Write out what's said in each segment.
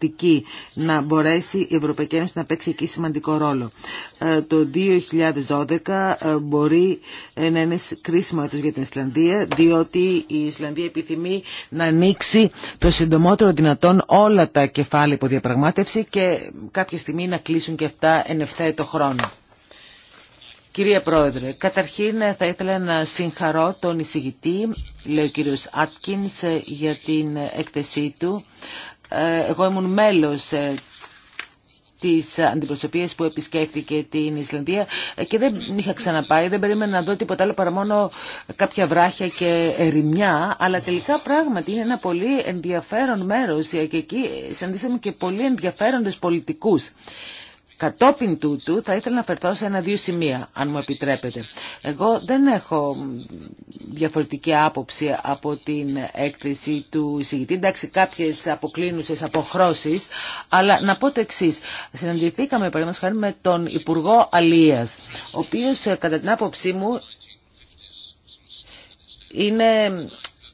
τακτική να μπορέσει η Ευρωπαϊκή Ένωση να παίξει εκεί σημαντικό ρόλο. Ε, το 2012 ε, μπορεί ε, να είναι κρίσιμο έτος για την Ισλανδία διότι η Ισλανδία επιθυμεί να ανοίξει το συντομότερο δυνατόν όλα τα κεφάλαια υποδιαπραγμάτευση και κάποια στιγμή να κλείσουν και αυτά εν το χρόνο. Κυρία Πρόεδρε, καταρχήν θα ήθελα να συγχαρώ τον εισηγητή, λέει ο κύριος για την έκθεσή του εγώ ήμουν μέλος ε, της αντιπροσωπείας που επισκέφθηκε την Ισλανδία και δεν είχα ξαναπάει, δεν περίμενα να δω τίποτα άλλο παρά μόνο κάποια βράχια και ερημιά, αλλά τελικά πράγματι είναι ένα πολύ ενδιαφέρον μέρος ε, και εκεί συναντήσαμε και πολύ ενδιαφέροντες πολιτικούς. Κατόπιν τούτου θα ήθελα να φερθώ σε ένα-δύο σημεία, αν μου επιτρέπετε. Εγώ δεν έχω διαφορετική άποψη από την έκθεση του εισηγητή. Εντάξει, κάποιες αποκλίνουσες αποχρώσεις, αλλά να πω το εξή. Συναντηθήκαμε, παραδείγματος χάρη, με τον Υπουργό Αλίας, ο οποίος, ε, κατά την άποψή μου, είναι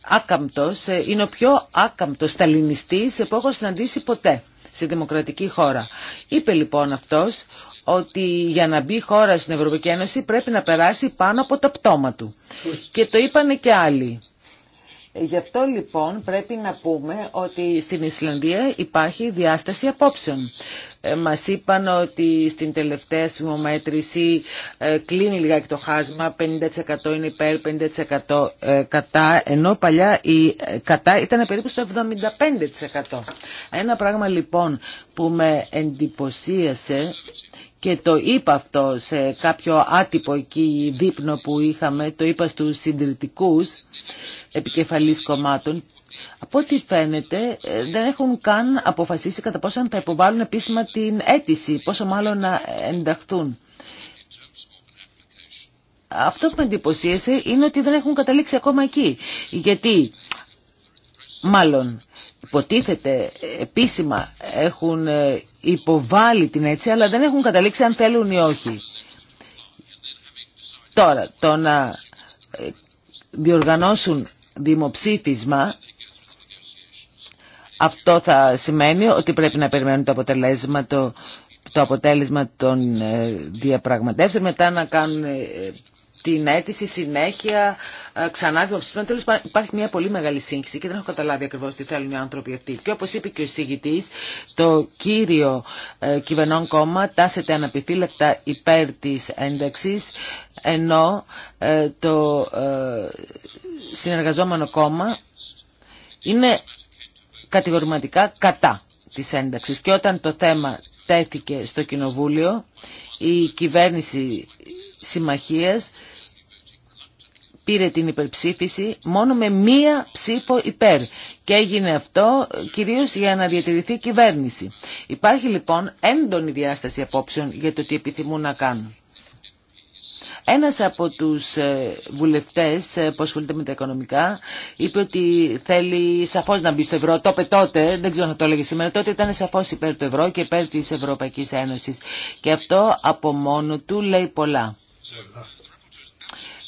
άκαμπτος, ε, είναι ο πιο άκαμπτος σταλινιστής που έχω συναντήσει ποτέ σε δημοκρατική χώρα. Είπε λοιπόν αυτός ότι για να μπει χώρα στην Ευρωπαϊκή Ένωση πρέπει να περάσει πάνω από τα πτώμα του. Και το είπανε και άλλοι. Γι' αυτό λοιπόν πρέπει να πούμε ότι στην Ισλανδία υπάρχει διάσταση απόψεων. Ε, μας είπαν ότι στην τελευταία ε, κλείνει λιγάκι το χάσμα, 50% είναι υπέρ, 50% ε, κατά, ενώ παλιά η ε, κατά ήταν περίπου στο 75%. Ένα πράγμα λοιπόν που με εντυπωσίασε και το είπα αυτό σε κάποιο άτυπο εκεί δείπνο που είχαμε, το είπα στους συντηρητικούς επικεφαλής κομμάτων. Από ό,τι φαίνεται ε, δεν έχουν καν αποφασίσει κατά πόσο να τα υποβάλουν επίσημα την αίτηση, πόσο μάλλον να ενταχθούν. Αυτό που με εντυπωσίασε είναι ότι δεν έχουν καταλήξει ακόμα εκεί. Γιατί, μάλλον, υποτίθεται ε, επίσημα έχουν ε, υποβάλει την έτσι, αλλά δεν έχουν καταλήξει αν θέλουν ή όχι. Τώρα, το να ε, διοργανώσουν δημοψήφισμα, αυτό θα σημαίνει ότι πρέπει να περιμένουν το αποτελέσμα, το, το αποτέλεσμα των ε, διαπραγματεύσεων, μετά να κάνουν ε, την αίτηση συνέχεια, ε, ξανά διοψηφίσμα. Τέλο υπάρχει μια πολύ μεγάλη σύγχυση και δεν έχω καταλάβει ακριβώ τι θέλουν οι άνθρωποι αυτοί. Και όπω είπε και ο εισηγητή, το κύριο ε, κυβερνών κόμμα τάσεται αναπιφύλακτα υπέρ τη ένταξη, ενώ ε, το συνεργαζόμενο κόμμα είναι κατηγορηματικά κατά τη ένταξη. Και όταν το θέμα τέθηκε στο Κοινοβούλιο, η κυβέρνηση συμμαχίας πήρε την υπερψήφιση μόνο με μία ψήφο υπέρ και έγινε αυτό κυρίως για να διατηρηθεί η κυβέρνηση. Υπάρχει λοιπόν έντονη διάσταση απόψεων για το τι επιθυμούν να κάνουν. Ένας από τους ε, βουλευτές ε, που ασχολείται με τα οικονομικά είπε ότι θέλει σαφώς να μπει στο ευρώ. Το είπε τότε, δεν ξέρω αν το έλεγε σήμερα, τότε ήταν σαφώς υπέρ του ευρώ και υπέρ της Ευρωπαϊκής Ένωσης. Και αυτό από μόνο του λέει πολλά.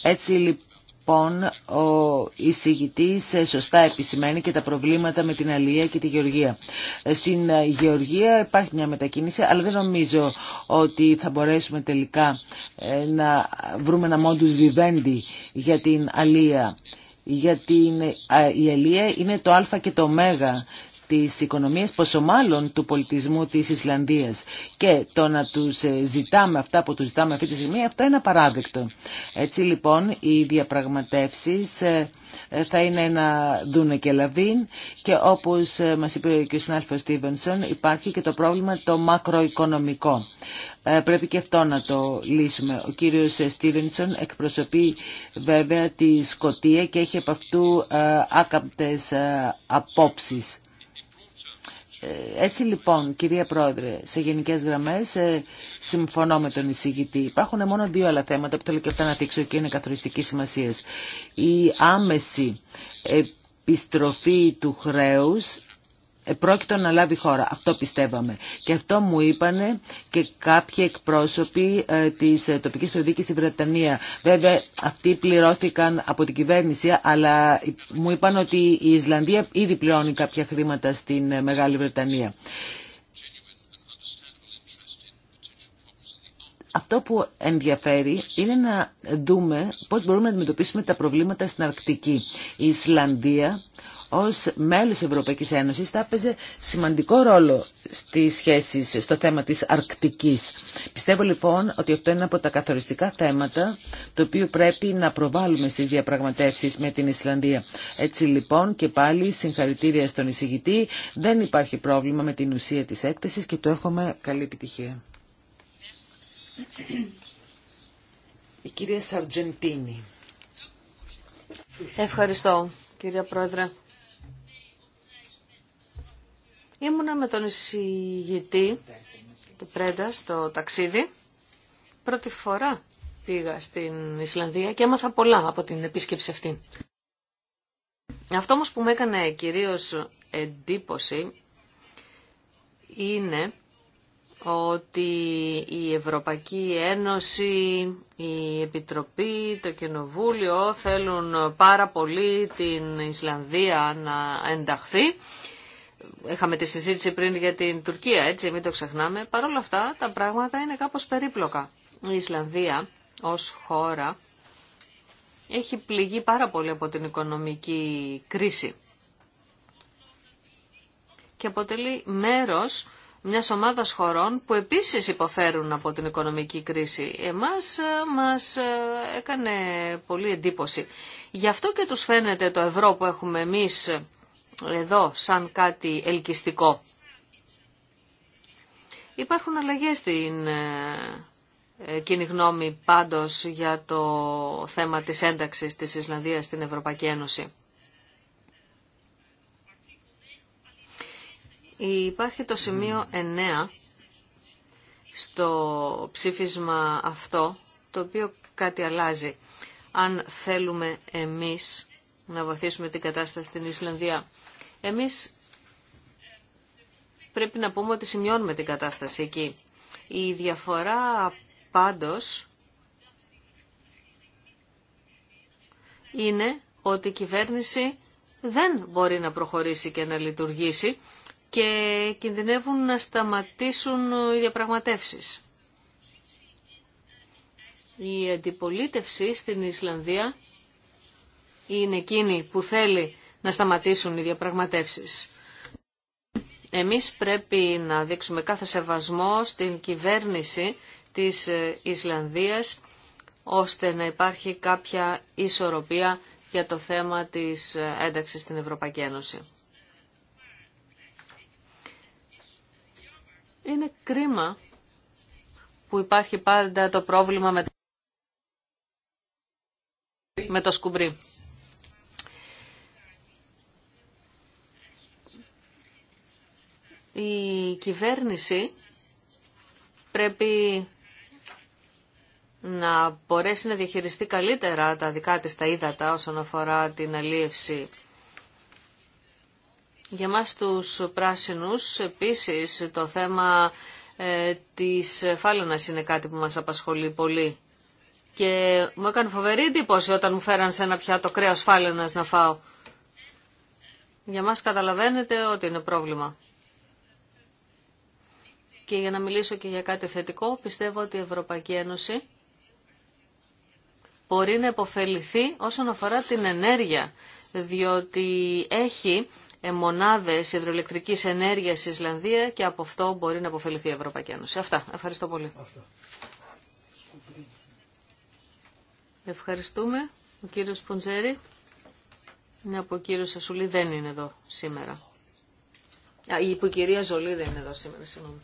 Έτσι λοιπόν λοιπόν ο εισηγητής ε, σωστά επισημαίνει και τα προβλήματα με την Αλία και τη Γεωργία. Ε, στην ε, Γεωργία υπάρχει μια μετακίνηση, αλλά δεν νομίζω ότι θα μπορέσουμε τελικά να βρούμε ένα μόντους βιβέντη για την Αλία. Γιατί η Αλία είναι το α και το ω της οικονομίας, πόσο μάλλον του πολιτισμού της Ισλανδίας. Και το να τους ε, ζητάμε αυτά που τους ζητάμε αυτή τη στιγμή, αυτό είναι απαράδεκτο. Έτσι λοιπόν οι διαπραγματεύσεις ε, ε, θα είναι να δούνε και λαβίν και όπως μας είπε και ο συνάδελφος Στίβενσον υπάρχει και το πρόβλημα το μακροοικονομικό. Πρέπει και αυτό να το λύσουμε. Ο κύριος Στίβενσον εκπροσωπεί βέβαια τη Σκοτία και έχει από αυτού άκαμπτες απόψεις. Ε, έτσι λοιπόν, κυρία Πρόεδρε, σε γενικέ γραμμέ ε, συμφωνώ με τον εισηγητή. Υπάρχουν μόνο δύο άλλα θέματα που θέλω και αυτά να δείξω και είναι καθοριστική σημασία. Η άμεση επιστροφή του χρέους πρόκειτο να λάβει χώρα. Αυτό πιστεύαμε. Και αυτό μου είπανε και κάποιοι εκπρόσωποι ε, της ε, τοπικής οδίκης στη Βρετανία. Βέβαια αυτοί πληρώθηκαν από την κυβέρνηση αλλά μου είπαν ότι η Ισλανδία ήδη πληρώνει κάποια χρήματα στην ε, Μεγάλη Βρετανία. Αυτό που ενδιαφέρει είναι να δούμε πώς μπορούμε να αντιμετωπίσουμε τα προβλήματα στην Αρκτική. Η Ισλανδία ως μέλος Ευρωπαϊκής Ένωσης θα έπαιζε σημαντικό ρόλο στις σχέσεις στο θέμα της Αρκτικής. Πιστεύω λοιπόν ότι αυτό είναι από τα καθοριστικά θέματα το οποίο πρέπει να προβάλλουμε στις διαπραγματεύσεις με την Ισλανδία. Έτσι λοιπόν και πάλι συγχαρητήρια στον εισηγητή. Δεν υπάρχει πρόβλημα με την ουσία της έκθεσης και το έχουμε καλή επιτυχία. Η κυρία Σαρτζεντίνη. Ευχαριστώ, κύριε Πρόεδρε. Ήμουνα με τον εισηγητή του Πρέντα στο ταξίδι. Πρώτη φορά πήγα στην Ισλανδία και έμαθα πολλά από την επίσκεψη αυτή. Αυτό όμως που με έκανε κυρίως εντύπωση είναι ότι η Ευρωπαϊκή Ένωση, η Επιτροπή, το Κοινοβούλιο θέλουν πάρα πολύ την Ισλανδία να ενταχθεί Είχαμε τη συζήτηση πριν για την Τουρκία, έτσι, μην το ξεχνάμε. Παρ' όλα αυτά τα πράγματα είναι κάπως περίπλοκα. Η Ισλανδία ως χώρα έχει πληγεί πάρα πολύ από την οικονομική κρίση και αποτελεί μέρος μια ομάδα χωρών που επίσης υποφέρουν από την οικονομική κρίση. Εμάς ε, μας ε, έκανε πολύ εντύπωση. Γι' αυτό και τους φαίνεται το ευρώ που έχουμε εμείς εδώ σαν κάτι ελκυστικό. Υπάρχουν αλλαγές στην ε, ε, κοινή γνώμη πάντως για το θέμα της ένταξης της Ισλανδίας στην Ευρωπαϊκή Ένωση. Υπάρχει το σημείο 9 στο ψήφισμα αυτό, το οποίο κάτι αλλάζει. Αν θέλουμε εμείς να βοηθήσουμε την κατάσταση στην Ισλανδία. Εμείς πρέπει να πούμε ότι σημειώνουμε την κατάσταση εκεί. Η διαφορά πάντως είναι ότι η κυβέρνηση δεν μπορεί να προχωρήσει και να λειτουργήσει και κινδυνεύουν να σταματήσουν οι διαπραγματεύσεις. Η αντιπολίτευση στην Ισλανδία είναι εκείνη που θέλει να σταματήσουν οι διαπραγματεύσεις. Εμείς πρέπει να δείξουμε κάθε σεβασμό στην κυβέρνηση της ε, Ισλανδίας ώστε να υπάρχει κάποια ισορροπία για το θέμα της ε, ένταξης στην Ευρωπαϊκή Ένωση. Είναι κρίμα που υπάρχει πάντα το πρόβλημα με το σκουμπρί. η κυβέρνηση πρέπει να μπορέσει να διαχειριστεί καλύτερα τα δικά της τα ύδατα όσον αφορά την αλίευση. Για μας τους πράσινους επίσης το θέμα ε, της φάλαινας είναι κάτι που μας απασχολεί πολύ. Και μου έκανε φοβερή εντύπωση όταν μου φέραν σε ένα πιάτο κρέας φάλαινας να φάω. Για μας καταλαβαίνετε ότι είναι πρόβλημα. Και για να μιλήσω και για κάτι θετικό, πιστεύω ότι η Ευρωπαϊκή Ένωση μπορεί να υποφεληθεί όσον αφορά την ενέργεια, διότι έχει ε, μονάδες υδροελεκτρικής ενέργειας στη Ισλανδία και από αυτό μπορεί να υποφεληθεί η Ευρωπαϊκή Ένωση. Αυτά. Ευχαριστώ πολύ. Ευχαριστούμε. Ο κύριος Πουντζέρη. Ναι, από ο κύριος δεν είναι εδώ σήμερα. Α, η υποκυρία Ζολή δεν είναι εδώ σήμερα, συγγνώμη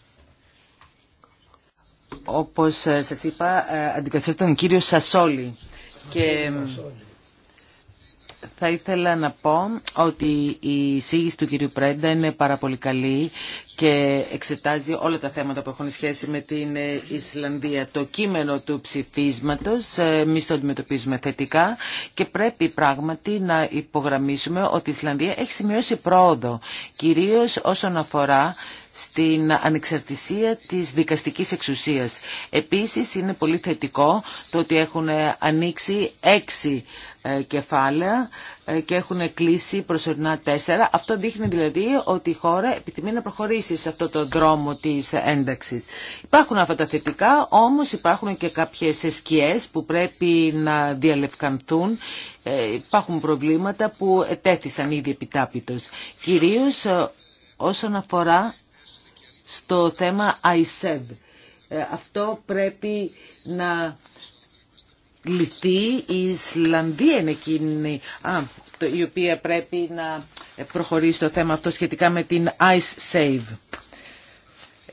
όπως ε, σας είπα, ε, αντικαθέτω τον κύριο Σασόλη. Και θα ήθελα να πω ότι η εισήγηση του κυρίου Πρέντα είναι πάρα πολύ καλή και εξετάζει όλα τα θέματα που έχουν σχέση με την ε, Ισλανδία. Το κείμενο του ψηφίσματος εμεί το αντιμετωπίζουμε θετικά και πρέπει πράγματι να υπογραμμίσουμε ότι η Ισλανδία έχει σημειώσει πρόοδο, κυρίως όσον αφορά στην ανεξαρτησία της δικαστικής εξουσίας. Επίσης είναι πολύ θετικό το ότι έχουν ανοίξει έξι ε, κεφάλαια ε, και έχουν κλείσει προσωρινά τέσσερα. Αυτό δείχνει δηλαδή ότι η χώρα επιθυμεί να προχωρήσει σε αυτό το δρόμο της ένταξης. Υπάρχουν αυτά τα θετικά, όμως υπάρχουν και κάποιες σκιές που πρέπει να διαλευκανθούν. Ε, υπάρχουν προβλήματα που ετέθησαν ήδη επιτάπητος. Κυρίως όσον αφορά στο θέμα ΆΙΣΕΒ e Αυτό πρέπει να λυθεί. Η Ισλανδία είναι α, το, η οποία πρέπει να προχωρήσει το θέμα αυτό σχετικά με την Ice Save.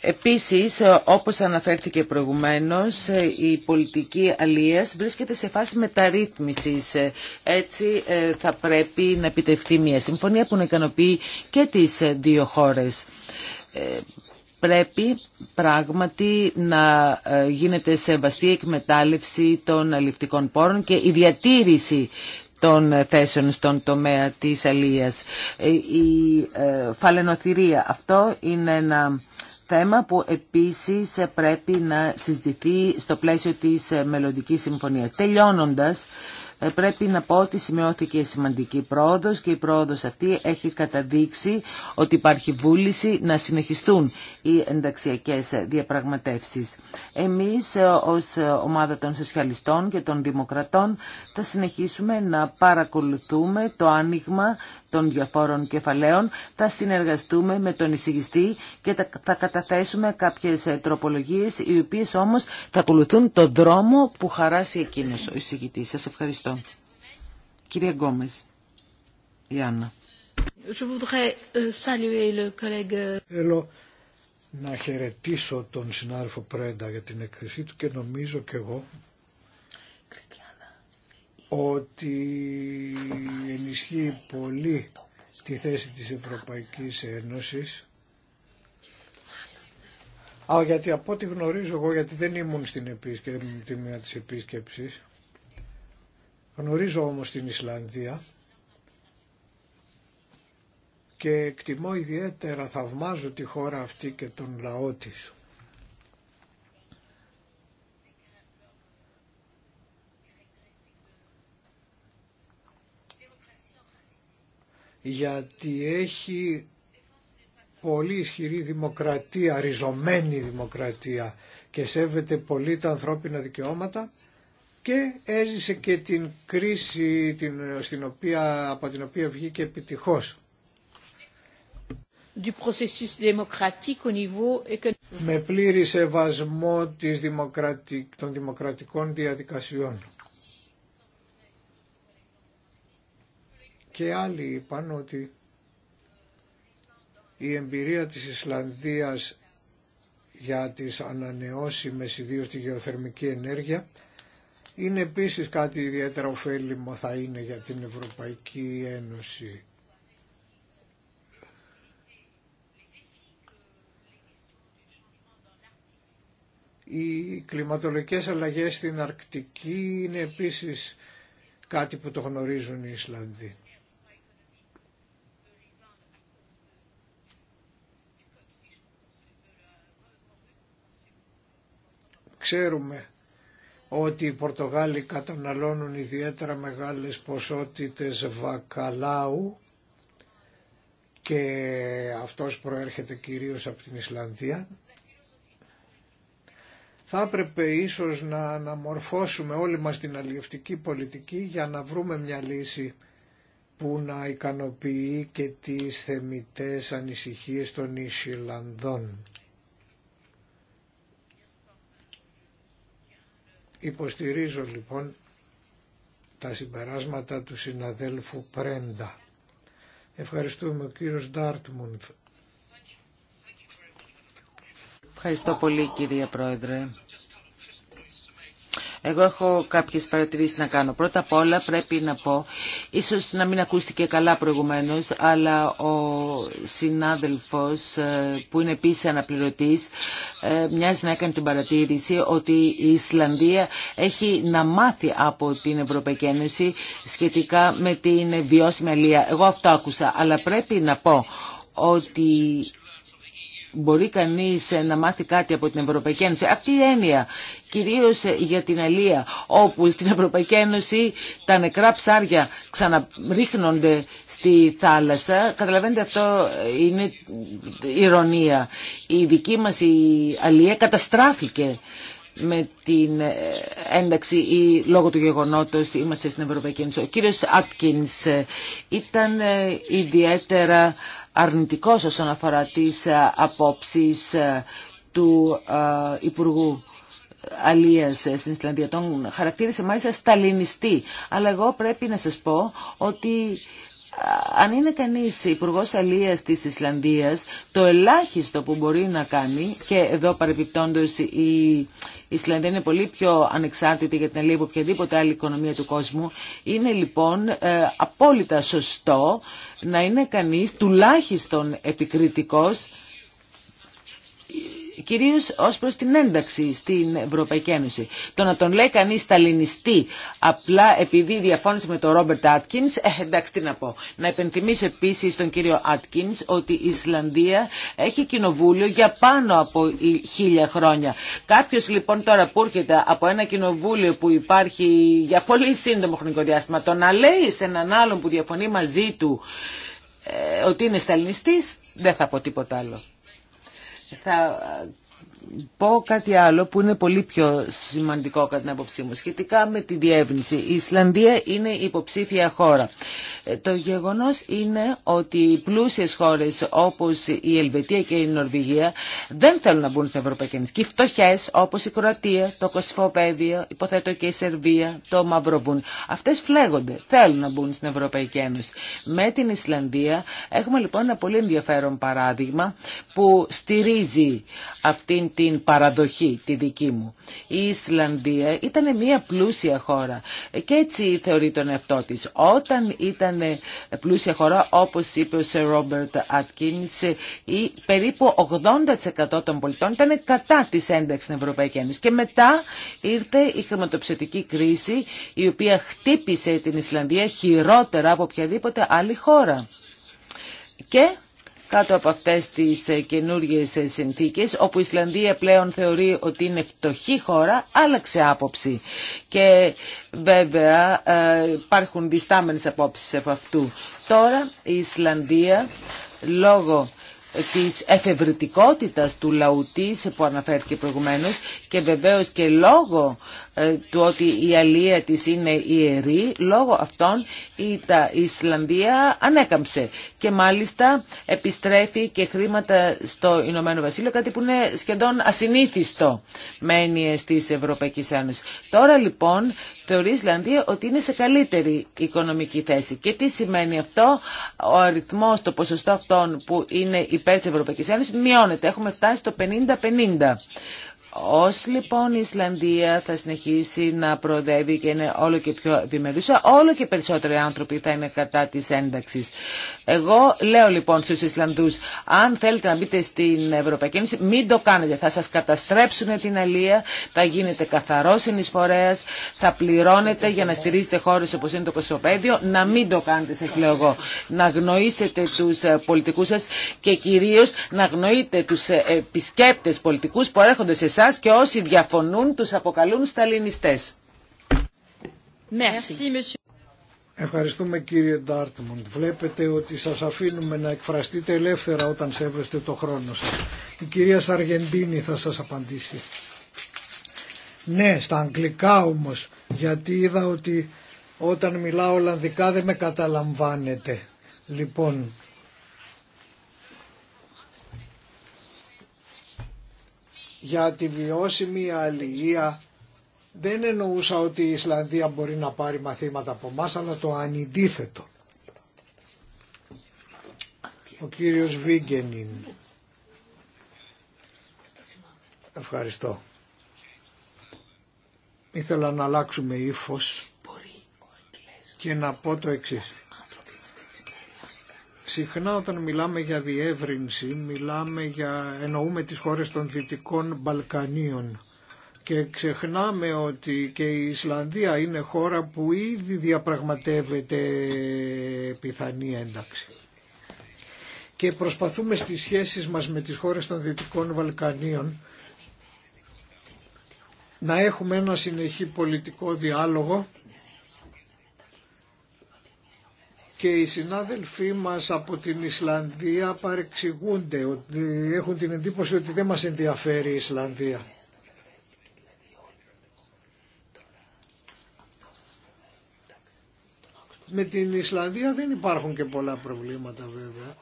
Επίσης, ε, όπως αναφέρθηκε προηγουμένως, ε, η πολιτική αλίας βρίσκεται σε φάση μεταρρύθμισης. Ε, έτσι θα πρέπει να επιτευχθεί μια συμφωνία που να ικανοποιεί και τις δύο χώρες πρέπει πράγματι να ε, γίνεται σεβαστή εκμετάλλευση των αληφτικών πόρων και η διατήρηση των θέσεων στον τομέα της αλίας. Ε, η ε, φαλαινοθυρία αυτό είναι ένα θέμα που επίσης πρέπει να συζητηθεί στο πλαίσιο της μελλοντικής συμφωνίας. Τελειώνοντας, ε, πρέπει να πω ότι σημειώθηκε σημαντική πρόοδος και η πρόοδος αυτή έχει καταδείξει ότι υπάρχει βούληση να συνεχιστούν οι ενταξιακές διαπραγματεύσεις. Εμείς ε, ως ομάδα των σοσιαλιστών και των δημοκρατών θα συνεχίσουμε να παρακολουθούμε το άνοιγμα των διαφόρων κεφαλαίων, θα συνεργαστούμε με τον εισηγηστή και θα καταθέσουμε κάποιες ε, τροπολογίες οι οποίες όμως θα ακολουθούν τον δρόμο που χαράσει εκείνος ο εισηγητής. Σας ευχαριστώ. Ευχαριστώ. Κυρία Γκόμες, η Άννα. Euh, euh, Θέλω να χαιρετήσω τον συνάδελφο Πρέντα για την εκθεσή του και νομίζω και εγώ ότι ενισχύει πολύ τη θέση της Ευρωπαϊκής Ένωσης. Α, γιατί από ό,τι γνωρίζω εγώ, γιατί δεν ήμουν στην, επίσκεψη, την μία της επίσκεψης, Γνωρίζω όμως την Ισλανδία και εκτιμώ ιδιαίτερα, θαυμάζω τη χώρα αυτή και τον λαό της. γιατί έχει πολύ ισχυρή δημοκρατία, ριζωμένη δημοκρατία και σέβεται πολύ τα ανθρώπινα δικαιώματα και έζησε και την κρίση την, στην οποία, από την οποία βγήκε επιτυχώς. Με πλήρη σεβασμό της των δημοκρατικών διαδικασιών. Και άλλοι είπαν ότι η εμπειρία της Ισλανδίας για τις ανανεώσιμες, ιδίως τη γεωθερμική ενέργεια, είναι επίσης κάτι ιδιαίτερα ωφέλιμο θα είναι για την Ευρωπαϊκή Ένωση. Οι κλιματολογικές αλλαγές στην Αρκτική είναι επίσης κάτι που το γνωρίζουν οι Ισλανδοί. Ξέρουμε ότι οι Πορτογάλοι καταναλώνουν ιδιαίτερα μεγάλες ποσότητες βακαλάου και αυτός προέρχεται κυρίως από την Ισλανδία. Θα έπρεπε ίσως να αναμορφώσουμε όλη μας την αλληλευτική πολιτική για να βρούμε μια λύση που να ικανοποιεί και τις θεμητές ανησυχίες των Ισλανδών. Υποστηρίζω λοιπόν τα συμπεράσματα του συναδέλφου Πρέντα. Ευχαριστούμε ο κύριος Ντάρτμουντ. Ευχαριστώ πολύ κύριε Πρόεδρε. Εγώ έχω κάποιες παρατηρήσεις να κάνω. Πρώτα απ' όλα πρέπει να πω, ίσως να μην ακούστηκε καλά προηγουμένως, αλλά ο συνάδελφος ε, που είναι επίσης αναπληρωτής ε, μοιάζει να έκανε την παρατήρηση ότι η Ισλανδία έχει να μάθει από την Ευρωπαϊκή Ένωση σχετικά με την βιώσιμη αλία. Εγώ αυτό άκουσα, αλλά πρέπει να πω ότι μπορεί κανείς ε, να μάθει κάτι από την Ευρωπαϊκή Ένωση. Αυτή η έννοια, κυρίως ε, για την Αλία, όπου στην Ευρωπαϊκή Ένωση τα νεκρά ψάρια ξαναρίχνονται στη θάλασσα, καταλαβαίνετε αυτό ε, είναι ηρωνία. Η δική μας η Αλία καταστράφηκε με την ε, ένταξη ή λόγω του γεγονότος είμαστε στην Ευρωπαϊκή Ένωση. Ο κύριος Άτκινς ε, ήταν ε, ιδιαίτερα αρνητικός όσον αφορά τις απόψεις του Υπουργού Αλίας στην Ισλανδία. Τον χαρακτήρισε μάλιστα σταλινιστή. Αλλά εγώ πρέπει να σας πω ότι αν είναι κανείς υπουργό Αλίας της Ισλανδίας, το ελάχιστο που μπορεί να κάνει, και εδώ παρεπιπτόντως η Ισλανδία είναι πολύ πιο ανεξάρτητη για την Αλία από οποιαδήποτε άλλη οικονομία του κόσμου, είναι λοιπόν ε, απόλυτα σωστό να είναι κανείς τουλάχιστον επικριτικός κυρίως ως προς την ένταξη στην Ευρωπαϊκή Ένωση. Το να τον λέει κανείς σταλινιστή απλά επειδή διαφώνησε με τον Ρόμπερτ Άτκινς, ε, εντάξει τι να πω. Να υπενθυμίσω επίσης τον κύριο Άτκινς ότι η Ισλανδία έχει κοινοβούλιο για πάνω από χίλια χρόνια. Κάποιος λοιπόν τώρα που έρχεται από ένα κοινοβούλιο που υπάρχει για πολύ σύντομο χρονικό διάστημα, το να λέει σε έναν άλλον που διαφωνεί μαζί του ε, ότι είναι σταλινιστής, δεν θα πω τίποτα άλλο θα πω κάτι άλλο που είναι πολύ πιο σημαντικό κατά την άποψή μου. Σχετικά με τη διεύνηση, η Ισλανδία είναι υποψήφια χώρα. Ε, το γεγονός είναι ότι οι πλούσιες χώρες όπως η Ελβετία και η Νορβηγία δεν θέλουν να μπουν στην Ευρωπαϊκή Ένωση. Και οι φτωχές όπως η Κροατία, το Κοσφοπέδιο, υποθέτω και η Σερβία, το Μαυροβούν. Αυτές φλέγονται, θέλουν να μπουν στην Ευρωπαϊκή Ένωση. Με την Ισλανδία έχουμε λοιπόν ένα πολύ ενδιαφέρον παράδειγμα που στηρίζει αυτήν την την παραδοχή τη δική μου. Η Ισλανδία ήταν μια πλούσια χώρα και έτσι θεωρεί τον εαυτό τη. Όταν ήταν πλούσια χώρα, όπως είπε ο Σερ Ρόμπερτ περίπου 80% των πολιτών ήταν κατά της ένταξη στην Ευρωπαϊκή Ένωση. Και μετά ήρθε η χρηματοψηφιακή κρίση, η οποία χτύπησε την Ισλανδία χειρότερα από οποιαδήποτε άλλη χώρα. Και κάτω από αυτές τις ε, καινούργιες ε, συνθήκες όπου η Ισλανδία πλέον θεωρεί ότι είναι φτωχή χώρα άλλαξε άποψη και βέβαια ε, υπάρχουν διστάμενες απόψεις από αυτού. Τώρα η Ισλανδία λόγω της εφευρετικότητας του λαού της που αναφέρθηκε προηγουμένως και βεβαίως και λόγω ε, του ότι η αλία της είναι ιερή, λόγω αυτών η, Ισλανδία ανέκαμψε και μάλιστα επιστρέφει και χρήματα στο Ηνωμένο Βασίλειο, κάτι που είναι σχεδόν ασυνήθιστο με έννοιες της Ευρωπαϊκής Ένωσης. Τώρα λοιπόν θεωρεί η Ισλανδία ότι είναι σε καλύτερη οικονομική θέση. Και τι σημαίνει αυτό, ο αριθμός, το ποσοστό αυτών που είναι υπέρ της Ευρωπαϊκής Ένωσης μειώνεται. Έχουμε φτάσει στο 50-50. Ως λοιπόν η Ισλανδία θα συνεχίσει να προοδεύει και είναι όλο και πιο επιμερούσα, όλο και περισσότεροι άνθρωποι θα είναι κατά της ένταξης. Εγώ λέω λοιπόν στους Ισλανδούς, αν θέλετε να μπείτε στην Ευρωπαϊκή Ένωση, μην το κάνετε. Θα σας καταστρέψουν την αλία, θα γίνετε καθαρό συνεισφορέας, θα πληρώνετε για να στηρίζετε χώρες όπως είναι το Κοσμοπέδιο, να μην το κάνετε σας λέω εγώ. Να γνωρίσετε τους ε, πολιτικούς σας και κυρίως να γνωρίτε τους ε, επισκέπτες πολιτικούς που έρχονται σε και όσοι διαφωνούν τους αποκαλούν σταλινιστές. Merci. Ευχαριστούμε κύριε Ντάρτμοντ. Βλέπετε ότι σας αφήνουμε να εκφραστείτε ελεύθερα όταν σέβεστε το χρόνο σας. Η κυρία Σαργεντίνη θα σας απαντήσει. Ναι, στα αγγλικά όμως, γιατί είδα ότι όταν μιλάω Ολλανδικά δεν με καταλαμβάνετε. Λοιπόν, για τη βιώσιμη αλληλεία δεν εννοούσα ότι η Ισλανδία μπορεί να πάρει μαθήματα από εμά, αλλά το ανιντίθετο. Ο κύριος Βίγκενιν. Ευχαριστώ. Ήθελα να αλλάξουμε ύφος και να πω το εξής. Συχνά όταν μιλάμε για διεύρυνση, μιλάμε για, εννοούμε τις χώρες των Δυτικών Βαλκανίων και ξεχνάμε ότι και η Ισλανδία είναι χώρα που ήδη διαπραγματεύεται πιθανή ένταξη. Και προσπαθούμε στις σχέσεις μας με τις χώρες των Δυτικών Βαλκανίων να έχουμε ένα συνεχή πολιτικό διάλογο και οι συνάδελφοί μας από την Ισλανδία παρεξηγούνται ότι έχουν την εντύπωση ότι δεν μας ενδιαφέρει η Ισλανδία. Με την Ισλανδία δεν υπάρχουν και πολλά προβλήματα βέβαια,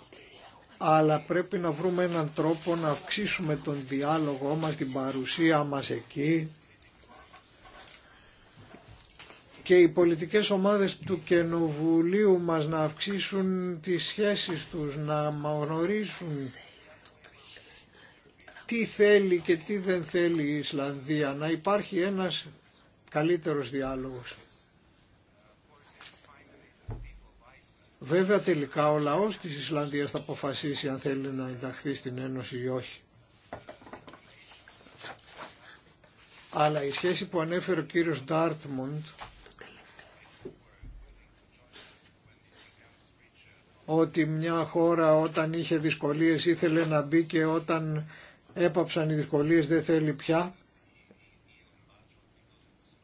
αλλά πρέπει να βρούμε έναν τρόπο να αυξήσουμε τον διάλογο μας, την παρουσία μας εκεί, και οι πολιτικές ομάδες του Κοινοβουλίου μας να αυξήσουν τις σχέσεις τους, να γνωρίσουν τι θέλει και τι δεν θέλει η Ισλανδία, να υπάρχει ένας καλύτερος διάλογος. Βέβαια τελικά ο λαός της Ισλανδίας θα αποφασίσει αν θέλει να ενταχθεί στην Ένωση ή όχι. Αλλά η σχέση που ανέφερε ο κύριος Ντάρτμοντ ότι μια χώρα όταν είχε δυσκολίες ήθελε να μπει και όταν έπαψαν οι δυσκολίες δεν θέλει πια.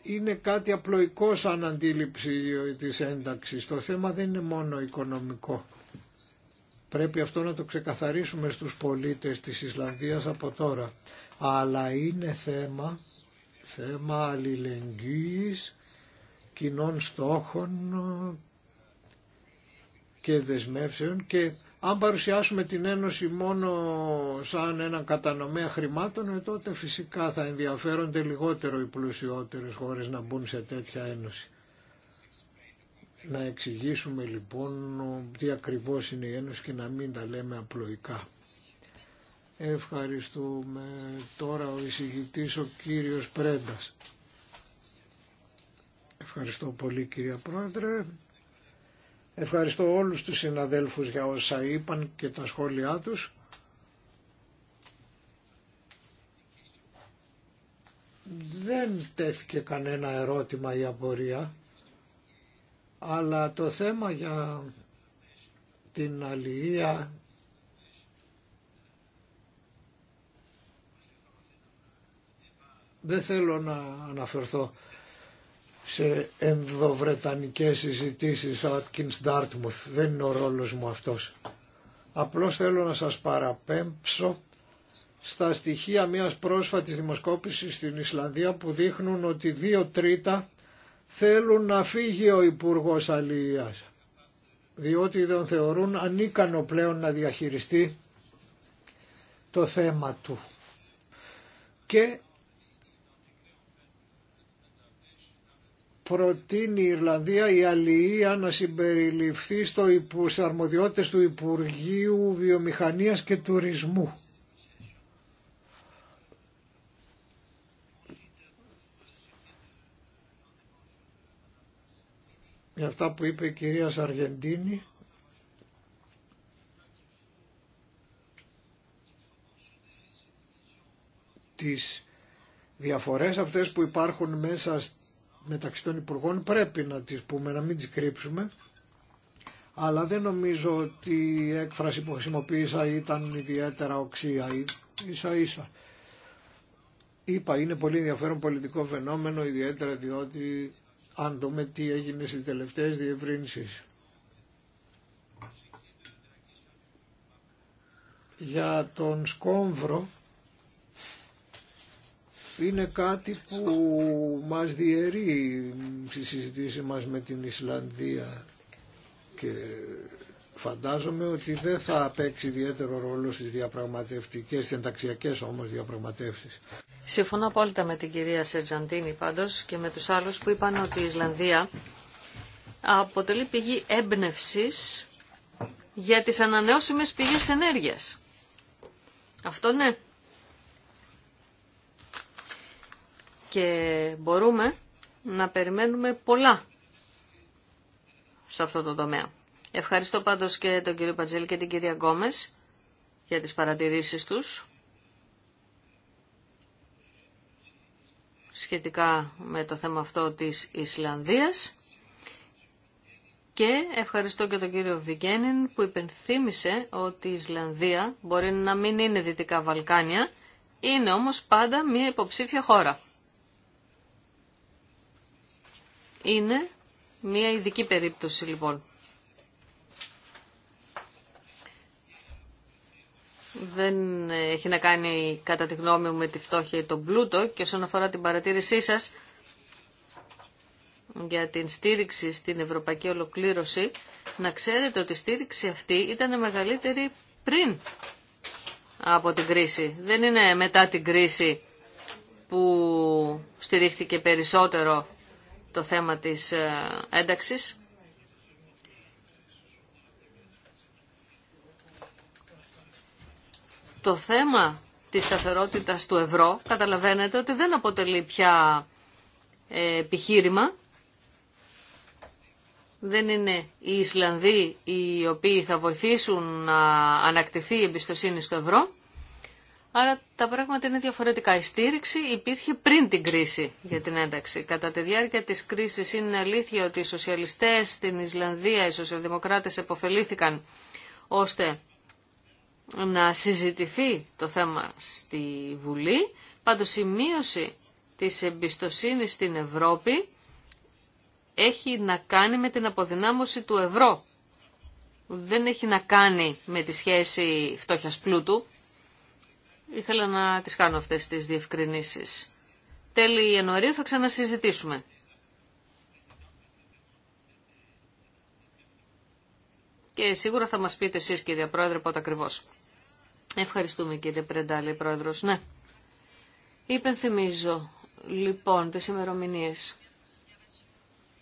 Είναι κάτι απλοϊκό σαν αντίληψη της ένταξης. Το θέμα δεν είναι μόνο οικονομικό. Πρέπει αυτό να το ξεκαθαρίσουμε στους πολίτες της Ισλανδίας από τώρα. Αλλά είναι θέμα, θέμα αλληλεγγύης, κοινών στόχων, και δεσμεύσεων και αν παρουσιάσουμε την Ένωση μόνο σαν έναν κατανομέα χρημάτων, ε, τότε φυσικά θα ενδιαφέρονται λιγότερο οι πλουσιότερες χώρες να μπουν σε τέτοια Ένωση. Να εξηγήσουμε λοιπόν τι ακριβώς είναι η Ένωση και να μην τα λέμε απλοϊκά. Ευχαριστούμε τώρα ο εισηγητής ο κύριος Πρέντας. Ευχαριστώ πολύ κυρία Πρόεδρε. Ευχαριστώ όλους τους συναδέλφους για όσα είπαν και τα σχόλιά τους. Δεν τέθηκε κανένα ερώτημα ή απορία, αλλά το θέμα για την αλληλεία δεν θέλω να αναφερθώ σε ενδοβρετανικές συζητήσεις ο Άτκινς Ντάρτμουθ. Δεν είναι ο ρόλος μου αυτός. Απλώς θέλω να σας παραπέμψω στα στοιχεία μιας πρόσφατης δημοσκόπησης στην Ισλανδία που δείχνουν ότι δύο τρίτα θέλουν να φύγει ο Υπουργός Αλληλείας διότι δεν θεωρούν ανίκανο πλέον να διαχειριστεί το θέμα του. Και προτείνει η Ιρλανδία η αλληλεία να συμπεριληφθεί στο υπου, αρμοδιότητες του Υπουργείου Βιομηχανίας και Τουρισμού. Για αυτά που είπε η κυρία Σαργεντίνη. Τις διαφορές αυτές που υπάρχουν μέσα μεταξύ των υπουργών πρέπει να τις πούμε, να μην τις κρύψουμε. Αλλά δεν νομίζω ότι η έκφραση που χρησιμοποίησα ήταν ιδιαίτερα οξία, ίσα ίσα. Είπα, είναι πολύ ενδιαφέρον πολιτικό φαινόμενο, ιδιαίτερα διότι αν δούμε τι έγινε στις τελευταίες διευρύνσεις. Για τον Σκόμβρο είναι κάτι που μας διαιρεί στη συζήτηση μας με την Ισλανδία και φαντάζομαι ότι δεν θα παίξει ιδιαίτερο ρόλο στις διαπραγματευτικές, στις ενταξιακές όμως διαπραγματεύσεις. Συμφωνώ απόλυτα με την κυρία Σερτζαντίνη πάντως και με τους άλλους που είπαν ότι η Ισλανδία αποτελεί πηγή έμπνευση για τις ανανεώσιμες πηγές ενέργειας. Αυτό ναι, και μπορούμε να περιμένουμε πολλά σε αυτό το τομέα. Ευχαριστώ πάντως και τον κύριο Πατζέλη και την κυρία Γκόμες για τις παρατηρήσεις τους σχετικά με το θέμα αυτό της Ισλανδίας και ευχαριστώ και τον κύριο Βιγγένιν που υπενθύμησε ότι η Ισλανδία μπορεί να μην είναι Δυτικά Βαλκάνια είναι όμως πάντα μια υποψήφια χώρα. Είναι μια ειδική περίπτωση λοιπόν. Δεν έχει να κάνει κατά τη γνώμη μου με τη φτώχεια ή τον πλούτο και όσον αφορά την παρατήρησή σας για την στήριξη στην ευρωπαϊκή ολοκλήρωση, να ξέρετε ότι η στήριξη αυτή ήταν μεγαλύτερη πριν από την κρίση. Δεν είναι μετά την κρίση που στηρίχθηκε περισσότερο το θέμα της ε, ένταξης. Το θέμα της σταθερότητας του ευρώ καταλαβαίνετε ότι δεν αποτελεί πια ε, επιχείρημα. Δεν είναι οι Ισλανδοί οι οποίοι θα βοηθήσουν να ανακτηθεί η εμπιστοσύνη στο ευρώ. Άρα τα πράγματα είναι διαφορετικά. Η στήριξη υπήρχε πριν την κρίση για την ένταξη. Κατά τη διάρκεια της κρίσης είναι αλήθεια ότι οι σοσιαλιστές στην Ισλανδία, οι σοσιαλδημοκράτες επωφελήθηκαν ώστε να συζητηθεί το θέμα στη Βουλή. Πάντως η μείωση της εμπιστοσύνης στην Ευρώπη έχει να κάνει με την αποδυνάμωση του ευρώ. Δεν έχει να κάνει με τη σχέση φτώχειας πλούτου ήθελα να τις κάνω αυτές τις διευκρινήσεις. Τέλη Ιανουαρίου θα ξανασυζητήσουμε. Και σίγουρα θα μας πείτε εσείς κύριε Πρόεδρε πότε ακριβώς. Ευχαριστούμε κύριε Πρεντάλη Πρόεδρος. Ναι. Υπενθυμίζω λοιπόν τις ημερομηνίες.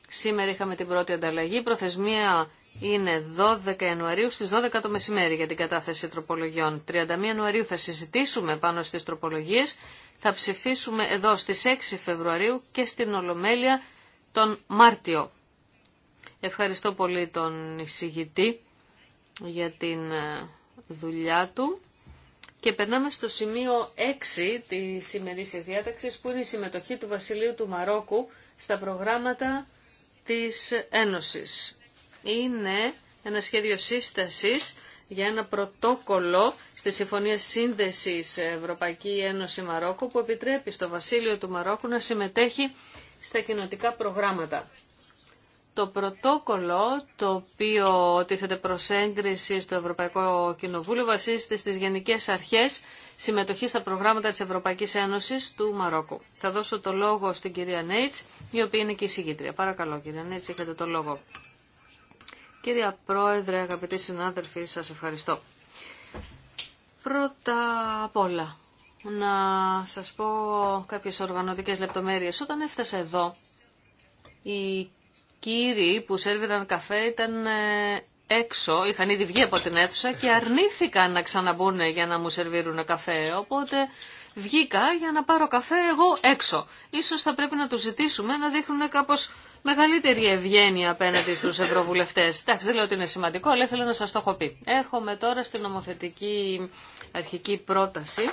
Σήμερα είχαμε την πρώτη ανταλλαγή. Προθεσμία είναι 12 Ιανουαρίου στις 12 το μεσημέρι για την κατάθεση τροπολογιών. 31 Ιανουαρίου θα συζητήσουμε πάνω στις τροπολογίες, θα ψηφίσουμε εδώ στις 6 Φεβρουαρίου και στην Ολομέλεια τον Μάρτιο. Ευχαριστώ πολύ τον εισηγητή για την ε, δουλειά του. Και περνάμε στο σημείο 6 της ημερήσιας διάταξης που είναι η συμμετοχή του Βασιλείου του Μαρόκου στα προγράμματα της Ένωσης είναι ένα σχέδιο σύστασης για ένα πρωτόκολλο στη Συμφωνία Σύνδεσης Ευρωπαϊκή Ένωση Μαρόκου που επιτρέπει στο Βασίλειο του Μαρόκου να συμμετέχει στα κοινοτικά προγράμματα. Το πρωτόκολλο το οποίο τίθεται προς έγκριση στο Ευρωπαϊκό Κοινοβούλιο βασίζεται στις γενικές αρχές συμμετοχής στα προγράμματα της Ευρωπαϊκής Ένωσης του Μαρόκου. Θα δώσω το λόγο στην κυρία Νέιτς, η οποία είναι και η συγκήτρια. Παρακαλώ κυρία Νέιτς, είχατε το λόγο. Κύριε Πρόεδρε, αγαπητοί συνάδελφοι, σας ευχαριστώ. Πρώτα απ' όλα, να σας πω κάποιες οργανωτικές λεπτομέρειες. Όταν έφτασα εδώ, οι κύριοι που σέρβιραν καφέ ήταν ε, έξω, είχαν ήδη βγει από την αίθουσα και αρνήθηκαν να ξαναμπούν για να μου σερβίρουν καφέ. Οπότε βγήκα για να πάρω καφέ εγώ έξω. Ίσως θα πρέπει να τους ζητήσουμε να δείχνουν κάπως μεγαλύτερη ευγένεια απέναντι στους ευρωβουλευτές. Εντάξει, δεν λέω ότι είναι σημαντικό, αλλά ήθελα να σας το έχω πει. Έρχομαι τώρα στην νομοθετική αρχική πρόταση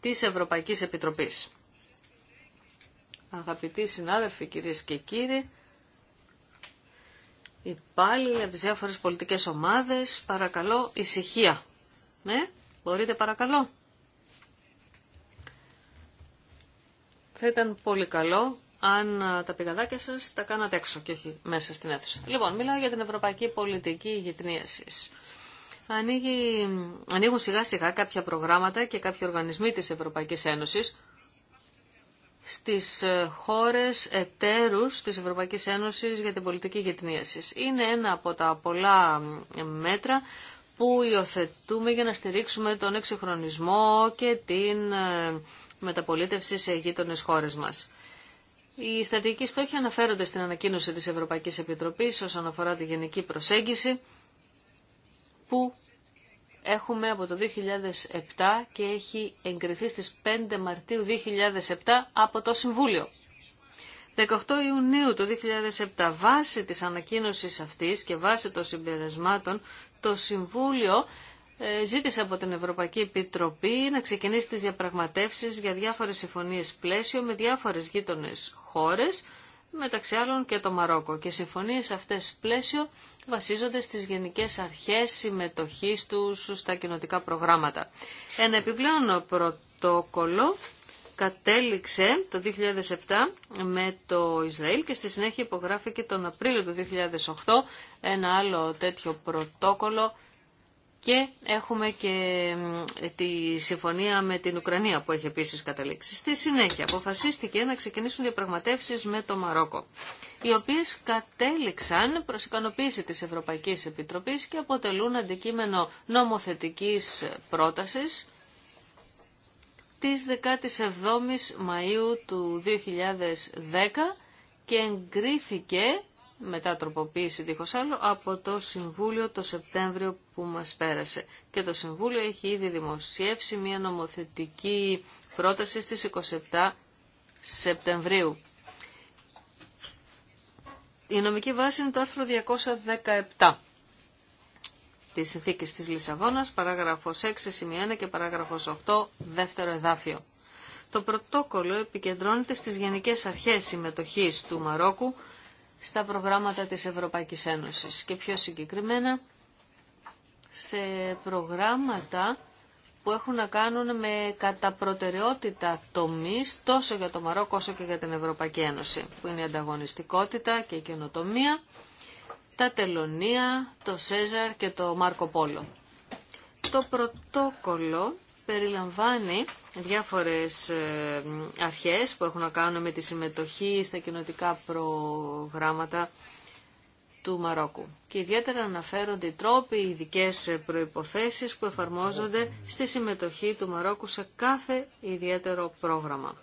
της Ευρωπαϊκής Επιτροπής. Αγαπητοί συνάδελφοι, κυρίες και κύριοι, υπάλληλοι από τις διάφορες πολιτικές ομάδες, παρακαλώ ησυχία. Ναι, μπορείτε παρακαλώ. Θα ήταν πολύ καλό αν τα πηγαδάκια σας τα κάνατε έξω και όχι μέσα στην αίθουσα. Λοιπόν, μιλάω για την ευρωπαϊκή πολιτική γυτνίασης. ανοίγουν σιγά σιγά κάποια προγράμματα και κάποιοι οργανισμοί της Ευρωπαϊκής Ένωσης στις ε, χώρες εταίρους της Ευρωπαϊκής Ένωσης για την πολιτική γετνίαση. Είναι ένα από τα πολλά μέτρα που υιοθετούμε για να στηρίξουμε τον εξυγχρονισμό και την ε, μεταπολίτευση σε γείτονες χώρες μας. Οι στρατηγικοί στόχοι αναφέρονται στην ανακοίνωση της Ευρωπαϊκής Επιτροπής όσον αφορά τη γενική προσέγγιση που έχουμε από το 2007 και έχει εγκριθεί στις 5 Μαρτίου 2007 από το Συμβούλιο. 18 Ιουνίου του 2007, βάσει της ανακοίνωσης αυτής και βάσει των συμπερασμάτων, το Συμβούλιο ε, ζήτησε από την Ευρωπαϊκή Επιτροπή να ξεκινήσει τις διαπραγματεύσεις για διάφορες συμφωνίες πλαίσιο με διάφορες γείτονες χώρες, μεταξύ άλλων και το Μαρόκο. Και συμφωνίες αυτές πλαίσιο βασίζονται στις γενικές αρχές συμμετοχής τους στα κοινοτικά προγράμματα. Ένα επιπλέον πρωτόκολλο κατέληξε το 2007 με το Ισραήλ και στη συνέχεια υπογράφηκε τον Απρίλιο του 2008 ένα άλλο τέτοιο πρωτόκολλο και έχουμε και τη συμφωνία με την Ουκρανία που έχει επίσης καταλήξει. Στη συνέχεια αποφασίστηκε να ξεκινήσουν διαπραγματεύσεις με το Μαρόκο, οι οποίες κατέληξαν προς ικανοποίηση της Ευρωπαϊκής Επιτροπής και αποτελούν αντικείμενο νομοθετικής πρότασης της 17ης Μαΐου του 2010 και εγκρίθηκε μετά τροποποίηση δίχως άλλο, από το Συμβούλιο το Σεπτέμβριο που μας πέρασε. Και το Συμβούλιο έχει ήδη δημοσιεύσει μια νομοθετική πρόταση στις 27 Σεπτεμβρίου. Η νομική βάση είναι το άρθρο 217 της συνθήκη της Λισαβόνας, παράγραφος 6, σημείο 1 και παράγραφος 8, δεύτερο εδάφιο. Το πρωτόκολλο επικεντρώνεται στις γενικές αρχές συμμετοχής του Μαρόκου στα προγράμματα της Ευρωπαϊκής Ένωσης και πιο συγκεκριμένα σε προγράμματα που έχουν να κάνουν με κατά προτεραιότητα τομείς τόσο για το Μαρόκο όσο και για την Ευρωπαϊκή Ένωση, που είναι η ανταγωνιστικότητα και η καινοτομία, τα τελωνία, το Σέζαρ και το Μάρκο Πόλο. Το πρωτόκολλο περιλαμβάνει διάφορες ε, αρχές που έχουν να κάνουν με τη συμμετοχή στα κοινοτικά προγράμματα του Μαρόκου. Και ιδιαίτερα αναφέρονται οι τρόποι, οι ειδικέ προϋποθέσεις που εφαρμόζονται στη συμμετοχή του Μαρόκου σε κάθε ιδιαίτερο πρόγραμμα.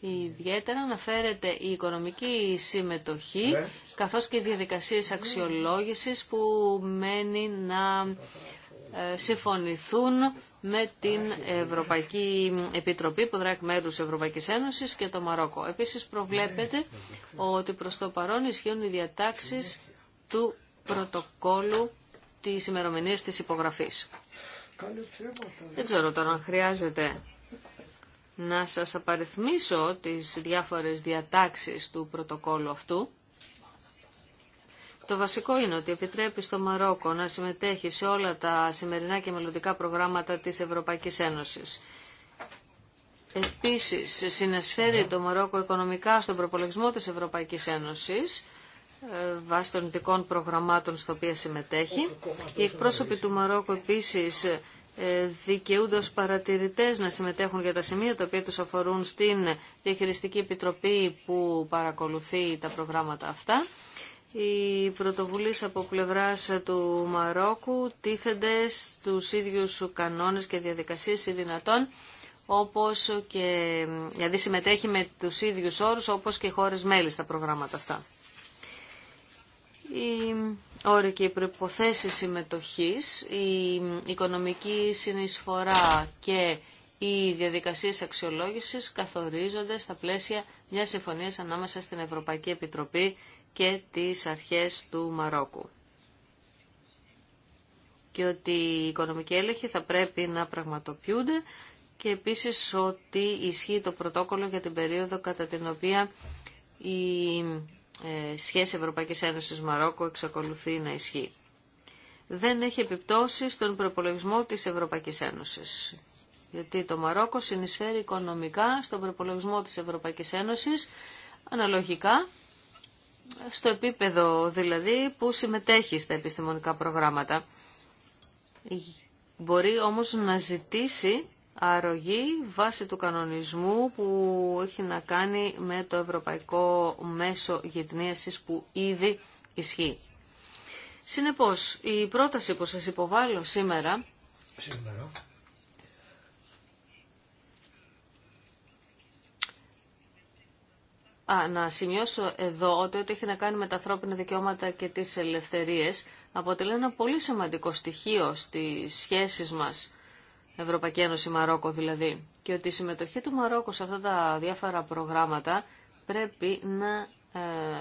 Ιδιαίτερα αναφέρεται η οικονομική συμμετοχή, ναι. καθώς και οι διαδικασίες αξιολόγησης που μένει να ε, συμφωνηθούν με την Ευρωπαϊκή Επιτροπή που δράει εκ μέρου Ευρωπαϊκή Ένωση και το Μαρόκο. Επίση, προβλέπεται ότι προ το παρόν ισχύουν οι διατάξει του πρωτοκόλου τη ημερομηνία τη υπογραφή. Δεν ξέρω τώρα αν χρειάζεται να σας απαριθμίσω τις διάφορες διατάξεις του πρωτοκόλου αυτού. Το βασικό είναι ότι επιτρέπει στο Μαρόκο να συμμετέχει σε όλα τα σημερινά και μελλοντικά προγράμματα της Ευρωπαϊκής Ένωσης. Επίσης, συνεσφέρει το Μαρόκο οικονομικά στον προπολογισμό της Ευρωπαϊκής Ένωσης, ε, βάσει των ειδικών προγραμμάτων στο οποίο συμμετέχει. Οι εκπρόσωποι του Μαρόκου επίσης ε, δικαιούνται ως παρατηρητές να συμμετέχουν για τα σημεία τα οποία τους αφορούν στην Διαχειριστική Επιτροπή που παρακολουθεί τα προγράμματα αυτά οι πρωτοβουλίες από πλευράς του Μαρόκου τίθενται στους ίδιους κανόνες και διαδικασίες ή δυνατόν, όπως και, δηλαδή συμμετέχει με τους ίδιους όρους όπως και οι χώρες μέλη στα προγράμματα αυτά. Οι όροι και οι προϋποθέσεις συμμετοχής, η οικονομική συνεισφορά και οι διαδικασίες αξιολόγησης καθορίζονται στα πλαίσια μιας συμφωνίας ανάμεσα στην Ευρωπαϊκή Επιτροπή και τις αρχές του Μαρόκου. Και ότι οι οικονομικοί έλεγχοι θα πρέπει να πραγματοποιούνται και επίσης ότι ισχύει το πρωτόκολλο για την περίοδο κατά την οποία η ε, σχέση Ευρωπαϊκής Ένωσης Μαρόκου εξακολουθεί να ισχύει. Δεν έχει επιπτώσει στον προπολογισμό της Ευρωπαϊκής Ένωσης. Γιατί το Μαρόκο συνεισφέρει οικονομικά στον προπολογισμό της Ευρωπαϊκής Ένωσης αναλογικά στο επίπεδο δηλαδή που συμμετέχει στα επιστημονικά προγράμματα. Μπορεί όμως να ζητήσει αρρωγή βάσει του κανονισμού που έχει να κάνει με το Ευρωπαϊκό Μέσο Γυτνίασης που ήδη ισχύει. Συνεπώς, η πρόταση που σας υποβάλλω σήμερα, σήμερα. να σημειώσω εδώ ότι ό,τι έχει να κάνει με τα ανθρώπινα δικαιώματα και τις ελευθερίες αποτελεί ένα πολύ σημαντικό στοιχείο στις σχέσεις μας, Ευρωπαϊκή Ένωση Μαρόκο δηλαδή, και ότι η συμμετοχή του Μαρόκου σε αυτά τα διάφορα προγράμματα πρέπει να ε,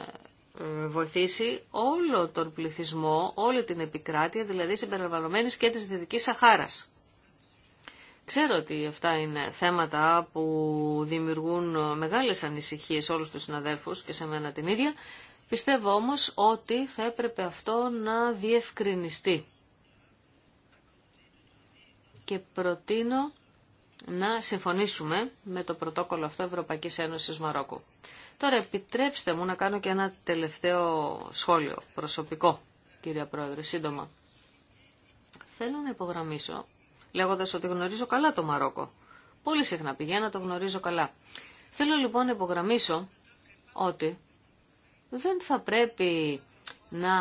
βοηθήσει όλο τον πληθυσμό, όλη την επικράτεια, δηλαδή συμπεριλαμβανομένης και της Δυτικής Σαχάρας. Ξέρω ότι αυτά είναι θέματα που δημιουργούν μεγάλες ανησυχίες όλους τους συναδέλφους και σε μένα την ίδια. Πιστεύω όμως ότι θα έπρεπε αυτό να διευκρινιστεί. Και προτείνω να συμφωνήσουμε με το πρωτόκολλο αυτό Ευρωπαϊκής Ένωσης Μαρόκου. Τώρα επιτρέψτε μου να κάνω και ένα τελευταίο σχόλιο προσωπικό, κυρία Πρόεδρε, σύντομα. Θέλω να υπογραμμίσω Λέγοντα ότι γνωρίζω καλά το Μαρόκο. Πολύ συχνά πηγαίνω, το γνωρίζω καλά. Θέλω λοιπόν να υπογραμμίσω ότι δεν θα πρέπει να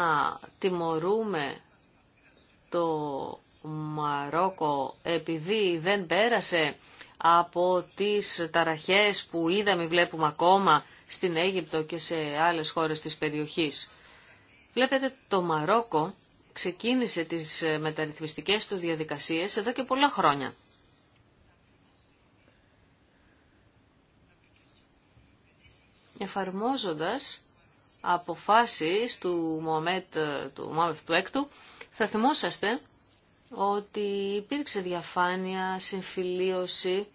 τιμωρούμε το Μαρόκο επειδή δεν πέρασε από τις ταραχές που είδαμε βλέπουμε ακόμα στην Αίγυπτο και σε άλλες χώρες της περιοχής. Βλέπετε το Μαρόκο ξεκίνησε τις ε, μεταρρυθμιστικές του διαδικασίες εδώ και πολλά χρόνια. Εφαρμόζοντας αποφάσεις του Μωαμέτ, ε, του Μωαμέτ του Έκτου, θα θυμόσαστε ότι υπήρξε διαφάνεια, συμφιλίωση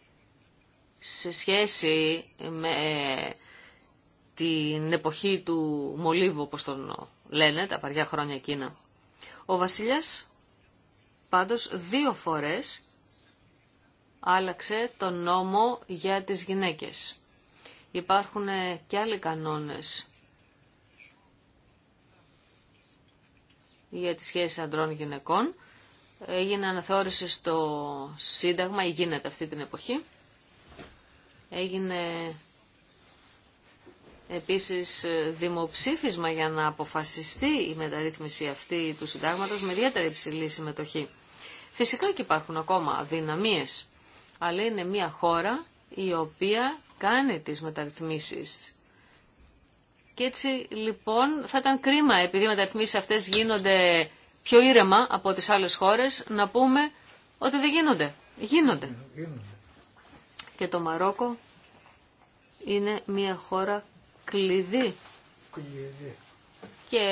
σε σχέση με ε, την εποχή του Μολύβου, όπως τον λένε, τα παριά χρόνια εκείνα. Ο βασιλιάς πάντως δύο φορές άλλαξε τον νόμο για τις γυναίκες. Υπάρχουν και άλλοι κανόνες για τις σχέσεις αντρών-γυναικών. Έγινε αναθεώρηση στο Σύνταγμα, ή γίνεται αυτή την εποχή. Έγινε επίσης ε, δημοψήφισμα για να αποφασιστεί η μεταρρύθμιση αυτή του συντάγματος με ιδιαίτερη υψηλή συμμετοχή. Φυσικά και υπάρχουν ακόμα αδυναμίες, αλλά είναι μια χώρα η οποία κάνει τις μεταρρυθμίσεις. Και έτσι λοιπόν θα ήταν κρίμα επειδή οι μεταρρυθμίσεις αυτές γίνονται πιο ήρεμα από τις άλλες χώρες να πούμε ότι δεν γίνονται. Γίνονται. Και το Μαρόκο είναι μια χώρα κλειδί. Και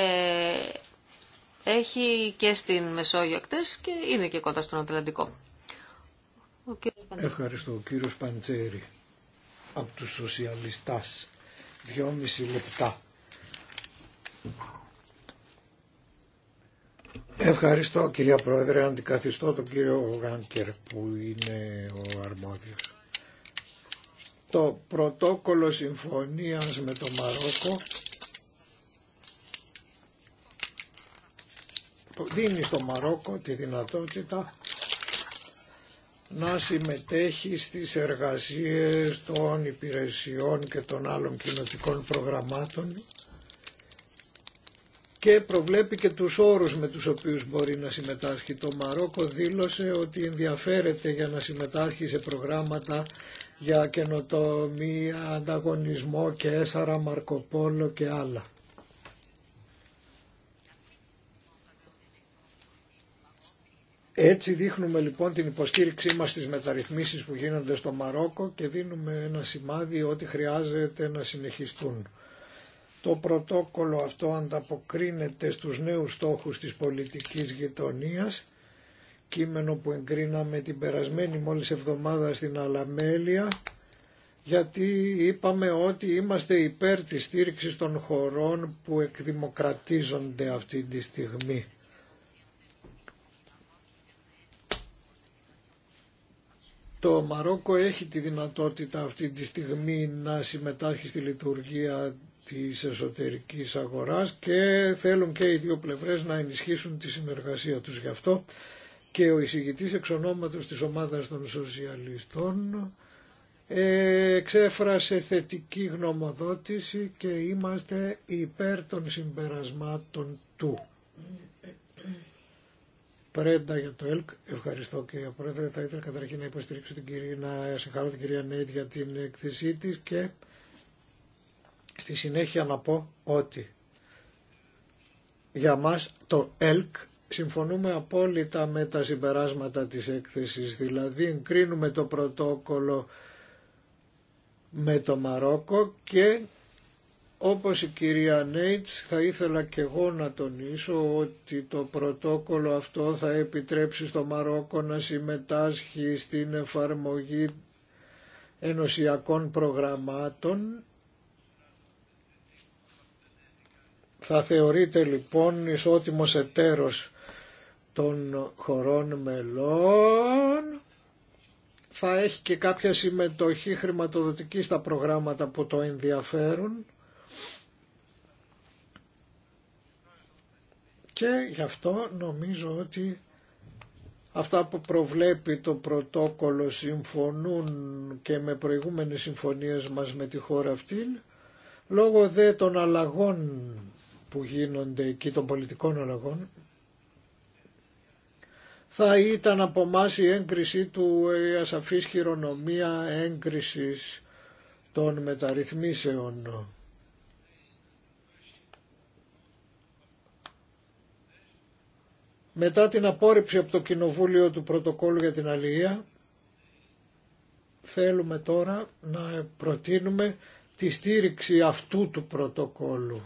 έχει και στην Μεσόγειο ακτές και είναι και κοντά στον Ατλαντικό. Ο Ευχαριστώ. Ο κύριος Παντσέρη από τους σοσιαλιστάς. Δυόμιση λεπτά. Ευχαριστώ κυρία Πρόεδρε, αντικαθιστώ τον κύριο Γάνκερ που είναι ο αρμόδιος το πρωτόκολλο συμφωνίας με το Μαρόκο δίνει στο Μαρόκο τη δυνατότητα να συμμετέχει στις εργασίες των υπηρεσιών και των άλλων κοινοτικών προγραμμάτων και προβλέπει και τους όρους με τους οποίους μπορεί να συμμετάσχει. Το Μαρόκο δήλωσε ότι ενδιαφέρεται για να συμμετάσχει σε προγράμματα για καινοτομία, ανταγωνισμό και έσαρα Μαρκοπόλο και άλλα. Έτσι δείχνουμε λοιπόν την υποστήριξή μας στις μεταρρυθμίσεις που γίνονται στο Μαρόκο και δίνουμε ένα σημάδι ότι χρειάζεται να συνεχιστούν. Το πρωτόκολλο αυτό ανταποκρίνεται στους νέους στόχους της πολιτικής γειτονίας κείμενο που εγκρίναμε την περασμένη μόλις εβδομάδα στην Αλαμέλεια γιατί είπαμε ότι είμαστε υπέρ της στήριξης των χωρών που εκδημοκρατίζονται αυτή τη στιγμή. Το Μαρόκο έχει τη δυνατότητα αυτή τη στιγμή να συμμετάσχει στη λειτουργία της εσωτερικής αγοράς και θέλουν και οι δύο πλευρές να ενισχύσουν τη συνεργασία τους γι' αυτό και ο εισηγητής εξ ονόματος της ομάδας των σοσιαλιστών ε, εξέφρασε θετική γνωμοδότηση και είμαστε υπέρ των συμπερασμάτων του. Πρέντα για το ΕΛΚ. Ευχαριστώ κυρία Πρόεδρε. Θα ήθελα καταρχήν να υποστηρίξω την κυρία, να συγχαρώ την κυρία Νέιτ για την εκθεσή της και στη συνέχεια να πω ότι για μας το ΕΛΚ συμφωνούμε απόλυτα με τα συμπεράσματα της έκθεσης, δηλαδή εγκρίνουμε το πρωτόκολλο με το Μαρόκο και όπως η κυρία Νέιτς θα ήθελα και εγώ να τονίσω ότι το πρωτόκολλο αυτό θα επιτρέψει στο Μαρόκο να συμμετάσχει στην εφαρμογή ενωσιακών προγραμμάτων. Θα θεωρείται λοιπόν ισότιμος εταίρος των χωρών μελών θα έχει και κάποια συμμετοχή χρηματοδοτική στα προγράμματα που το ενδιαφέρουν και γι' αυτό νομίζω ότι αυτά που προβλέπει το πρωτόκολλο συμφωνούν και με προηγούμενες συμφωνίες μας με τη χώρα αυτή λόγω δε των αλλαγών που γίνονται εκεί των πολιτικών αλλαγών θα ήταν από εμά η έγκρισή του η ασαφής χειρονομία έγκρισης των μεταρρυθμίσεων. Μετά την απόρριψη από το Κοινοβούλιο του Πρωτοκόλου για την Αλληλεία, θέλουμε τώρα να προτείνουμε τη στήριξη αυτού του πρωτοκόλου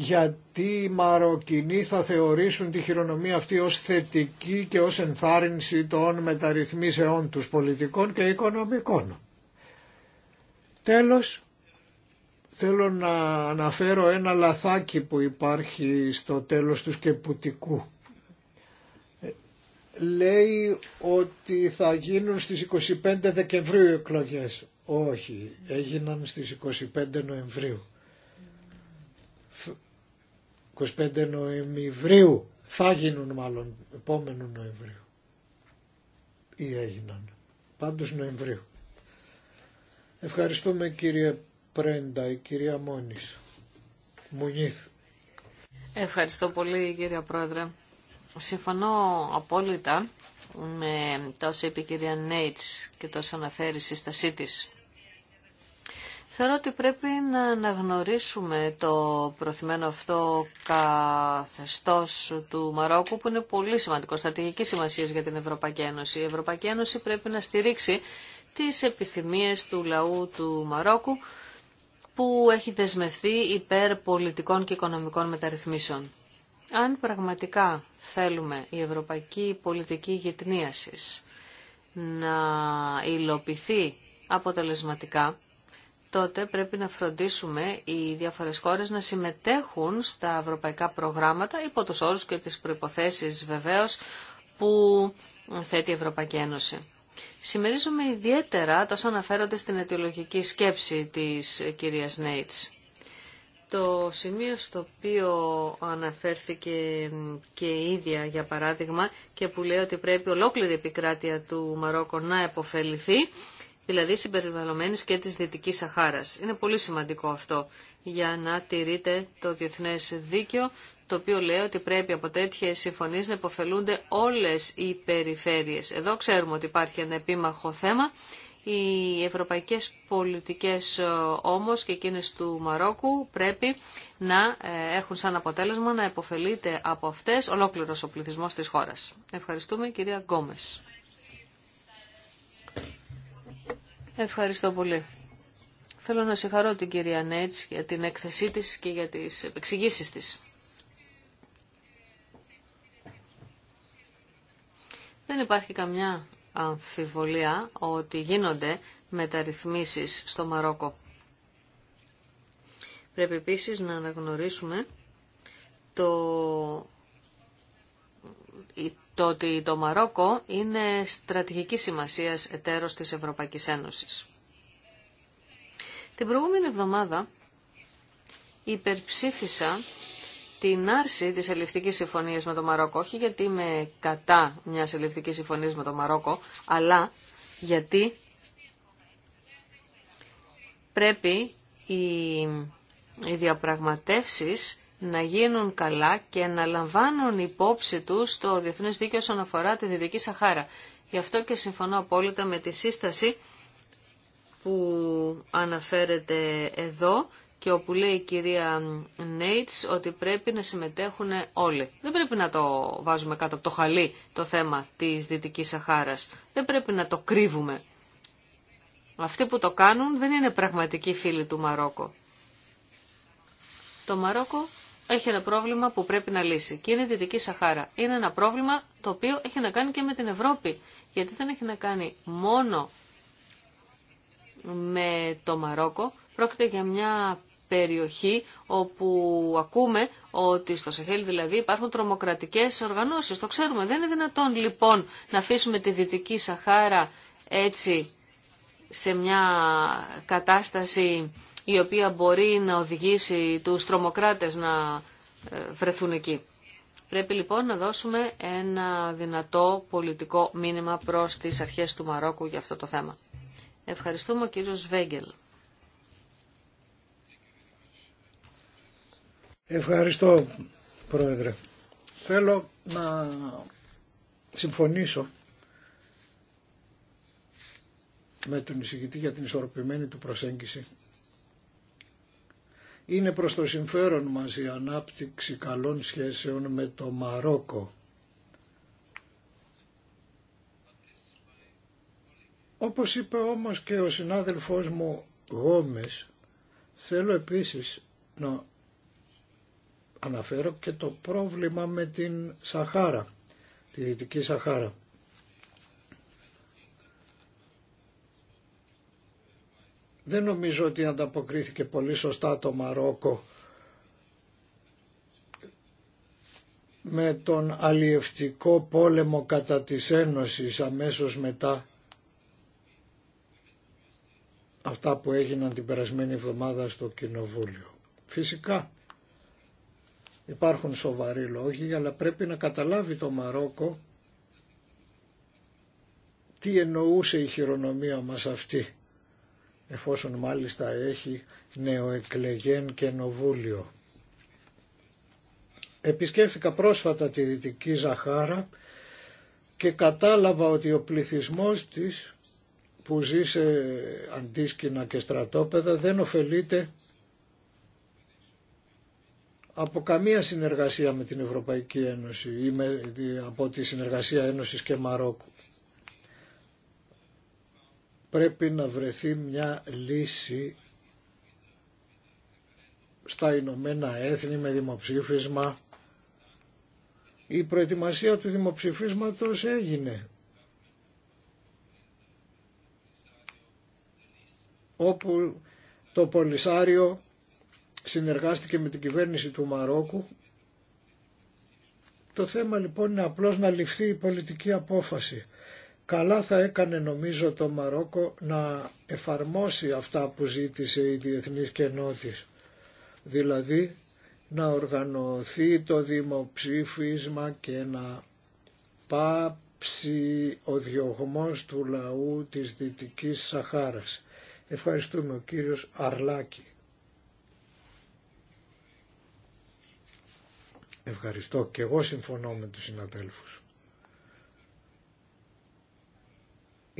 γιατί οι Μαροκινοί θα θεωρήσουν τη χειρονομία αυτή ως θετική και ως ενθάρρυνση των μεταρρυθμίσεών τους πολιτικών και οικονομικών. Τέλος, θέλω να αναφέρω ένα λαθάκι που υπάρχει στο τέλος του Σκεπουτικού. Λέει ότι θα γίνουν στις 25 Δεκεμβρίου εκλογές. Όχι, έγιναν στις 25 Νοεμβρίου. 25 Νοεμβρίου, θα γίνουν μάλλον επόμενου Νοεμβρίου ή κυρία Μόνης, Μουνίθ. Ευχαριστώ πολύ κύριε Ευχαριστούμε κύριε Πρέντα, η κυρία Μόνης. Μουνίθ. Ευχαριστώ πολύ κύριε Πρόεδρε. Συμφωνώ απόλυτα με τα όσα είπε η κυρία Νέιτς και τα αναφέρει η σύστασή Θεωρώ ότι πρέπει να αναγνωρίσουμε το προθυμένο αυτό καθεστώς του Μαρόκου που είναι πολύ σημαντικό, στρατηγική σημασία για την Ευρωπαϊκή Ένωση. Η Ευρωπαϊκή Ένωση πρέπει να στηρίξει τις επιθυμίες του λαού του Μαρόκου που έχει δεσμευθεί υπέρ πολιτικών και οικονομικών μεταρρυθμίσεων. Αν πραγματικά θέλουμε η ευρωπαϊκή πολιτική γετνίασης να υλοποιηθεί αποτελεσματικά, τότε πρέπει να φροντίσουμε οι διάφορες χώρες να συμμετέχουν στα ευρωπαϊκά προγράμματα υπό τους όρους και τις προϋποθέσεις βεβαίως που θέτει η Ευρωπαϊκή Ένωση. Συμμερίζομαι ιδιαίτερα τόσο αναφέρονται στην αιτιολογική σκέψη της κυρίας Νέιτς. Το σημείο στο οποίο αναφέρθηκε και η ίδια για παράδειγμα και που λέει ότι πρέπει ολόκληρη η επικράτεια του Μαρόκο να επωφεληθεί δηλαδή συμπεριλαμβανομένης και της Δυτικής Σαχάρας. Είναι πολύ σημαντικό αυτό για να τηρείται το διεθνές δίκαιο, το οποίο λέει ότι πρέπει από τέτοιε συμφωνίε να υποφελούνται όλες οι περιφέρειες. Εδώ ξέρουμε ότι υπάρχει ένα επίμαχο θέμα. Οι ευρωπαϊκές πολιτικές ε, όμως και εκείνες του Μαρόκου πρέπει να ε, έχουν σαν αποτέλεσμα να υποφελείται από αυτές ολόκληρος ο πληθυσμός της χώρας. Ευχαριστούμε κυρία Γκόμες. Ευχαριστώ πολύ. Θέλω να συγχαρώ την κυρία Νέτς για την έκθεσή της και για τις εξηγήσει της. Δεν υπάρχει καμιά αμφιβολία ότι γίνονται μεταρρυθμίσεις στο Μαρόκο. Πρέπει επίσης να αναγνωρίσουμε το το ότι το Μαρόκο είναι στρατηγική σημασίας εταίρος της Ευρωπαϊκής Ένωσης. Την προηγούμενη εβδομάδα υπερψήφισα την άρση της ελληνικής συμφωνίας με το Μαρόκο, όχι γιατί είμαι κατά μιας ελληνικής συμφωνίας με το Μαρόκο, αλλά γιατί πρέπει οι, οι διαπραγματεύσεις να γίνουν καλά και να λαμβάνουν υπόψη τους το διεθνές δίκαιο όσον αφορά τη Δυτική Σαχάρα. Γι' αυτό και συμφωνώ απόλυτα με τη σύσταση που αναφέρεται εδώ και όπου λέει η κυρία Νέιτς ότι πρέπει να συμμετέχουν όλοι. Δεν πρέπει να το βάζουμε κάτω από το χαλί το θέμα της Δυτικής Σαχάρας. Δεν πρέπει να το κρύβουμε. Αυτοί που το κάνουν δεν είναι πραγματικοί φίλοι του Μαρόκο. Το Μαρόκο έχει ένα πρόβλημα που πρέπει να λύσει και είναι η Δυτική Σαχάρα. Είναι ένα πρόβλημα το οποίο έχει να κάνει και με την Ευρώπη, γιατί δεν έχει να κάνει μόνο με το Μαρόκο, πρόκειται για μια περιοχή όπου ακούμε ότι στο Σεχέλ δηλαδή υπάρχουν τρομοκρατικές οργανώσεις. Το ξέρουμε. Δεν είναι δυνατόν λοιπόν να αφήσουμε τη Δυτική Σαχάρα έτσι σε μια κατάσταση η οποία μπορεί να οδηγήσει τους τρομοκράτες να ε, βρεθούν εκεί. Πρέπει λοιπόν να δώσουμε ένα δυνατό πολιτικό μήνυμα προς τις αρχές του Μαρόκου για αυτό το θέμα. Ευχαριστούμε ο κύριος Βέγγελ. Ευχαριστώ πρόεδρε. Θέλω να συμφωνήσω με τον εισηγητή για την ισορροπημένη του προσέγγιση. Είναι προς το συμφέρον μας η ανάπτυξη καλών σχέσεων με το Μαρόκο. Όπως είπε όμως και ο συνάδελφός μου Γόμες, θέλω επίσης να αναφέρω και το πρόβλημα με την Σαχάρα, τη Δυτική Σαχάρα. Δεν νομίζω ότι ανταποκρίθηκε πολύ σωστά το Μαρόκο με τον αλλιευτικό πόλεμο κατά της Ένωσης αμέσως μετά αυτά που έγιναν την περασμένη εβδομάδα στο Κοινοβούλιο. Φυσικά υπάρχουν σοβαροί λόγοι, αλλά πρέπει να καταλάβει το Μαρόκο τι εννοούσε η χειρονομία μας αυτή εφόσον μάλιστα έχει νεοεκλεγέν καινοβούλιο. Επισκέφθηκα πρόσφατα τη Δυτική Ζαχάρα και κατάλαβα ότι ο πληθυσμός της που ζει σε αντίσκηνα και στρατόπεδα δεν ωφελείται από καμία συνεργασία με την Ευρωπαϊκή Ένωση ή με, από τη συνεργασία Ένωσης και Μαρόκου πρέπει να βρεθεί μια λύση στα Ηνωμένα Έθνη με δημοψήφισμα. Η προετοιμασία του δημοψηφίσματος έγινε. Όπου το Πολυσάριο συνεργάστηκε με την κυβέρνηση του Μαρόκου. Το θέμα λοιπόν είναι απλώς να ληφθεί η πολιτική απόφαση. Καλά θα έκανε νομίζω το Μαρόκο να εφαρμόσει αυτά που ζήτησε η διεθνής Κενότης. Δηλαδή να οργανωθεί το δημοψήφισμα και να πάψει ο διωγμός του λαού της Δυτικής Σαχάρας. Ευχαριστούμε ο κύριος Αρλάκη. Ευχαριστώ και εγώ συμφωνώ με τους συναδέλφους.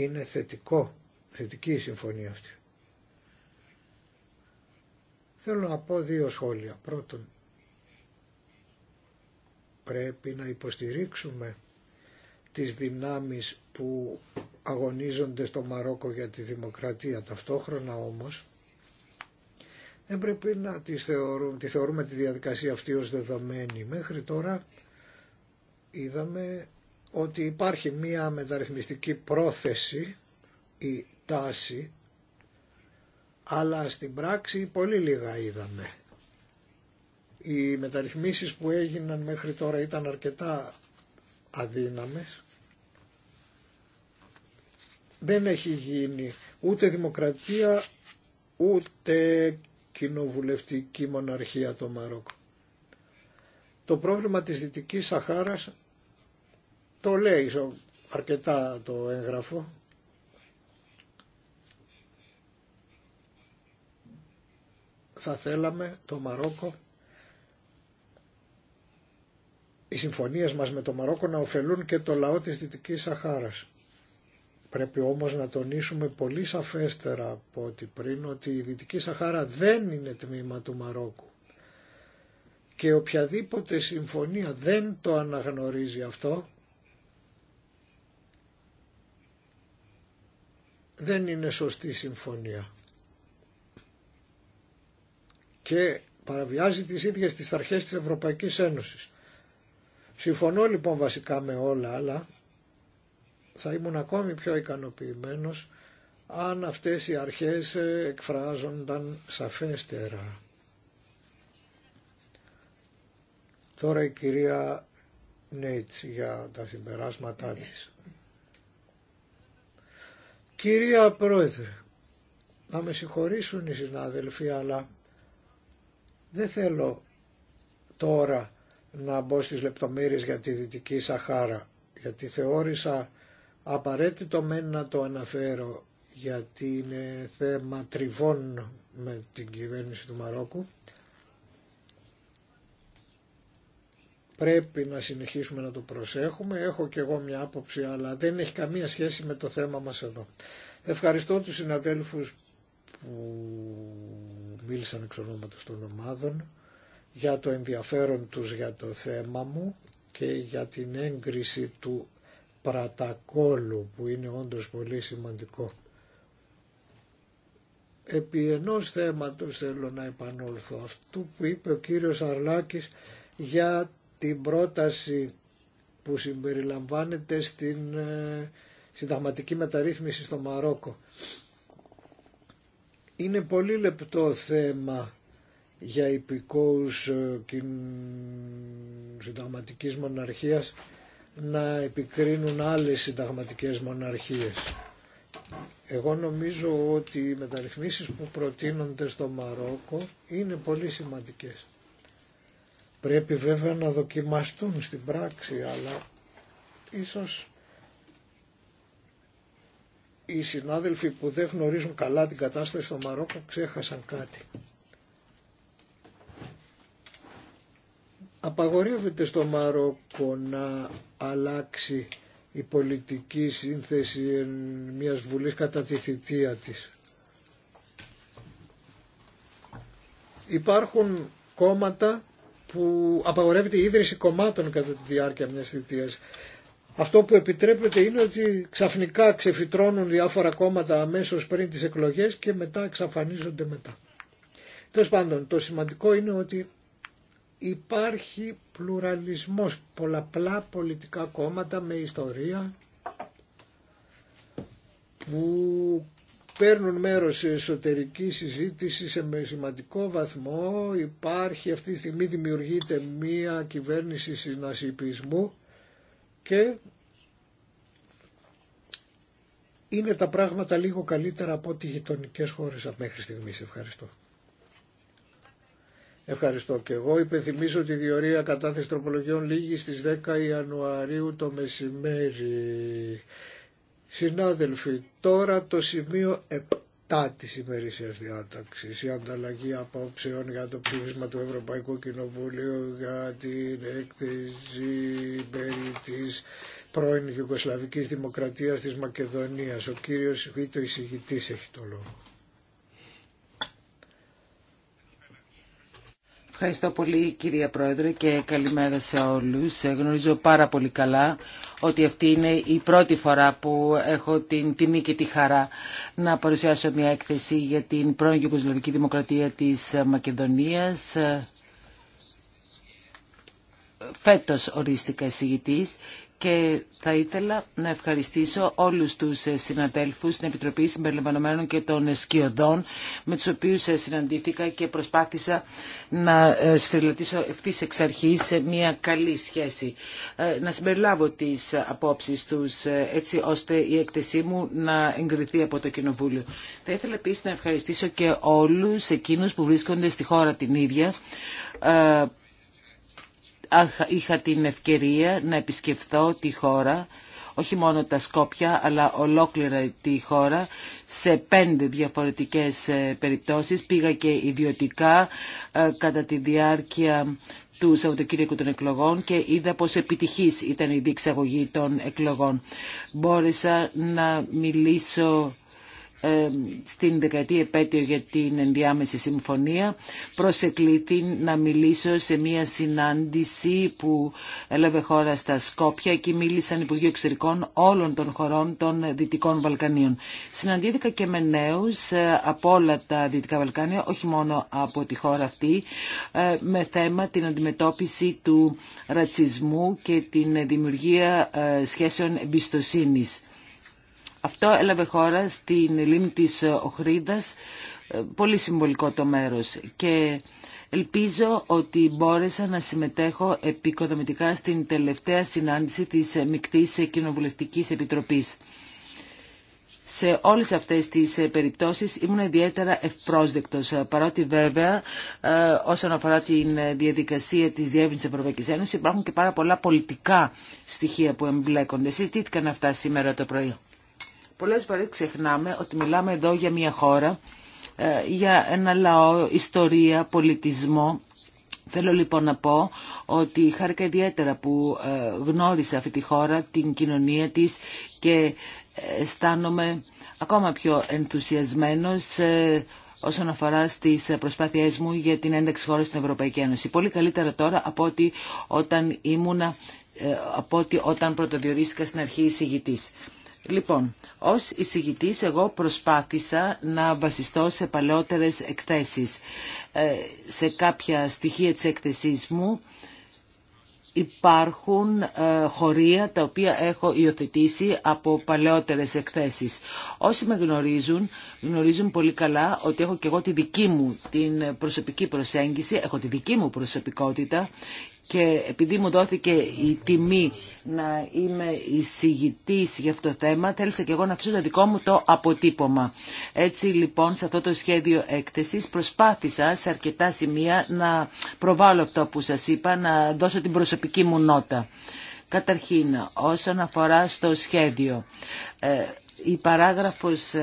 είναι θετικό, θετική η συμφωνία αυτή. Θέλω να πω δύο σχόλια. Πρώτον, πρέπει να υποστηρίξουμε τις δυνάμεις που αγωνίζονται στο Μαρόκο για τη δημοκρατία. Ταυτόχρονα όμως δεν πρέπει να θεωρούμε, τη θεωρούμε τη διαδικασία αυτή ως δεδομένη. Μέχρι τώρα είδαμε ότι υπάρχει μία μεταρρυθμιστική πρόθεση ή τάση, αλλά στην πράξη πολύ λίγα είδαμε. Οι μεταρρυθμίσεις που έγιναν μέχρι τώρα ήταν αρκετά αδύναμες. Δεν έχει γίνει ούτε δημοκρατία, ούτε κοινοβουλευτική μοναρχία το Μαρόκο. Το πρόβλημα της Δυτικής Σαχάρας το λέει αρκετά το έγγραφο. Θα θέλαμε το Μαρόκο οι συμφωνίες μας με το Μαρόκο να ωφελούν και το λαό της Δυτικής Σαχάρας. Πρέπει όμως να τονίσουμε πολύ σαφέστερα από ό,τι πριν ότι η Δυτική Σαχάρα δεν είναι τμήμα του Μαρόκου. Και οποιαδήποτε συμφωνία δεν το αναγνωρίζει αυτό δεν είναι σωστή συμφωνία και παραβιάζει τις ίδιες τις αρχές της Ευρωπαϊκής Ένωσης. Συμφωνώ λοιπόν βασικά με όλα, αλλά θα ήμουν ακόμη πιο ικανοποιημένος αν αυτές οι αρχές εκφράζονταν σαφέστερα. Τώρα η κυρία Νέιτς για τα συμπεράσματά της. Κυρία Πρόεδρε, να με συγχωρήσουν οι συνάδελφοι, αλλά δεν θέλω τώρα να μπω στις λεπτομέρειες για τη Δυτική Σαχάρα, γιατί θεώρησα απαραίτητο μεν να το αναφέρω, γιατί είναι θέμα τριβών με την κυβέρνηση του Μαρόκου, πρέπει να συνεχίσουμε να το προσέχουμε. Έχω και εγώ μια άποψη, αλλά δεν έχει καμία σχέση με το θέμα μας εδώ. Ευχαριστώ τους συναδέλφους που μίλησαν εξ ονόματος των ομάδων για το ενδιαφέρον τους για το θέμα μου και για την έγκριση του πρατακόλου που είναι όντως πολύ σημαντικό. Επί ενός θέματος θέλω να επανόλθω αυτού που είπε ο κύριος Αρλάκης για την πρόταση που συμπεριλαμβάνεται στην ε, συνταγματική μεταρρύθμιση στο Μαρόκο. Είναι πολύ λεπτό θέμα για υπηκόους ε, συνταγματικής μοναρχίας να επικρίνουν άλλες συνταγματικές μοναρχίες. Εγώ νομίζω ότι οι μεταρρυθμίσεις που προτείνονται στο Μαρόκο είναι πολύ σημαντικές. Πρέπει βέβαια να δοκιμαστούν στην πράξη, αλλά ίσως οι συνάδελφοι που δεν γνωρίζουν καλά την κατάσταση στο Μαρόκο ξέχασαν κάτι. Απαγορεύεται στο Μαρόκο να αλλάξει η πολιτική σύνθεση μιας βουλής κατά τη θητεία της. Υπάρχουν κόμματα που απαγορεύεται η ίδρυση κομμάτων κατά τη διάρκεια μιας θητείας. Αυτό που επιτρέπεται είναι ότι ξαφνικά ξεφυτρώνουν διάφορα κόμματα αμέσως πριν τις εκλογές και μετά εξαφανίζονται μετά. Τέλο πάντων, το σημαντικό είναι ότι υπάρχει πλουραλισμός, πολλαπλά πολιτικά κόμματα με ιστορία που παίρνουν μέρος σε εσωτερική συζήτηση σε με σημαντικό βαθμό. Υπάρχει αυτή τη στιγμή δημιουργείται μία κυβέρνηση συνασυπισμού και είναι τα πράγματα λίγο καλύτερα από ό,τι γειτονικέ χώρες μέχρι στιγμής. Ευχαριστώ. Ευχαριστώ και εγώ. Υπενθυμίζω ότι η διορία κατάθεση τροπολογιών λήγει στις 10 Ιανουαρίου το μεσημέρι. Συνάδελφοι, τώρα το σημείο 7 της ημερήσιας διάταξης, η ανταλλαγή απόψεων για το ψήφισμα του Ευρωπαϊκού Κοινοβουλίου για την έκθεση περί της πρώην Ιουγκοσλαβικής Δημοκρατίας της Μακεδονίας. Ο κύριος Βίτο εισηγητής έχει το λόγο. Ευχαριστώ πολύ κυρία Πρόεδρε και καλημέρα σε όλους. Ε, γνωρίζω πάρα πολύ καλά ότι αυτή είναι η πρώτη φορά που έχω την τιμή και τη χαρά να παρουσιάσω μια έκθεση για την πρώην Γιουγκοσλαβική Δημοκρατία της Μακεδονίας. Ε, φέτος ορίστηκα εισηγητής και θα ήθελα να ευχαριστήσω όλους τους συναδέλφους στην Επιτροπή Συμπεριλαμβανομένων και των Σκιωδών με τους οποίους συναντήθηκα και προσπάθησα να ε, σφυριλατήσω ευθύ εξ αρχής σε μια καλή σχέση. Ε, να συμπεριλάβω τις απόψεις τους ε, έτσι ώστε η έκθεσή μου να εγκριθεί από το Κοινοβούλιο. Θα ήθελα επίσης να ευχαριστήσω και όλους εκείνους που βρίσκονται στη χώρα την ίδια είχα την ευκαιρία να επισκεφθώ τη χώρα, όχι μόνο τα Σκόπια, αλλά ολόκληρα τη χώρα, σε πέντε διαφορετικές ε, περιπτώσεις. Πήγα και ιδιωτικά ε, κατά τη διάρκεια του Σαββατοκύριακου των εκλογών και είδα πόσο επιτυχής ήταν η διεξαγωγή των εκλογών. Μπόρεσα να μιλήσω ε, στην δεκαετή επέτειο για την ενδιάμεση συμφωνία προσεκλήθη να μιλήσω σε μια συνάντηση που έλαβε χώρα στα Σκόπια και μίλησαν Υπουργείο Εξωτερικών όλων των χωρών των Δυτικών Βαλκανίων. Συναντήθηκα και με νέους ε, από όλα τα Δυτικά Βαλκάνια, όχι μόνο από τη χώρα αυτή, ε, με θέμα την αντιμετώπιση του ρατσισμού και την δημιουργία σχέσεων εμπιστοσύνης. Αυτό έλαβε χώρα στην λίμνη της ε, Οχρίδας, ε, πολύ συμβολικό το μέρος και ελπίζω ότι μπόρεσα να συμμετέχω επικοδομητικά στην τελευταία συνάντηση της ε, Μικτής Κοινοβουλευτικής Επιτροπής. Σε όλες αυτές τις περιπτώσεις ήμουν ιδιαίτερα ευπρόσδεκτος, παρότι βέβαια όσον αφορά την διαδικασία της Διεύνησης Ευρωπαϊκής Ένωσης υπάρχουν και πάρα πολλά πολιτικά στοιχεία που εμπλέκονται. Συζητήθηκαν αυτά σήμερα το πρωί. Πολλές φορές ξεχνάμε ότι μιλάμε εδώ για μια χώρα, ε, για ένα λαό, ιστορία, πολιτισμό. Θέλω λοιπόν να πω ότι χάρηκα ιδιαίτερα που ε, γνώρισα αυτή τη χώρα, την κοινωνία της και ε, αισθάνομαι ακόμα πιο ενθουσιασμένος όσον αφορά στις προσπάθειές μου για την ένταξη χώρα στην Ευρωπαϊκή Ένωση. Πολύ καλύτερα τώρα από ότι όταν ήμουνα από όταν πρωτοδιορίστηκα στην αρχή εισηγητής. Λοιπόν, ως εισηγητής εγώ προσπάθησα να βασιστώ σε παλαιότερες εκθέσεις. Ε, σε κάποια στοιχεία της έκθεσής μου υπάρχουν ε, χωρία τα οποία έχω υιοθετήσει από παλαιότερες εκθέσεις. Όσοι με γνωρίζουν, γνωρίζουν πολύ καλά ότι έχω και εγώ τη δική μου την προσωπική προσέγγιση, έχω τη δική μου προσωπικότητα και επειδή μου δόθηκε η τιμή να είμαι εισηγητής για αυτό το θέμα, θέλησα και εγώ να αφήσω το δικό μου το αποτύπωμα. Έτσι λοιπόν σε αυτό το σχέδιο έκθεσης προσπάθησα σε αρκετά σημεία να προβάλλω αυτό που σας είπα, να δώσω την προσωπική μου νότα. Καταρχήν, όσον αφορά στο σχέδιο, ε, η παράγραφος 1,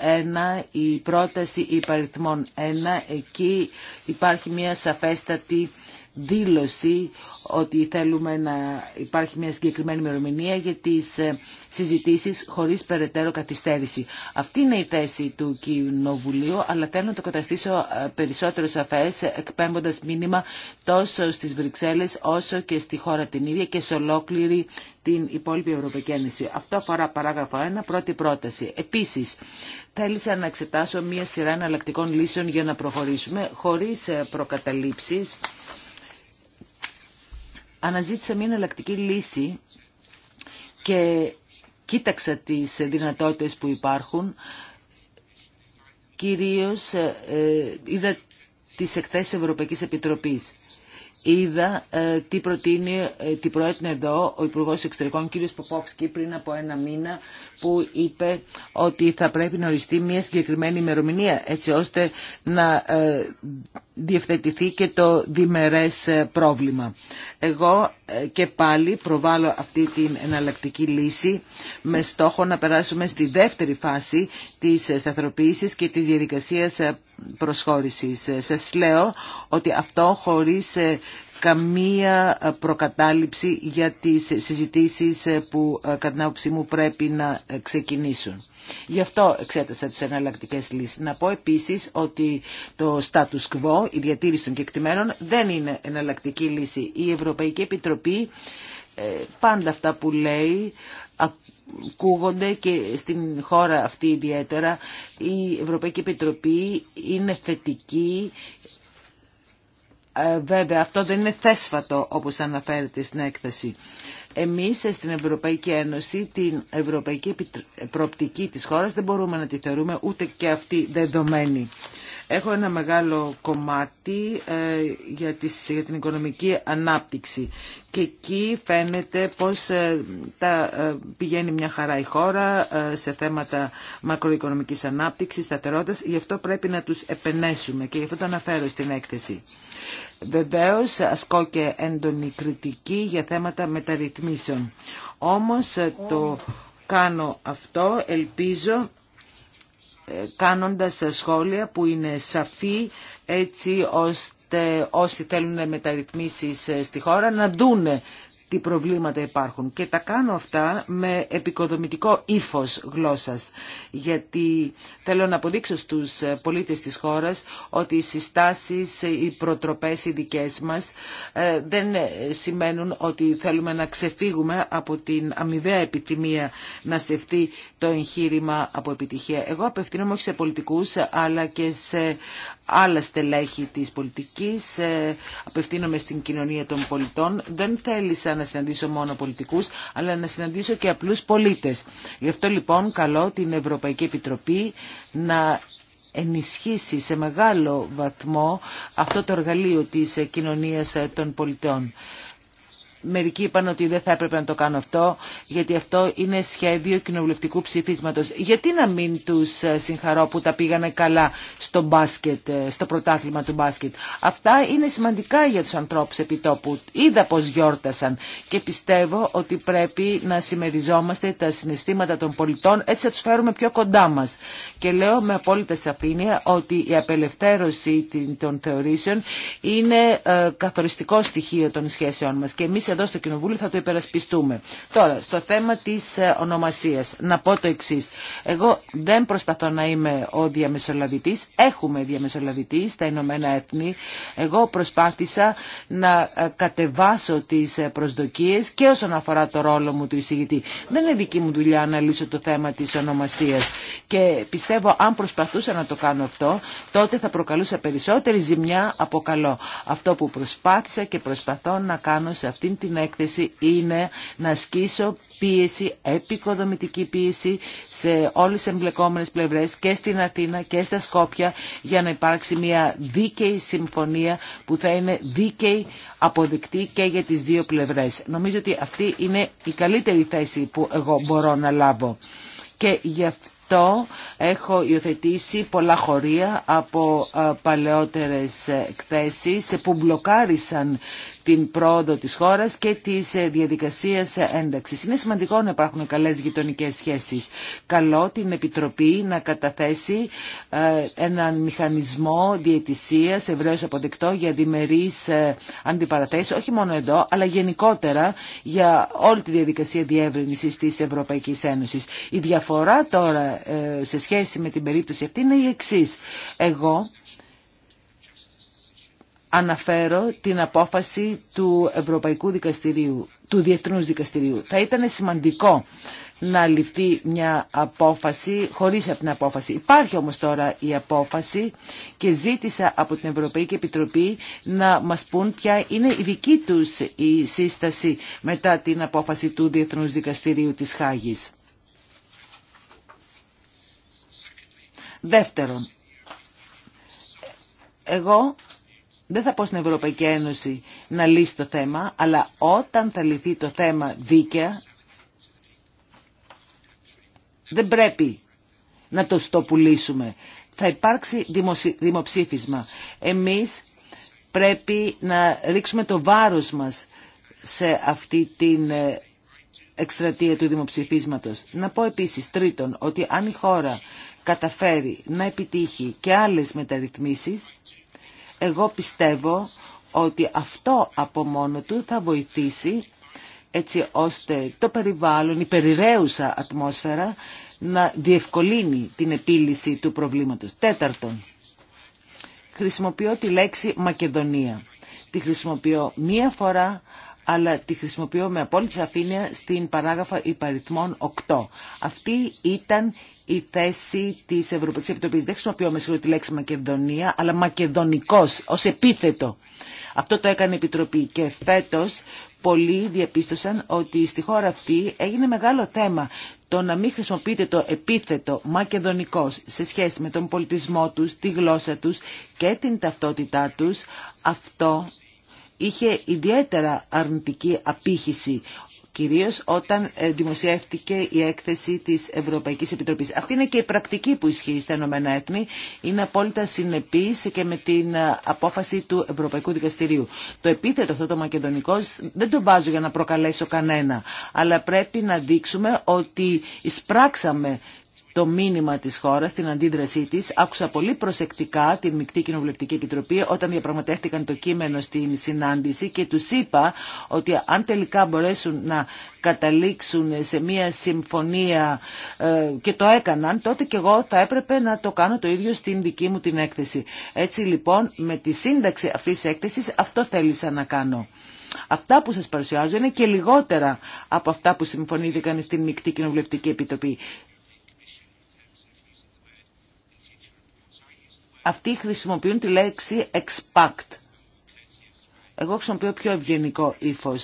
ε, η πρόταση υπαριθμών 1, εκεί υπάρχει μια σαφέστατη δήλωση ότι θέλουμε να υπάρχει μια συγκεκριμένη ημερομηνία για τις ε, συζητήσεις χωρίς περαιτέρω καθυστέρηση. Αυτή είναι η θέση του Κοινοβουλίου, αλλά θέλω να το καταστήσω ε, περισσότερο σαφές εκπέμποντας μήνυμα τόσο στις Βρυξέλλες όσο και στη χώρα την ίδια και σε ολόκληρη την υπόλοιπη Ευρωπαϊκή Ένωση. Αυτό αφορά παράγραφο 1, πρώτη πρόταση. Επίσης, θέλησα να εξετάσω μία σειρά εναλλακτικών λύσεων για να προχωρήσουμε χωρί ε, προκαταλήψει αναζήτησα μια εναλλακτική λύση και κοίταξα τις δυνατότητες που υπάρχουν. Κυρίως ε, ε, είδα τις εκθέσεις Ευρωπαϊκής Επιτροπής είδα ε, τι, προτείνει, ε, τι προέτεινε εδώ ο Υπουργό Εξωτερικών κ. Ποπόφσκι πριν από ένα μήνα που είπε ότι θα πρέπει να οριστεί μια συγκεκριμένη ημερομηνία έτσι ώστε να ε, διευθετηθεί και το διμερές πρόβλημα. Εγώ ε, και πάλι προβάλλω αυτή την εναλλακτική λύση με στόχο να περάσουμε στη δεύτερη φάση της σταθεροποίησης και της διαδικασίας ε, προσχώρησης. Ε, σας λέω ότι αυτό χωρίς καμία προκατάληψη για τις συζητήσεις που κατά άποψή μου πρέπει να ξεκινήσουν. Γι' αυτό εξέτασα τι εναλλακτικέ λύσει. Να πω επίση ότι το status quo, η διατήρηση των κεκτημένων, δεν είναι εναλλακτική λύση. Η Ευρωπαϊκή Επιτροπή ε, πάντα αυτά που λέει ακούγονται και στην χώρα αυτή ιδιαίτερα η Ευρωπαϊκή Επιτροπή είναι θετική ε, βέβαια αυτό δεν είναι θέσφατο όπως αναφέρεται στην έκθεση εμείς στην Ευρωπαϊκή Ένωση την ευρωπαϊκή προοπτική της χώρας δεν μπορούμε να τη θεωρούμε ούτε και αυτή δεδομένη. Έχω ένα μεγάλο κομμάτι ε, για την οικονομική ανάπτυξη και εκεί φαίνεται πως ε, τα ε, πηγαίνει μια χαρά η χώρα σε θέματα μακροοικονομικής ανάπτυξης, σταθερότητας. Γι' αυτό πρέπει να τους επενέσουμε και γι' αυτό το αναφέρω στην έκθεση. Βεβαίως ασκώ και έντονη κριτική για θέματα μεταρρυθμίσεων. Όμως ε, το κάνω αυτό, ελπίζω, ε, κάνοντας σχόλια που είναι σαφή έτσι ώστε όσοι θέλουν μεταρρυθμίσεις ε, στη χώρα να δούνε τι προβλήματα υπάρχουν. Και τα κάνω αυτά με επικοδομητικό ύφο γλώσσας, γιατί θέλω να αποδείξω στου πολίτες της χώρας ότι οι συστάσεις, οι προτροπές οι δικές μας ε, δεν σημαίνουν ότι θέλουμε να ξεφύγουμε από την αμοιβαία επιτιμία να στεφτεί το εγχείρημα από επιτυχία. Εγώ απευθύνομαι όχι σε πολιτικούς, αλλά και σε άλλα στελέχη της πολιτικής, ε, απευθύνομαι στην κοινωνία των πολιτών. Δεν θέλησα να να συναντήσω μόνο πολιτικού, αλλά να συναντήσω και απλού πολίτες. Γι' αυτό λοιπόν καλώ την Ευρωπαϊκή Επιτροπή να ενισχύσει σε μεγάλο βαθμό αυτό το εργαλείο της κοινωνίας των πολιτών. Μερικοί είπαν ότι δεν θα έπρεπε να το κάνω αυτό, γιατί αυτό είναι σχέδιο κοινοβουλευτικού ψηφίσματος. Γιατί να μην τους ε, συγχαρώ που τα πήγανε καλά στο μπάσκετ, ε, στο πρωτάθλημα του μπάσκετ. Αυτά είναι σημαντικά για τους ανθρώπους επιτόπου. Είδα πως γιόρτασαν και πιστεύω ότι πρέπει να συμμεριζόμαστε τα συναισθήματα των πολιτών, έτσι θα τους φέρουμε πιο κοντά μας. Και λέω με απόλυτα σαφήνεια ότι η απελευθέρωση των θεωρήσεων είναι ε, καθοριστικό στοιχείο των σχέσεών μα. Και εδώ στο Κοινοβούλιο θα το υπερασπιστούμε. Τώρα, στο θέμα της ε, ονομασίας, να πω το εξή. Εγώ δεν προσπαθώ να είμαι ο διαμεσολαβητής, έχουμε διαμεσολαβητή στα Ηνωμένα Έθνη. Εγώ προσπάθησα να ε, κατεβάσω τις ε, προσδοκίες και όσον αφορά το ρόλο μου του εισηγητή. Δεν είναι δική μου δουλειά να λύσω το θέμα της ονομασίας και πιστεύω αν προσπαθούσα να το κάνω αυτό, τότε θα προκαλούσα περισσότερη ζημιά από καλό. Αυτό που προσπάθησα και προσπαθώ να κάνω σε αυτήν την έκθεση είναι να ασκήσω πίεση, επικοδομητική πίεση σε όλες τις εμπλεκόμενες πλευρές και στην Αθήνα και στα Σκόπια για να υπάρξει μια δίκαιη συμφωνία που θα είναι δίκαιη αποδεκτή και για τις δύο πλευρές. Νομίζω ότι αυτή είναι η καλύτερη θέση που εγώ μπορώ να λάβω. Και γι' αυτό έχω υιοθετήσει πολλά χωρία από ε, παλαιότερες ε, εκθέσεις που μπλοκάρισαν την πρόοδο της χώρας και της ε, διαδικασίας ένταξης. Είναι σημαντικό να υπάρχουν καλές γειτονικές σχέσεις. Καλό την Επιτροπή να καταθέσει ε, έναν μηχανισμό διαιτησίας ευρέως αποδεκτό για διμερείς ε, αντιπαραθέσεις, όχι μόνο εδώ, αλλά γενικότερα για όλη τη διαδικασία διεύρυνσης της Ευρωπαϊκής Ένωσης. Η διαφορά τώρα σε σχέση με την περίπτωση αυτή είναι η εξής. Εγώ αναφέρω την απόφαση του Ευρωπαϊκού Δικαστηρίου, του Διεθνούς Δικαστηρίου. Θα ήταν σημαντικό να ληφθεί μια απόφαση χωρίς αυτήν την απόφαση. Υπάρχει όμως τώρα η απόφαση και ζήτησα από την Ευρωπαϊκή Επιτροπή να μας πούν ποια είναι η δική τους η σύσταση μετά την απόφαση του Διεθνούς Δικαστηρίου της Χάγης. Δεύτερον, εγώ δεν θα πω στην Ευρωπαϊκή Ένωση να λύσει το θέμα, αλλά όταν θα λυθεί το θέμα δίκαια, δεν πρέπει να το στοπουλήσουμε. Θα υπάρξει δημοψήφισμα. Εμείς πρέπει να ρίξουμε το βάρος μας σε αυτή την ε, εκστρατεία του δημοψηφίσματος. Να πω επίσης τρίτον ότι αν η χώρα καταφέρει να επιτύχει και άλλες μεταρρυθμίσεις, εγώ πιστεύω ότι αυτό από μόνο του θα βοηθήσει έτσι ώστε το περιβάλλον, η περιραίουσα ατμόσφαιρα να διευκολύνει την επίλυση του προβλήματος. Τέταρτον, χρησιμοποιώ τη λέξη Μακεδονία. Τη χρησιμοποιώ μία φορά αλλά τη χρησιμοποιώ με απόλυτη σαφήνεια στην παράγραφα υπαριθμών 8. Αυτή ήταν η θέση τη Ευρωπαϊκή Επιτροπή. Δεν χρησιμοποιώ με τη λέξη Μακεδονία, αλλά μακεδονικό, ω επίθετο. Αυτό το έκανε η Επιτροπή και φέτος πολλοί διαπίστωσαν ότι στη χώρα αυτή έγινε μεγάλο θέμα το να μην χρησιμοποιείται το επίθετο μακεδονικός σε σχέση με τον πολιτισμό τους, τη γλώσσα τους και την ταυτότητά τους, αυτό είχε ιδιαίτερα αρνητική απήχηση κυρίως όταν ε, δημοσιεύτηκε η έκθεση της Ευρωπαϊκής Επιτροπής. Αυτή είναι και η πρακτική που ισχύει στα Ηνωμένα Έθνη. Είναι απόλυτα συνεπής και με την ε, απόφαση του Ευρωπαϊκού Δικαστηρίου. Το επίθετο αυτό το μακεδονικό δεν το βάζω για να προκαλέσω κανένα, αλλά πρέπει να δείξουμε ότι εισπράξαμε το μήνυμα της χώρας, την αντίδρασή της. Άκουσα πολύ προσεκτικά την Μικτή Κοινοβουλευτική Επιτροπή όταν διαπραγματεύτηκαν το κείμενο στην συνάντηση και τους είπα ότι αν τελικά μπορέσουν να καταλήξουν σε μια συμφωνία ε, και το έκαναν, τότε και εγώ θα έπρεπε να το κάνω το ίδιο στην δική μου την έκθεση. Έτσι λοιπόν με τη σύνταξη αυτής της έκθεσης αυτό θέλησα να κάνω. Αυτά που σας παρουσιάζω είναι και λιγότερα από αυτά που συμφωνήθηκαν στην Μικτή Κοινοβουλευτική Επιτροπή. αυτοί χρησιμοποιούν τη λέξη «expact». Εγώ χρησιμοποιώ πιο ευγενικό ύφο.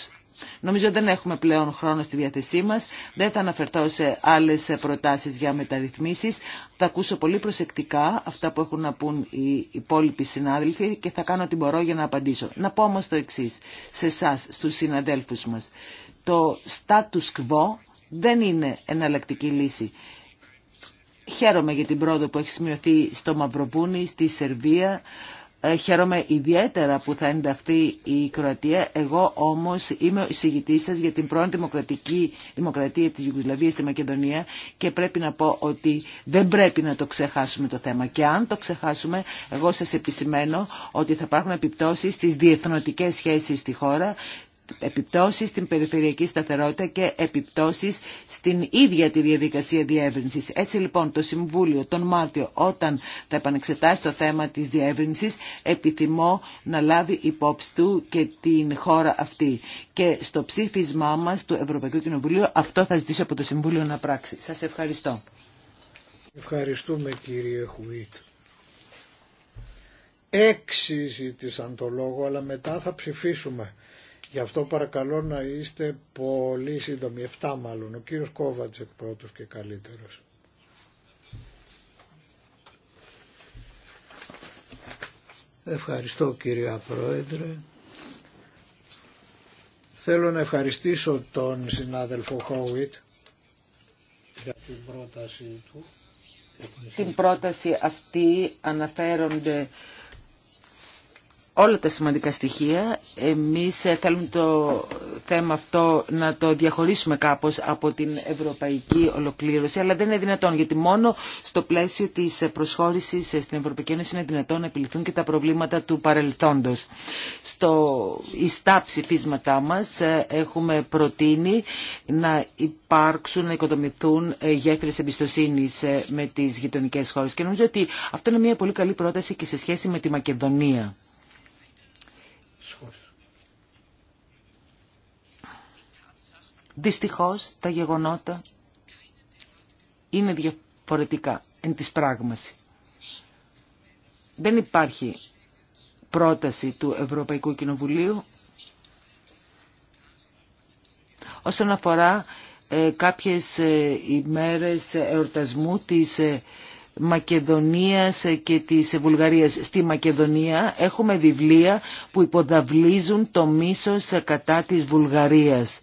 Νομίζω δεν έχουμε πλέον χρόνο στη διάθεσή μας. Δεν θα αναφερθώ σε άλλες προτάσεις για μεταρρυθμίσεις. Θα ακούσω πολύ προσεκτικά αυτά που έχουν να πούν οι υπόλοιποι συνάδελφοι και θα κάνω ό,τι μπορώ για να απαντήσω. Να πω όμως το εξή σε εσά, στους συναδέλφους μας. Το status quo δεν είναι εναλλακτική λύση. Χαίρομαι για την πρόοδο που έχει σημειωθεί στο Μαυροβούνι, στη Σερβία. Ε, χαίρομαι ιδιαίτερα που θα ενταχθεί η Κροατία. Εγώ όμως είμαι ο εισηγητής σας για την πρώην δημοκρατική δημοκρατία της Ιουγκοσλαβίας στη Μακεδονία και πρέπει να πω ότι δεν πρέπει να το ξεχάσουμε το θέμα. Και αν το ξεχάσουμε, εγώ σας επισημαίνω ότι θα υπάρχουν επιπτώσεις στις διεθνωτικές σχέσεις στη χώρα, επιπτώσεις στην περιφερειακή σταθερότητα και επιπτώσεις στην ίδια τη διαδικασία διεύρυνσης. Έτσι λοιπόν το Συμβούλιο τον Μάρτιο όταν θα επανεξετάσει το θέμα της διεύρυνσης επιθυμώ να λάβει υπόψη του και την χώρα αυτή. Και στο ψήφισμά μας του Ευρωπαϊκού Κοινοβουλίου αυτό θα ζητήσω από το Συμβούλιο να πράξει. Σας ευχαριστώ. Ευχαριστούμε κύριε Χουίτ. Έξι ζήτησαν το λόγο αλλά μετά θα ψηφίσουμε. Γι' αυτό παρακαλώ να είστε πολύ σύντομοι, Εφτά μάλλον, ο κύριος Κόβατς εκ πρώτος και καλύτερος. Ευχαριστώ κύριε Πρόεδρε. Θέλω να ευχαριστήσω τον συνάδελφο Χόουιτ για την πρόταση του. Την πρόταση αυτή αναφέρονται όλα τα σημαντικά στοιχεία. Εμείς ε, θέλουμε το θέμα αυτό να το διαχωρίσουμε κάπως από την ευρωπαϊκή ολοκλήρωση, αλλά δεν είναι δυνατόν, γιατί μόνο στο πλαίσιο της προσχώρησης στην Ευρωπαϊκή Ένωση είναι δυνατόν να επιληθούν και τα προβλήματα του παρελθόντος. Στο ιστά ψηφίσματά μας ε, έχουμε προτείνει να υπάρξουν, να οικοδομηθούν ε, γέφυρες εμπιστοσύνη με τις γειτονικές χώρες και νομίζω ότι αυτό είναι μια πολύ καλή πρόταση και σε σχέση με τη Μακεδονία. Δυστυχώς τα γεγονότα είναι διαφορετικά εν της πράγμαση. Δεν υπάρχει πρόταση του Ευρωπαϊκού Κοινοβουλίου όσον αφορά ε, κάποιες ε, ημέρες εορτασμού της ε, Μακεδονίας και της Βουλγαρίας. Στη Μακεδονία έχουμε βιβλία που υποδαβλίζουν το μίσος κατά της Βουλγαρίας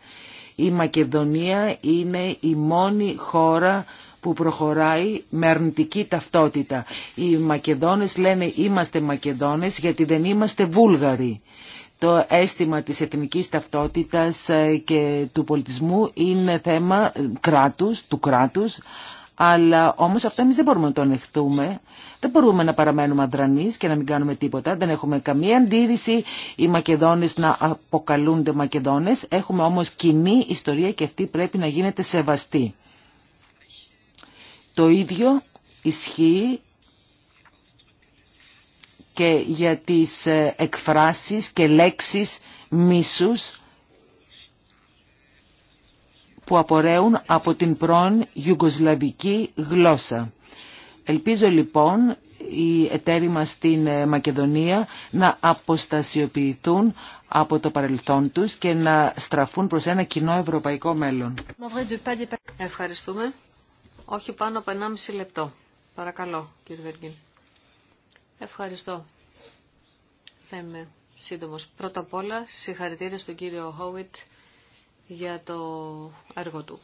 η Μακεδονία είναι η μόνη χώρα που προχωράει με αρνητική ταυτότητα. Οι Μακεδόνες λένε είμαστε Μακεδόνες γιατί δεν είμαστε Βούλγαροι. Το αίσθημα της εθνικής ταυτότητας ε, και του πολιτισμού είναι θέμα ε, κράτους, του κράτους, αλλά όμως αυτό εμείς δεν μπορούμε να το ανεχτούμε. Δεν μπορούμε να παραμένουμε αντρανείς και να μην κάνουμε τίποτα. Δεν έχουμε καμία αντίρρηση οι Μακεδόνες να αποκαλούνται Μακεδόνες. Έχουμε όμως κοινή ιστορία και αυτή πρέπει να γίνεται σεβαστή. Το ίδιο ισχύει και για τις ε, εκφράσεις και λέξεις μίσους που απορρέουν από την πρώην γιουγκοσλαβική γλώσσα. Ελπίζω λοιπόν οι εταίροι μας στην ε, Μακεδονία να αποστασιοποιηθούν από το παρελθόν τους και να στραφούν προς ένα κοινό ευρωπαϊκό μέλλον. Ευχαριστούμε. Όχι πάνω από 1,5 λεπτό. Παρακαλώ, κύριε Βεργκίν. Ευχαριστώ. Θα είμαι σύντομος. Πρώτα απ' όλα, συγχαρητήρια στον κύριο Χόουιτ για το έργο του.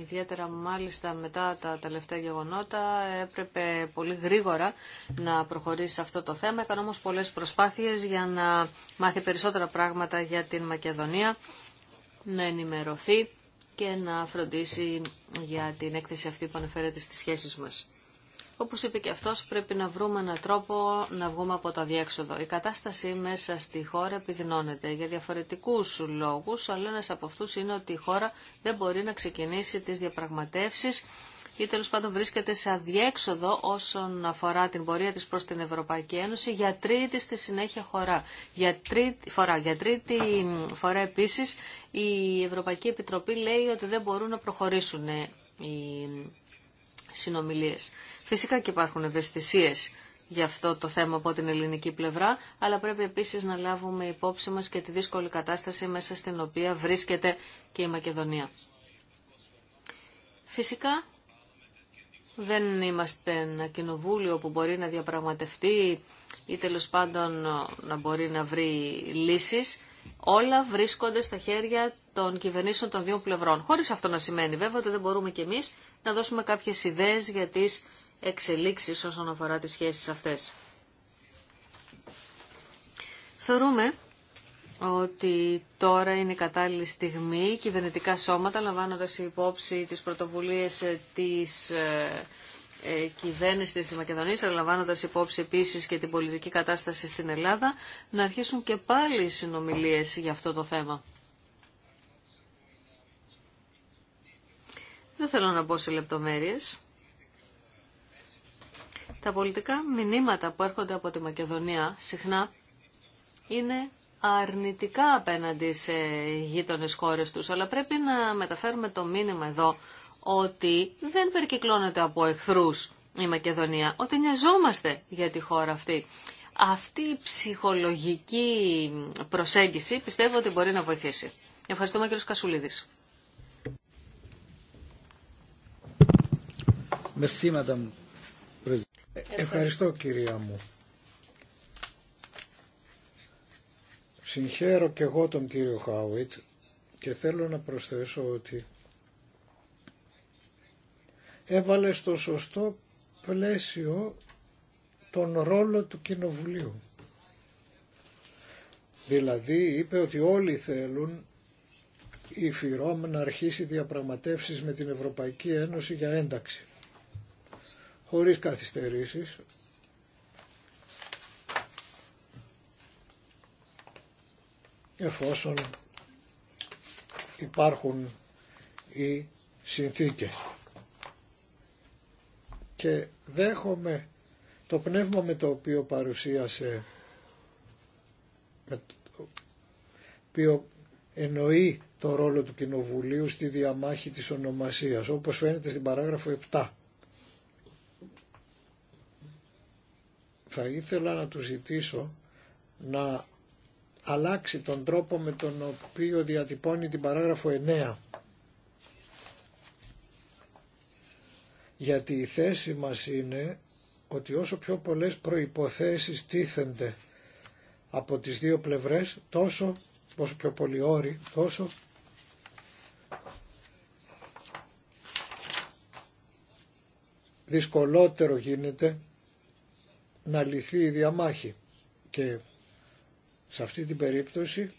Ιδιαίτερα μάλιστα μετά τα τελευταία γεγονότα έπρεπε πολύ γρήγορα να προχωρήσει σε αυτό το θέμα. Έκανε όμως πολλές προσπάθειες για να μάθει περισσότερα πράγματα για την Μακεδονία, να ενημερωθεί και να φροντίσει για την έκθεση αυτή που αναφέρεται στις σχέσεις μας. Όπω είπε και αυτό πρέπει να βρούμε έναν τρόπο να βγούμε από τα διέξοδο. Η κατάσταση μέσα στη χώρα επιδεινώνεται για διαφορετικούς λόγους, αλλά ένα από αυτού είναι ότι η χώρα δεν μπορεί να ξεκινήσει τι διαπραγματεύσει ή τέλο πάντων βρίσκεται σε αδιέξοδο όσον αφορά την πορεία τη προ την Ευρωπαϊκή Ένωση για τρίτη στη συνέχεια χώρα. Για τρίτη φορά, για τρίτη φορά επίσης η Ευρωπαϊκή Επιτροπή λέει ότι δεν μπορούν να προχωρήσουν οι συνομιλίες. Φυσικά και υπάρχουν ευαισθησίε για αυτό το θέμα από την ελληνική πλευρά, αλλά πρέπει επίσης να λάβουμε υπόψη μας και τη δύσκολη κατάσταση μέσα στην οποία βρίσκεται και η Μακεδονία. Φυσικά δεν είμαστε ένα κοινοβούλιο που μπορεί να διαπραγματευτεί ή τέλο πάντων να μπορεί να βρει λύσεις. Όλα βρίσκονται στα χέρια των κυβερνήσεων των δύο πλευρών. Χωρίς αυτό να σημαίνει βέβαια ότι δεν μπορούμε κι εμείς να δώσουμε κάποιες ιδέες για τις εξελίξεις όσον αφορά τις σχέσεις αυτές. Θεωρούμε ότι τώρα είναι η κατάλληλη στιγμή κυβερνητικά σώματα λαμβάνοντας υπόψη τις πρωτοβουλίες της ε, ε κυβέρνηση της Μακεδονίας, αλλά λαμβάνοντας υπόψη επίσης και την πολιτική κατάσταση στην Ελλάδα, να αρχίσουν και πάλι οι συνομιλίες για αυτό το θέμα. Δεν θέλω να μπω σε λεπτομέρειες, τα πολιτικά μηνύματα που έρχονται από τη Μακεδονία συχνά είναι αρνητικά απέναντι σε γείτονες χώρες τους, αλλά πρέπει να μεταφέρουμε το μήνυμα εδώ ότι δεν περικυκλώνεται από εχθρούς η Μακεδονία, ότι νοιαζόμαστε για τη χώρα αυτή. Αυτή η ψυχολογική προσέγγιση πιστεύω ότι μπορεί να βοηθήσει. Ευχαριστούμε κύριο Κασουλίδης. Merci, Madame. Ευχαριστώ. κυρία μου. Συγχαίρω και εγώ τον κύριο Χάουιτ και θέλω να προσθέσω ότι έβαλε στο σωστό πλαίσιο τον ρόλο του Κοινοβουλίου. Δηλαδή είπε ότι όλοι θέλουν η ΦΥΡΟΜ να αρχίσει διαπραγματεύσεις με την Ευρωπαϊκή Ένωση για ένταξη χωρίς καθυστερήσεις. εφόσον υπάρχουν οι συνθήκες. Και δέχομαι το πνεύμα με το οποίο παρουσίασε, με το οποίο εννοεί το ρόλο του Κοινοβουλίου στη διαμάχη της ονομασίας, όπως φαίνεται στην παράγραφο 7. θα ήθελα να του ζητήσω να αλλάξει τον τρόπο με τον οποίο διατυπώνει την παράγραφο 9. Γιατί η θέση μας είναι ότι όσο πιο πολλές προϋποθέσεις τίθενται από τις δύο πλευρές, τόσο, όσο πιο πολλοί όροι, τόσο δυσκολότερο γίνεται να λυθεί η διαμάχη και σε αυτή την περίπτωση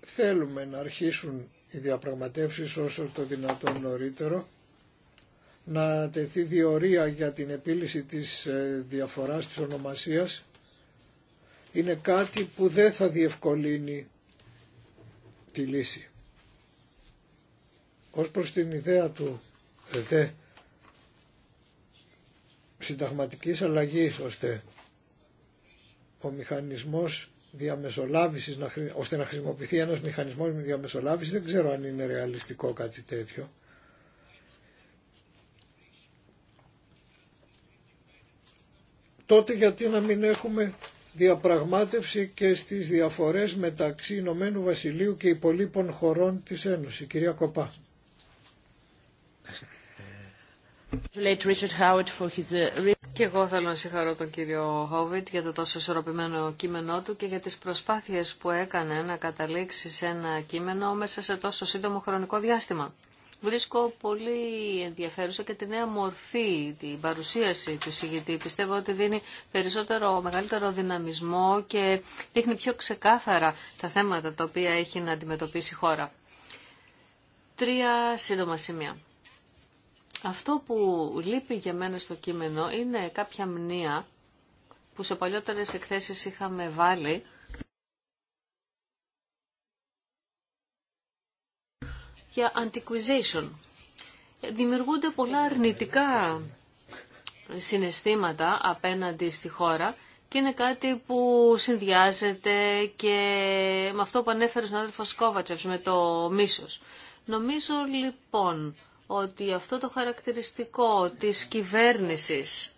θέλουμε να αρχίσουν οι διαπραγματεύσεις όσο το δυνατόν νωρίτερο να τεθεί διορία για την επίλυση της ε, διαφοράς της ονομασίας είναι κάτι που δεν θα διευκολύνει τη λύση. Ως προς την ιδέα του δε συνταγματικής αλλαγής ώστε ο μηχανισμός διαμεσολάβησης, να, ώστε να χρησιμοποιηθεί ένας μηχανισμός με διαμεσολάβηση, δεν ξέρω αν είναι ρεαλιστικό κάτι τέτοιο. Τότε γιατί να μην έχουμε διαπραγμάτευση και στις διαφορές μεταξύ Ηνωμένου Βασιλείου και υπολείπων χωρών της Ένωσης. Κυρία Κοπά. Uh, και εγώ θέλω να συγχαρώ τον κύριο Χόβιτ για το τόσο ισορροπημένο κείμενό του και για τις προσπάθειες που έκανε να καταλήξει σε ένα κείμενο μέσα σε τόσο σύντομο χρονικό διάστημα. Βρίσκω πολύ ενδιαφέρουσα και τη νέα μορφή, την παρουσίαση του συγητή. Πιστεύω ότι δίνει περισσότερο, μεγαλύτερο δυναμισμό και δείχνει πιο ξεκάθαρα τα θέματα τα οποία έχει να αντιμετωπίσει η χώρα. Τρία σύντομα σημεία. Αυτό που λείπει για μένα στο κείμενο είναι κάποια μνήα που σε παλιότερες εκθέσεις είχαμε βάλει για antiquization. Δημιουργούνται πολλά αρνητικά συναισθήματα απέναντι στη χώρα και είναι κάτι που συνδυάζεται και με αυτό που ανέφερε ο συνάδελφος Κόβατσεφς με το μίσος. Νομίζω λοιπόν ότι αυτό το χαρακτηριστικό της κυβέρνησης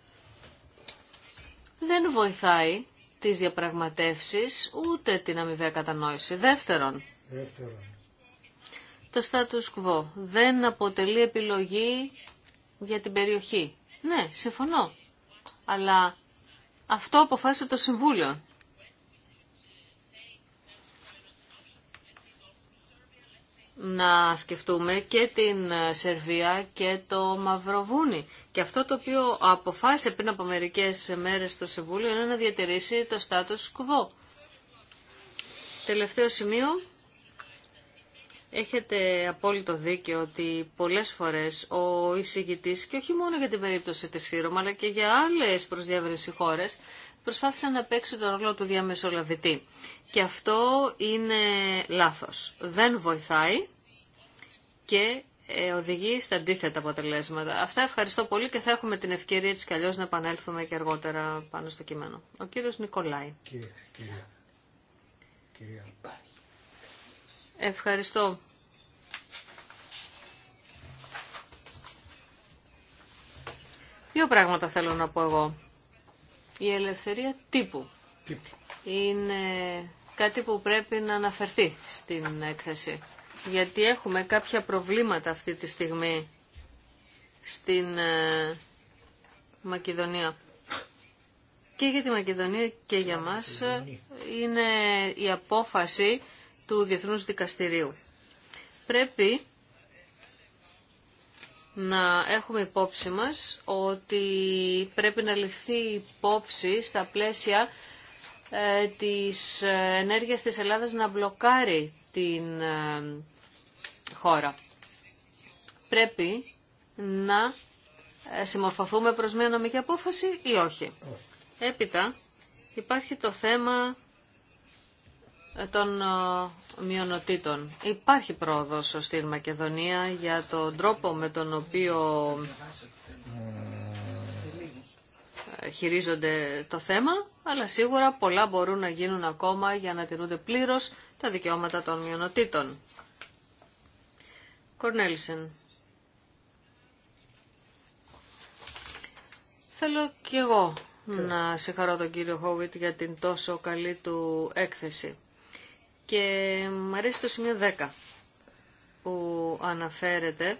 δεν βοηθάει τις διαπραγματεύσεις ούτε την αμοιβαία κατανόηση. Δεύτερον, Δεύτερον. το status quo δεν αποτελεί επιλογή για την περιοχή. Ναι, συμφωνώ. Αλλά αυτό αποφάσισε το Συμβούλιο. να σκεφτούμε και την ε, Σερβία και το Μαυροβούνι. Και αυτό το οποίο αποφάσισε πριν από μερικές μέρες το Συμβούλιο είναι να διατηρήσει το στάτος κουβό. Τελευταίο σημείο. Έχετε απόλυτο δίκιο ότι πολλές φορές ο εισηγητής και όχι μόνο για την περίπτωση της Φύρωμα αλλά και για άλλες προς χώρες προσπάθησε να παίξει τον ρόλο του διαμεσολαβητή και αυτό είναι λάθος. Δεν βοηθάει και ε, οδηγεί στα αντίθετα αποτελέσματα. Αυτά ευχαριστώ πολύ και θα έχουμε την ευκαιρία της καλλιώς να επανέλθουμε και αργότερα πάνω στο κείμενο. Ο κύριος Νικολάη. Ευχαριστώ. Δύο πράγματα θέλω να πω εγώ. Η ελευθερία τύπου. τύπου. Είναι κάτι που πρέπει να αναφερθεί στην έκθεση. Γιατί έχουμε κάποια προβλήματα αυτή τη στιγμή στην ε, Μακεδονία. Και για τη Μακεδονία και για μας είναι η απόφαση του Διεθνούς Δικαστηρίου. Πρέπει να έχουμε υπόψη μας ότι πρέπει να ληφθεί υπόψη στα πλαίσια ε, της ε, ενέργειας της Ελλάδας να μπλοκάρει την ε, χώρα. Πρέπει να συμμορφωθούμε προς μια νομική απόφαση ή όχι. Έπειτα υπάρχει το θέμα των μειονοτήτων. Υπάρχει πρόοδος στην Μακεδονία για τον τρόπο με τον οποίο χειρίζονται το θέμα, αλλά σίγουρα πολλά μπορούν να γίνουν ακόμα για να τηρούνται πλήρως τα δικαιώματα των μειονοτήτων. Κορνέλισεν. Θέλω κι εγώ ε. να συγχαρώ τον κύριο Χόβιτ για την τόσο καλή του έκθεση. Και μου αρέσει το σημείο 10 που αναφέρεται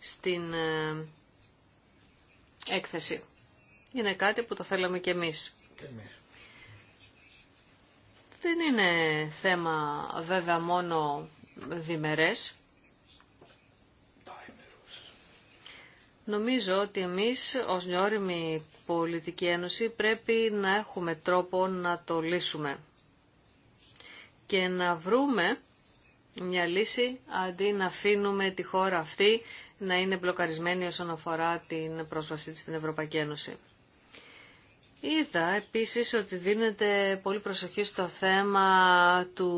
στην ε, έκθεση. Είναι κάτι που το θέλαμε και εμείς. Και εμείς. Δεν είναι θέμα βέβαια μόνο διμερές. Νομίζω ότι εμείς ως νιόριμη πολιτική ένωση πρέπει να έχουμε τρόπο να το λύσουμε και να βρούμε μια λύση αντί να αφήνουμε τη χώρα αυτή να είναι μπλοκαρισμένη όσον αφορά την πρόσβασή της στην Ευρωπαϊκή Ένωση. Είδα επίσης ότι δίνεται πολύ προσοχή στο θέμα του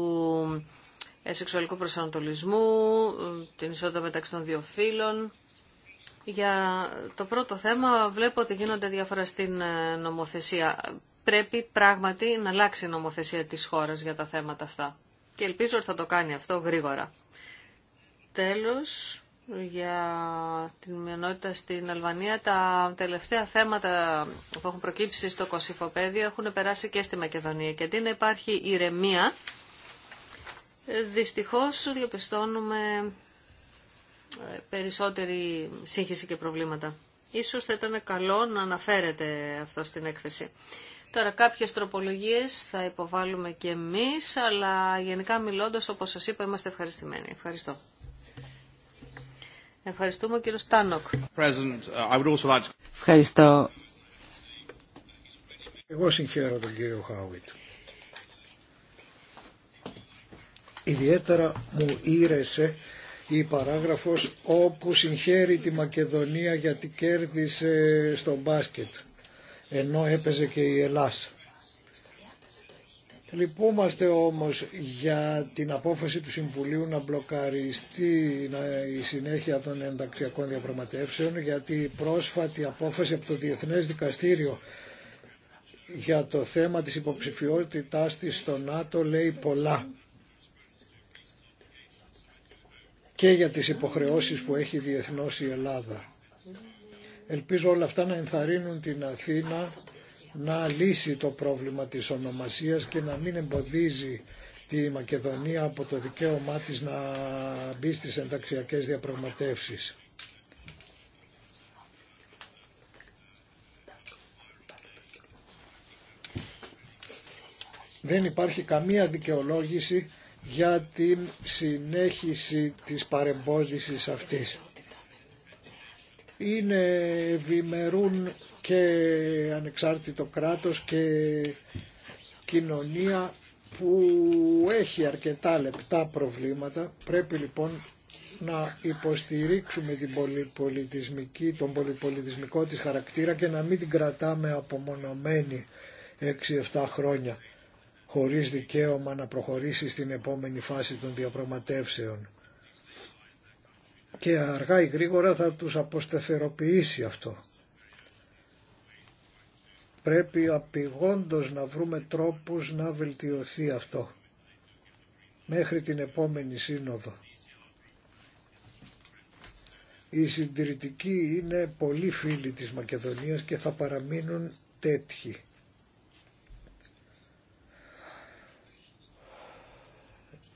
ε, σεξουαλικού προσανατολισμού, την ισότητα μεταξύ των δύο φύλων. Για το πρώτο θέμα βλέπω ότι γίνονται διάφορα στην ε, νομοθεσία. Πρέπει πράγματι να αλλάξει η νομοθεσία της χώρας για τα θέματα αυτά. Και ελπίζω ότι θα το κάνει αυτό γρήγορα. Τέλος, για την μειονότητα στην Αλβανία. Τα τελευταία θέματα που έχουν προκύψει στο Κωσυφοπαίδιο έχουν περάσει και στη Μακεδονία. Και αντί να υπάρχει ηρεμία, δυστυχώς διαπιστώνουμε ε, περισσότερη σύγχυση και προβλήματα. Ίσως θα ήταν καλό να αναφέρεται αυτό στην έκθεση. Τώρα κάποιες τροπολογίες θα υποβάλουμε και εμείς, αλλά γενικά μιλώντας, όπως σας είπα, είμαστε ευχαριστημένοι. Ευχαριστώ. Ευχαριστούμε κύριο Στάνοκ. Uh, Ευχαριστώ. Εγώ συγχαίρω τον κύριο Χάουιτ. Ιδιαίτερα μου ήρεσε η παράγραφος όπου συγχαίρει τη Μακεδονία γιατί κέρδισε στο μπάσκετ ενώ έπαιζε και η Ελλάδα. Λυπούμαστε όμως για την απόφαση του Συμβουλίου να μπλοκαριστεί η συνέχεια των ενταξιακών διαπραγματεύσεων γιατί η πρόσφατη απόφαση από το Διεθνές Δικαστήριο για το θέμα της υποψηφιότητάς της στο ΝΑΤΟ λέει πολλά και για τις υποχρεώσεις που έχει διεθνώς η Ελλάδα. Ελπίζω όλα αυτά να ενθαρρύνουν την Αθήνα να λύσει το πρόβλημα της ονομασίας και να μην εμποδίζει τη Μακεδονία από το δικαίωμά της να μπει στις ενταξιακές διαπραγματεύσεις. Δεν υπάρχει καμία δικαιολόγηση για την συνέχιση της παρεμπόδισης αυτής είναι, ευημερούν και ανεξάρτητο κράτος και κοινωνία που έχει αρκετά λεπτά προβλήματα. Πρέπει λοιπόν να υποστηρίξουμε την πολυπολιτισμική, τον πολυπολιτισμικό της χαρακτήρα και να μην την κρατάμε απομονωμένη 6-7 χρόνια χωρίς δικαίωμα να προχωρήσει στην επόμενη φάση των διαπραγματεύσεων και αργά ή γρήγορα θα τους αποστεθεροποιήσει αυτό. Πρέπει απειγόντως να βρούμε τρόπους να βελτιωθεί αυτό μέχρι την επόμενη σύνοδο. Οι συντηρητικοί είναι πολύ φίλοι της Μακεδονίας και θα παραμείνουν τέτοιοι.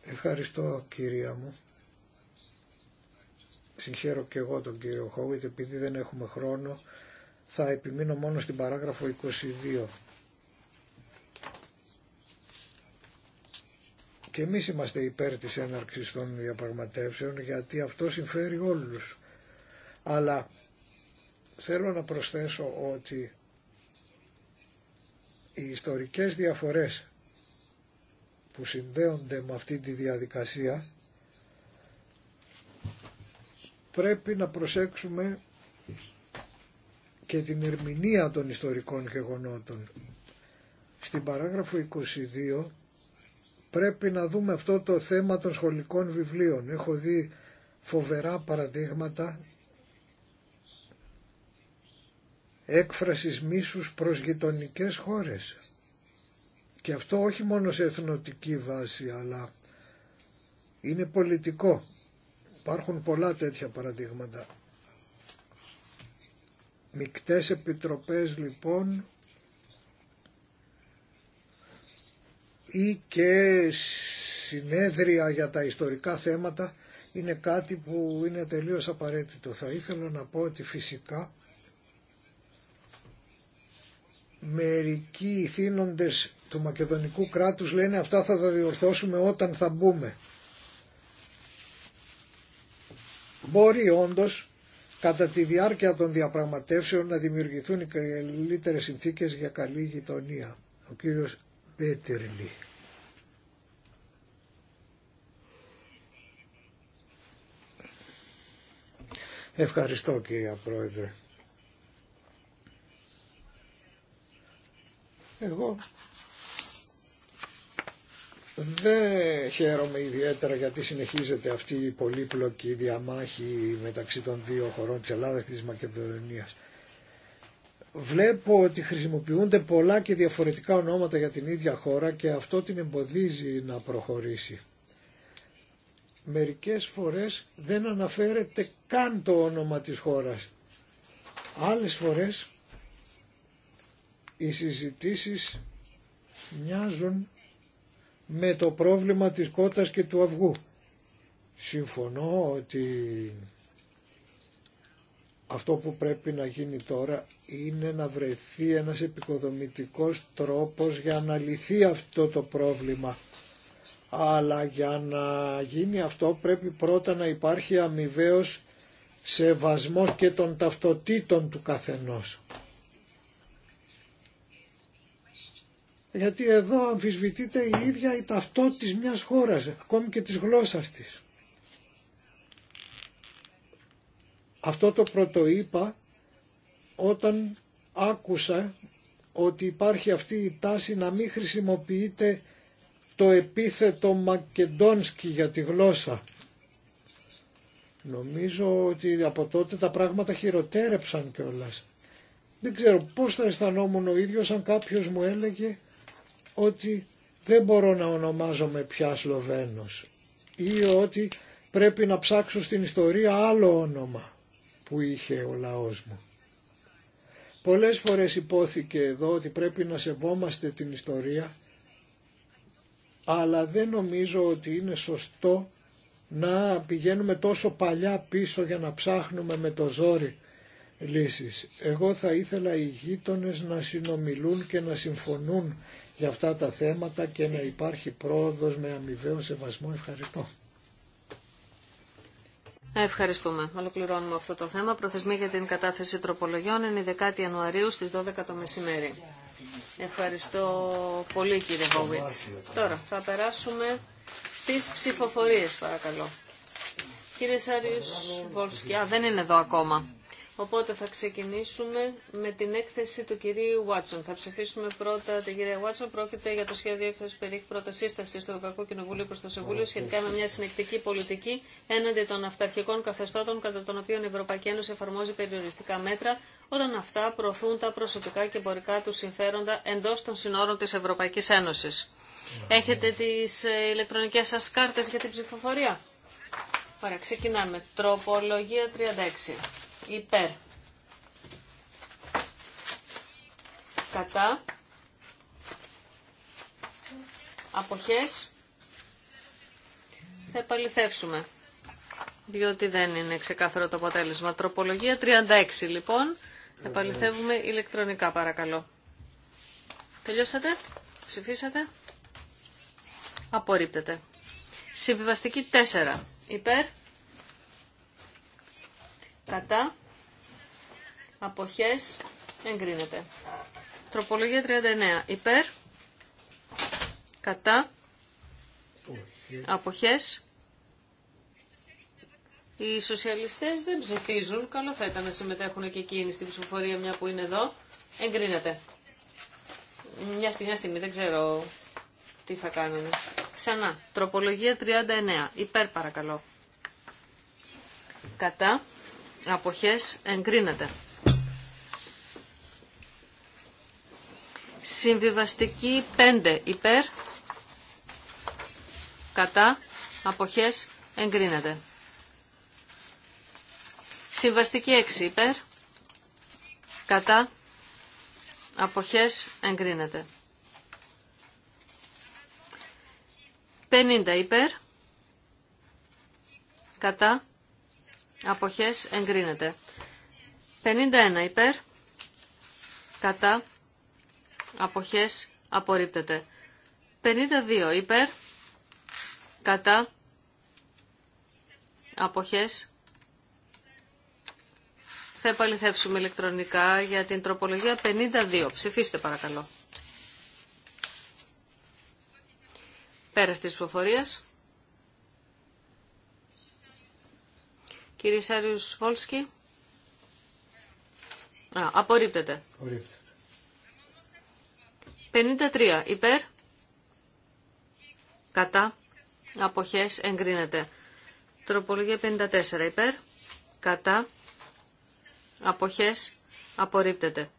Ευχαριστώ κυρία μου συγχαίρω και εγώ τον κύριο Χόουιτ επειδή δεν έχουμε χρόνο θα επιμείνω μόνο στην παράγραφο 22. Και εμείς είμαστε υπέρ της έναρξης των διαπραγματεύσεων γιατί αυτό συμφέρει όλους. Αλλά θέλω να προσθέσω ότι οι ιστορικές διαφορές που συνδέονται με αυτή τη διαδικασία πρέπει να προσέξουμε και την ερμηνεία των ιστορικών γεγονότων. Στην παράγραφο 22 πρέπει να δούμε αυτό το θέμα των σχολικών βιβλίων. Έχω δει φοβερά παραδείγματα έκφρασης μίσους προς γειτονικέ χώρες. Και αυτό όχι μόνο σε εθνοτική βάση, αλλά είναι πολιτικό. Υπάρχουν πολλά τέτοια παραδείγματα. Μικτές επιτροπές λοιπόν ή και συνέδρια για τα ιστορικά θέματα είναι κάτι που είναι τελείως απαραίτητο. Θα ήθελα να πω ότι φυσικά μερικοί θύνοντες του μακεδονικού κράτους λένε αυτά θα τα διορθώσουμε όταν θα μπούμε. Μπορεί όντως κατά τη διάρκεια των διαπραγματεύσεων να δημιουργηθούν οι καλύτερες συνθήκες για καλή γειτονία. Ο κύριος Πέτερλη. Ευχαριστώ κύριε Πρόεδρε. Εγώ δεν χαίρομαι ιδιαίτερα γιατί συνεχίζεται αυτή η πολύπλοκη διαμάχη μεταξύ των δύο χωρών της Ελλάδας και της Μακεδονίας. Βλέπω ότι χρησιμοποιούνται πολλά και διαφορετικά ονόματα για την ίδια χώρα και αυτό την εμποδίζει να προχωρήσει. Μερικές φορές δεν αναφέρεται καν το όνομα της χώρας. Άλλες φορές οι συζητήσεις μοιάζουν με το πρόβλημα της κότας και του αυγού. Συμφωνώ ότι αυτό που πρέπει να γίνει τώρα είναι να βρεθεί ένας επικοδομητικός τρόπος για να λυθεί αυτό το πρόβλημα. Αλλά για να γίνει αυτό πρέπει πρώτα να υπάρχει αμοιβαίως σεβασμός και των ταυτοτήτων του καθενός. γιατί εδώ αμφισβητείται η ίδια η ταυτότητα της μιας χώρας, ακόμη και της γλώσσας της. Αυτό το είπα όταν άκουσα ότι υπάρχει αυτή η τάση να μην χρησιμοποιείται το επίθετο μακεντόνσκι για τη γλώσσα. Νομίζω ότι από τότε τα πράγματα χειροτέρεψαν κιόλας. Δεν ξέρω πώς θα αισθανόμουν ο ίδιος αν κάποιος μου έλεγε ότι δεν μπορώ να ονομάζομαι πια Σλοβαίνος ή ότι πρέπει να ψάξω στην ιστορία άλλο όνομα που είχε ο λαός μου. Πολλές φορές υπόθηκε εδώ ότι πρέπει να σεβόμαστε την ιστορία αλλά δεν νομίζω ότι είναι σωστό να πηγαίνουμε τόσο παλιά πίσω για να ψάχνουμε με το ζόρι λύσεις. Εγώ θα ήθελα οι γείτονε να συνομιλούν και να συμφωνούν για αυτά τα θέματα και να υπάρχει πρόοδος με αμοιβαίο σεβασμό. Ευχαριστώ. Ευχαριστούμε. Ολοκληρώνουμε αυτό το θέμα. Προθεσμία για την κατάθεση τροπολογιών είναι η 10η Ιανουαρίου στις 12 το μεσημέρι. Ευχαριστώ πολύ κύριε Βόβιτς. Τώρα θα περάσουμε στις ψηφοφορίες παρακαλώ. Κύριε Σάριος Βολσκιά δεν είναι εδώ ακόμα. Οπότε θα ξεκινήσουμε με την έκθεση του κυρίου Βάτσον. Θα ψηφίσουμε πρώτα την κυρία Βάτσον. Πρόκειται για το σχέδιο έκθεση περί πρώτα σύσταση του Ευρωπαϊκού Κοινοβουλίου προ το Συμβούλιο σχετικά με μια συνεκτική πολιτική έναντι των αυταρχικών καθεστώτων κατά των οποίων η Ευρωπαϊκή Ένωση εφαρμόζει περιοριστικά μέτρα όταν αυτά προωθούν τα προσωπικά και εμπορικά του συμφέροντα εντό των συνόρων τη Ευρωπαϊκή Ένωση. Έχετε τι ε, ηλεκτρονικέ σα κάρτε για την ψηφοφορία. Ωραία, ξεκινάμε. Τροπολογία 36 υπέρ. Κατά. Αποχές. Θα επαληθεύσουμε. Διότι δεν είναι ξεκάθαρο το αποτέλεσμα. Τροπολογία 36 λοιπόν. Ε, Επαληθεύουμε ναι. ηλεκτρονικά παρακαλώ. Τελειώσατε. Ψηφίσατε. Απορρίπτεται. Συμβιβαστική 4. Υπέρ κατά, αποχές, εγκρίνεται. Τροπολογία 39, υπέρ, κατά, αποχές, οι σοσιαλιστές δεν ψηφίζουν, καλό θα ήταν να συμμετέχουν και εκείνοι στην ψηφοφορία μια που είναι εδώ, εγκρίνεται. Μια στιγμή, μια στιγμή, δεν ξέρω τι θα κάνουν. Ξανά, τροπολογία 39, υπέρ παρακαλώ. Κατά αποχές εγκρίνεται. Συμβιβαστική 5 υπέρ, κατά, αποχές εγκρίνεται. Συμβαστική 6 υπέρ, κατά, αποχές εγκρίνεται. 50 υπέρ, κατά, αποχές εγκρίνεται. 51 υπέρ, κατά, αποχές απορρίπτεται. 52 υπέρ, κατά, αποχές θα επαληθεύσουμε ηλεκτρονικά για την τροπολογία 52. Ψηφίστε παρακαλώ. Πέρα της ψηφοφορίας. Κύριε Σάριους Βόλσκι. απορρίπτεται. Απορρίπτεται. 53 υπέρ. Κατά. Αποχές εγκρίνεται. Τροπολογία 54 υπέρ. Κατά. Αποχές απορρίπτεται.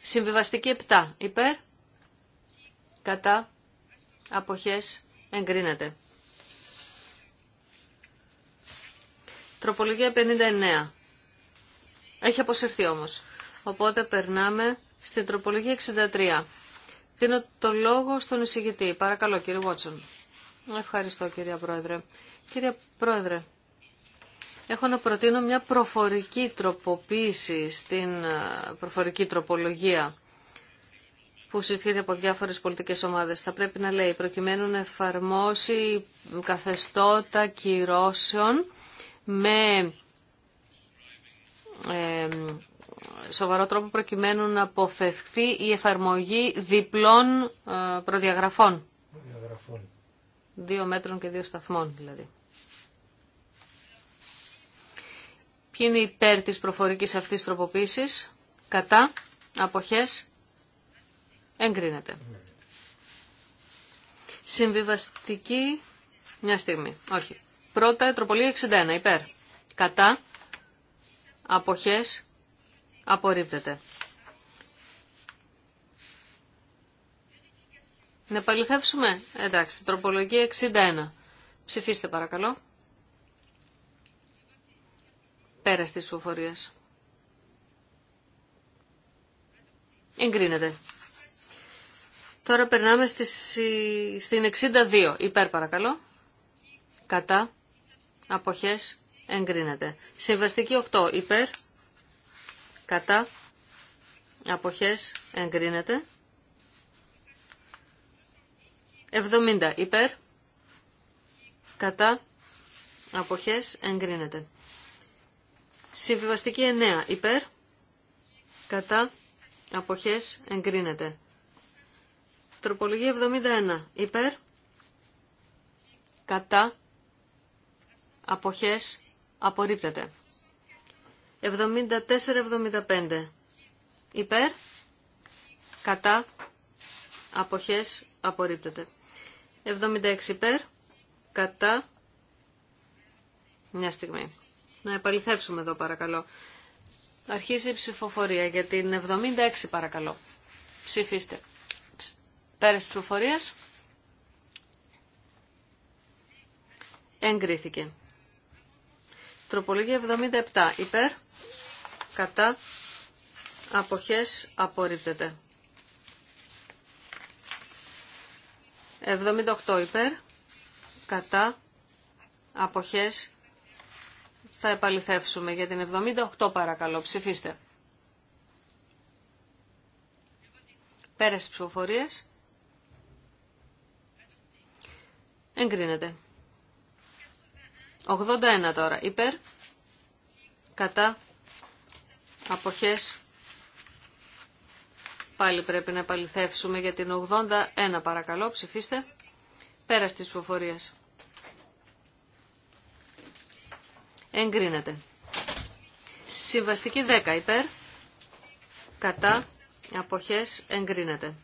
Συμβιβαστική 7 υπέρ. Κατά. Αποχές εγκρίνεται. Τροπολογία 59. Έχει αποσυρθεί όμως. Οπότε περνάμε στην τροπολογία 63. Δίνω το λόγο στον εισηγητή. Παρακαλώ κύριε Βότσον. Ευχαριστώ κύριε Πρόεδρε. Κύριε Πρόεδρε, έχω να προτείνω μια προφορική τροποποίηση στην ε, προφορική τροπολογία που συζητιέται από διάφορες πολιτικές ομάδες. Θα πρέπει να λέει προκειμένου να εφαρμόσει καθεστώτα κυρώσεων με σοβαρό τρόπο προκειμένου να αποφευχθεί η εφαρμογή διπλών ε, προδιαγραφών. Δύο μέτρων και δύο σταθμών δηλαδή. Ποιοι είναι υπέρ της προφορικής αυτής τροποποίησης, κατά, αποχές, εγκρίνεται. Ναι. Συμβιβαστική, μια στιγμή, όχι. Πρώτα, τροπολογία 61, υπέρ. Κατά, αποχές, απορρίπτεται. Να επαληθεύσουμε. Εντάξει, τροπολογία 61. Ψηφίστε παρακαλώ. Πέρα της ψηφοφορίας. Εγκρίνεται. Τώρα περνάμε στη, στην 62. Υπέρ παρακαλώ. Κατά αποχές εγκρίνεται. Συμβαστική 8 υπέρ, κατά, αποχές εγκρίνεται. 70 υπέρ, κατά, αποχές εγκρίνεται. Συμβιβαστική 9 υπέρ, κατά, αποχές εγκρίνεται. Τροπολογία 71 υπέρ, κατά, αποχές απορρίπτεται. 74-75 υπέρ, κατά, αποχές απορρίπτεται. 76 υπέρ, κατά, μια στιγμή. Να επαληθεύσουμε εδώ παρακαλώ. Αρχίζει η ψηφοφορία για την 76 παρακαλώ. Ψηφίστε. Πέρας της ψηφοφορίας. Εγκρίθηκε. Τροπολογία 77 υπέρ, κατά, αποχές απορρίπτεται. 78 υπέρ, κατά, αποχές θα επαληθεύσουμε για την 78 παρακαλώ. Ψηφίστε. Πέρασε τις ψηφοφορίες. Εγκρίνεται. 81 τώρα. Υπέρ. Κατά. Αποχές. Πάλι πρέπει να επαληθεύσουμε για την 81 παρακαλώ. Ψηφίστε. Πέρα της ψηφοφορίας. Εγκρίνεται. Συμβαστική 10 υπέρ. Κατά. Αποχές. Εγκρίνεται.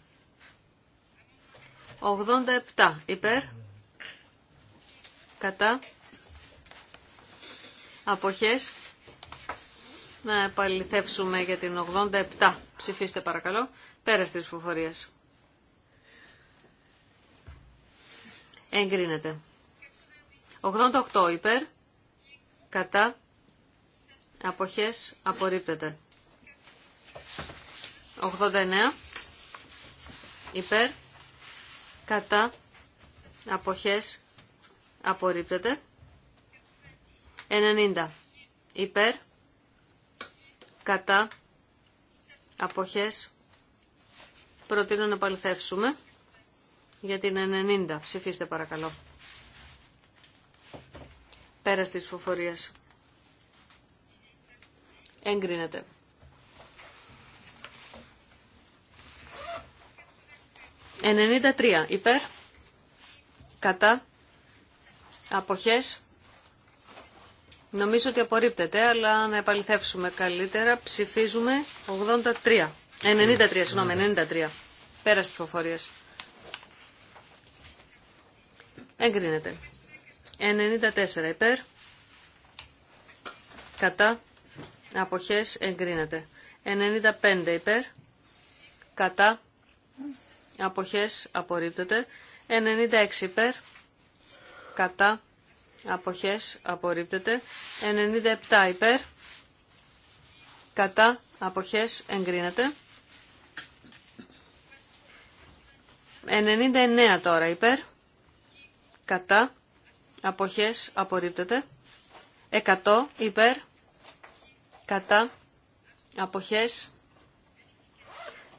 87 υπέρ. Κατά αποχές να επαληθεύσουμε για την 87. Ψηφίστε παρακαλώ. Πέρας της ψηφοφορίας. Εγκρίνεται. 88 υπέρ. Κατά. Αποχές απορρίπτεται. 89 υπέρ. Κατά. Αποχές απορρίπτεται. 90 υπέρ, κατά, αποχές, προτείνω να παληθεύσουμε για την 90. Ψηφίστε παρακαλώ. Πέρας της φοφορίας. Εγκρίνεται. 93 υπέρ, κατά, αποχές, Νομίζω ότι απορρίπτεται, αλλά να επαληθεύσουμε καλύτερα. Ψηφίζουμε 83. 93, συγγνώμη, 93. Πέρασε τι προφορίε. Εγκρίνεται. 94 υπέρ. Κατά. Αποχές εγκρίνεται. 95 υπέρ. Κατά. Αποχές απορρίπτεται. 96 υπέρ. Κατά αποχές απορρίπτεται. 97 υπέρ, κατά, αποχές εγκρίνεται. 99 τώρα υπέρ, κατά, αποχές απορρίπτεται. 100 υπέρ, κατά, αποχές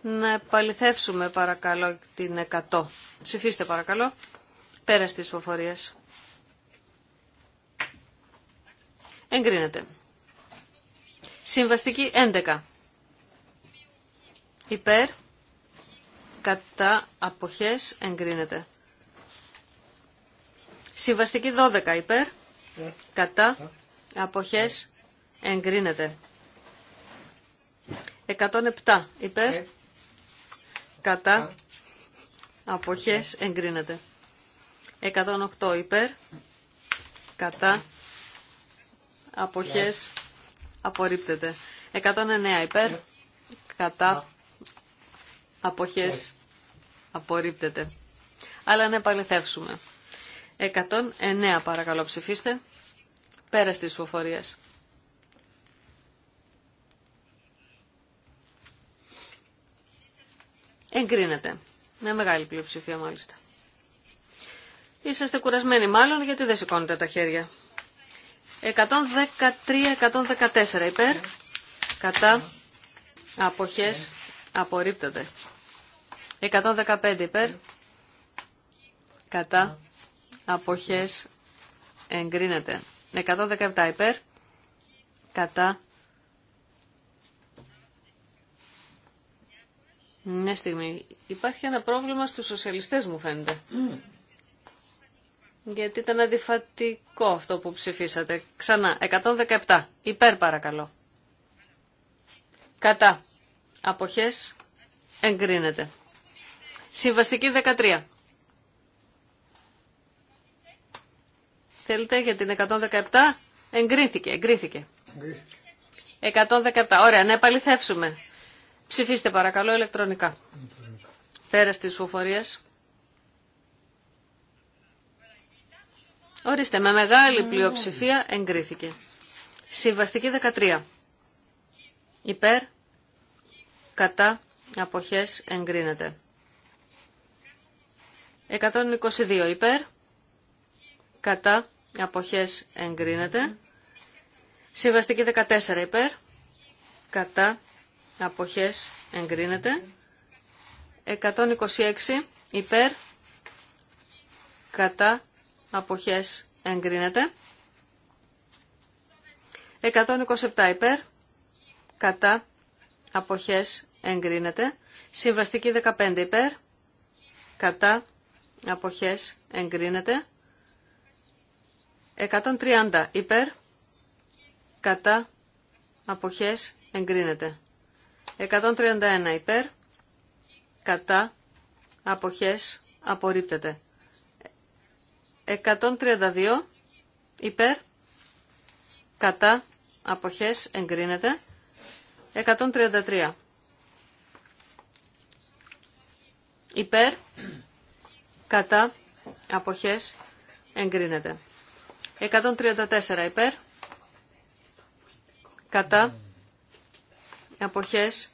να επαληθεύσουμε παρακαλώ την 100. Ψηφίστε παρακαλώ. Πέρας της φοφορίας. Εγκρίνεται. Συμβαστική 11. Υπέρ. Κατά αποχές εγκρίνεται. Συμβαστική 12. Υπέρ. Κατά αποχές εγκρίνεται. 107. Υπέρ. Κατά αποχές εγκρίνεται. 108. Υπέρ. Κατά αποχές απορρίπτεται. 109 υπέρ, κατά, αποχές απορρίπτεται. Αλλά να επαληθεύσουμε. 109 παρακαλώ ψηφίστε, πέρα τη φοφορίες. Εγκρίνεται. Με μεγάλη πλειοψηφία μάλιστα. Είσαστε κουρασμένοι μάλλον γιατί δεν σηκώνετε τα χέρια. 113-114 υπέρ, κατά, αποχές, απορρίπτονται. 115 υπέρ, κατά, αποχές, εγκρίνεται. 117 υπέρ, κατά, μια στιγμή. Υπάρχει ένα πρόβλημα στους σοσιαλιστές μου φαίνεται. Mm γιατί ήταν αντιφατικό αυτό που ψηφίσατε. Ξανά, 117. Υπέρ παρακαλώ. Κατά. Αποχές εγκρίνεται. Συμβαστική 13. Θέλετε για την 117. Εγκρίθηκε, εγκρίθηκε. 117. Ωραία, να επαληθεύσουμε. Ψηφίστε παρακαλώ ηλεκτρονικά. Πέρα τη φοφορίες. Ορίστε, με μεγάλη πλειοψηφία εγκρίθηκε. Συμβαστική 13. Υπέρ, κατά, αποχές εγκρίνεται. 122 υπέρ, κατά, αποχές εγκρίνεται. Συμβαστική 14 υπέρ, κατά, αποχές εγκρίνεται. 126 υπέρ, κατά, αποχές εγκρίνεται. 127 υπέρ, κατά, αποχές εγκρίνεται. Συμβαστική 15 υπέρ, κατά, αποχές εγκρίνεται. 130 υπέρ, κατά, αποχές εγκρίνεται. 131 υπέρ, κατά, αποχές απορρίπτεται. 132 υπέρ κατά αποχές εγκρίνεται 133 υπέρ κατά αποχές εγκρίνεται 134 υπέρ κατά αποχές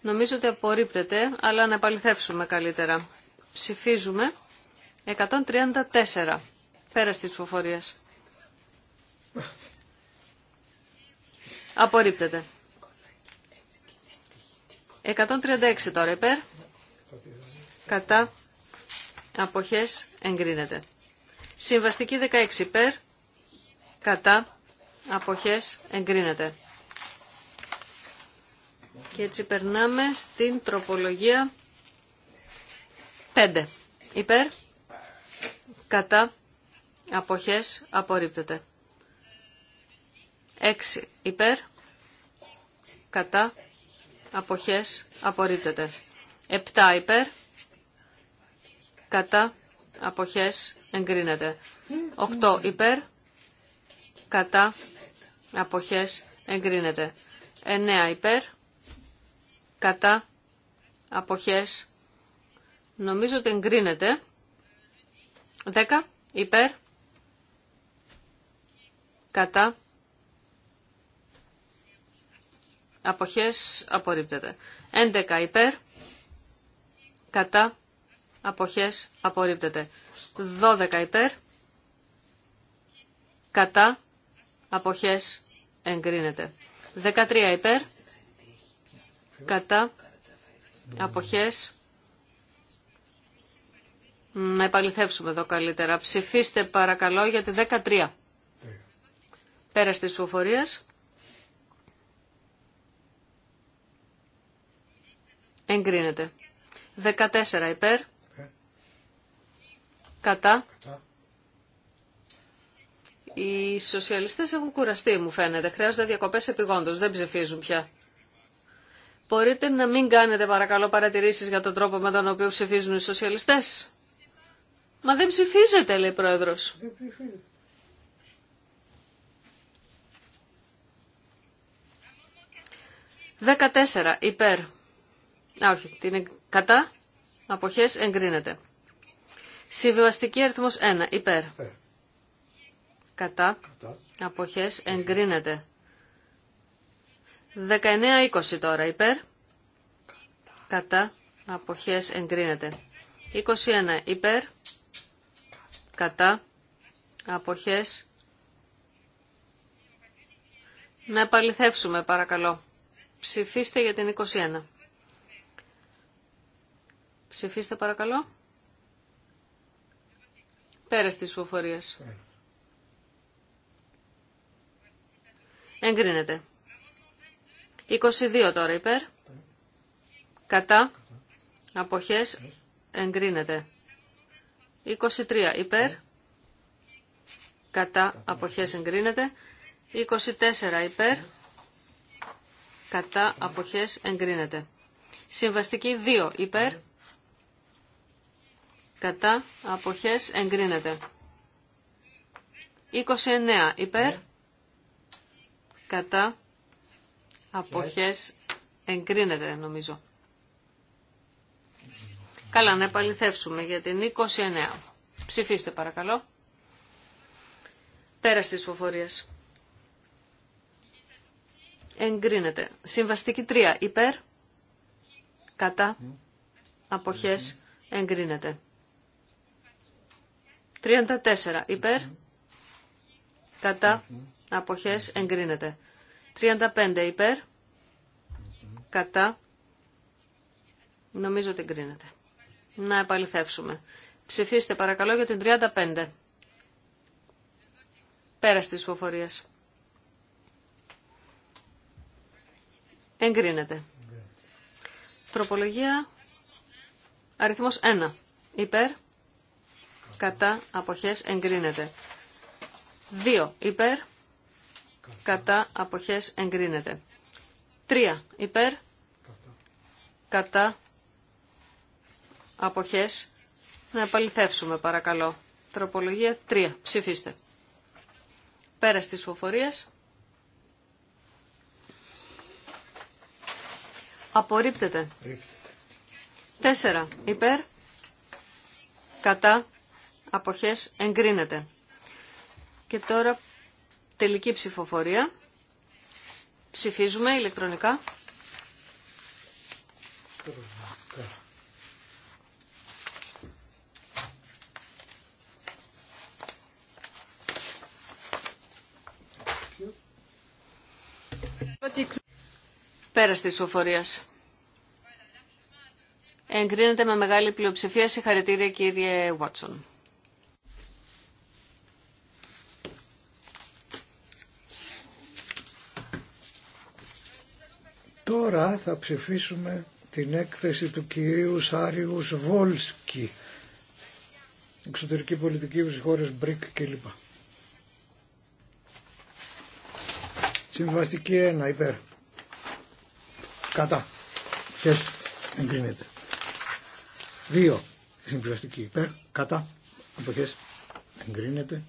νομίζω ότι απορρίπτεται αλλά να επαληθεύσουμε καλύτερα ψηφίζουμε 134. Πέρα τη ψηφοφορία. Απορρίπτεται. 136 τώρα υπέρ. Κατά. Αποχές εγκρίνεται. Συμβαστική 16 υπέρ. Κατά. Αποχές εγκρίνεται. Και έτσι περνάμε στην τροπολογία 5. Υπέρ κατά αποχές απορρίπτεται. 6 υπέρ κατά αποχές απορρίπτεται. 7 υπέρ κατά αποχές εγκρίνεται. 8 υπέρ κατά αποχές εγκρίνεται. 9 υπέρ κατά αποχές νομίζω ότι εγκρίνεται 10 υπέρ κατά αποχές απορρίπτεται. 11 υπέρ κατά αποχές απορρίπτεται. 12 υπέρ κατά αποχές εγκρίνεται. 13 υπέρ κατά αποχές να επαληθεύσουμε εδώ καλύτερα. Ψηφίστε παρακαλώ για τη 13. Πέρα της ψηφοφορίες. Εγκρίνεται. 14 υπέρ. Κατά. Οι σοσιαλιστές έχουν κουραστεί, μου φαίνεται. Χρειάζονται διακοπές επιγόντως. Δεν ψηφίζουν πια. Μπορείτε να μην κάνετε παρακαλώ παρατηρήσεις για τον τρόπο με τον οποίο ψηφίζουν οι σοσιαλιστές. Μα δεν ψηφίζεται, λέει Πρόεδρο. Δεν ψηφίζεται. υπέρ. Α, όχι, την κατά, αποχέ, εγκρίνεται. Συμβιβαστική αριθμό 1, υπέρ. Ε. Κατά, κατά, αποχές εγκρίνεται. 19-20 τώρα, υπέρ. Κατά, αποχές εγκρίνεται. 21, υπέρ κατά, αποχές. Να επαληθεύσουμε παρακαλώ. Ψηφίστε για την 21. Ψηφίστε παρακαλώ. Πέρας της ψηφοφορίας. Εγκρίνεται. 22 τώρα υπέρ. Κατά. Αποχές εγκρίνεται. 23 υπέρ. Κατά αποχές εγκρίνεται. 24 υπέρ. Κατά αποχές εγκρίνεται. Συμβαστική 2 υπέρ. Κατά αποχές εγκρίνεται. 29 υπέρ. Κατά αποχές εγκρίνεται νομίζω. Καλά, να επαληθεύσουμε για την 29. Ψηφίστε παρακαλώ. Πέρα στις φοφορίες. Εγκρίνεται. Συμβαστική 3. Υπέρ. Κατά. Αποχές. Εγκρίνεται. 34. Υπέρ. Κατά. Αποχές. Εγκρίνεται. 35. Υπέρ. Κατά. Νομίζω ότι εγκρίνεται. Να επαληθεύσουμε. Ψηφίστε παρακαλώ για την 35. Πέρα της ψηφοφορίας. Εγκρίνεται. Τροπολογία αριθμός 1. Υπέρ, κατά, αποχές, εγκρίνεται. 2. Υπέρ, κατά, αποχές, εγκρίνεται. 3. Υπέρ, κατά, αποχές να επαληθεύσουμε παρακαλώ. Τροπολογία 3. Ψηφίστε. Πέρας της φοφορίας. Απορρίπτεται. τέσσερα Υπέρ. Κατά. Αποχές εγκρίνεται. Και τώρα τελική ψηφοφορία. Ψηφίζουμε ηλεκτρονικά. Πέρας της Εγκρίνεται με μεγάλη πλειοψηφία. Συγχαρητήρια κύριε Βάτσον. Τώρα θα ψηφίσουμε την έκθεση του κυρίου Σάριου Βόλσκι, εξωτερική πολιτική χώρε, Μπρικ κλπ. Συμβαστική 1 υπέρ. Κατά. Χες εγκρίνεται. 2 συμβαστική υπέρ. Κατά. Αποχές εγκρίνεται.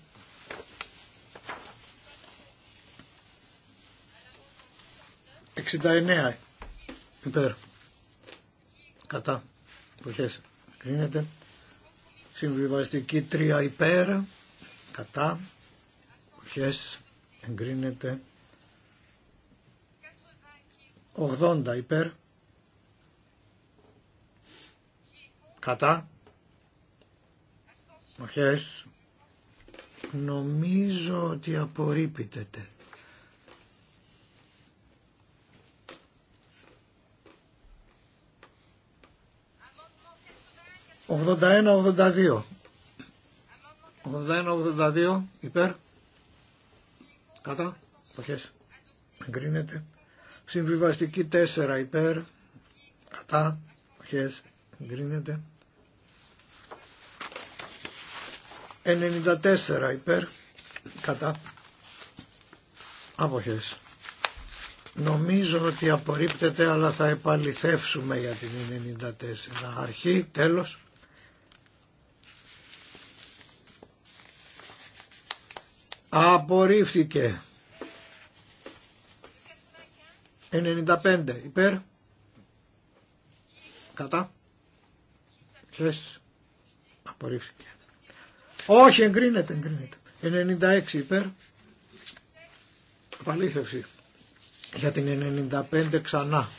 Εξήντα εννέα υπέρ. Κατά. Αποχές εγκρίνεται. Συμβιβαστική 3 υπέρ. Κατά. Αποχές εγκρίνεται. 80 υπέρ κατά μοχές νομίζω ότι απορρίπτεται Ογδόντα ένα, ογδόντα δύο. Ογδόντα ένα, ογδόντα δύο, υπέρ. Κατά, Όχι. Εγκρίνεται. Συμβιβαστική 4 υπέρ, κατά, χες, γκρίνεται 94 υπέρ, κατά, αποχές. Νομίζω ότι απορρίπτεται αλλά θα επαληθεύσουμε για την 94. Αρχή, τέλος. Απορρίφθηκε. 95 υπέρ. Κατά. χες Απορρίφθηκε. Όχι, εγκρίνεται, εγκρίνεται. 96 υπέρ. απαλήθευση Για την 95 ξανά.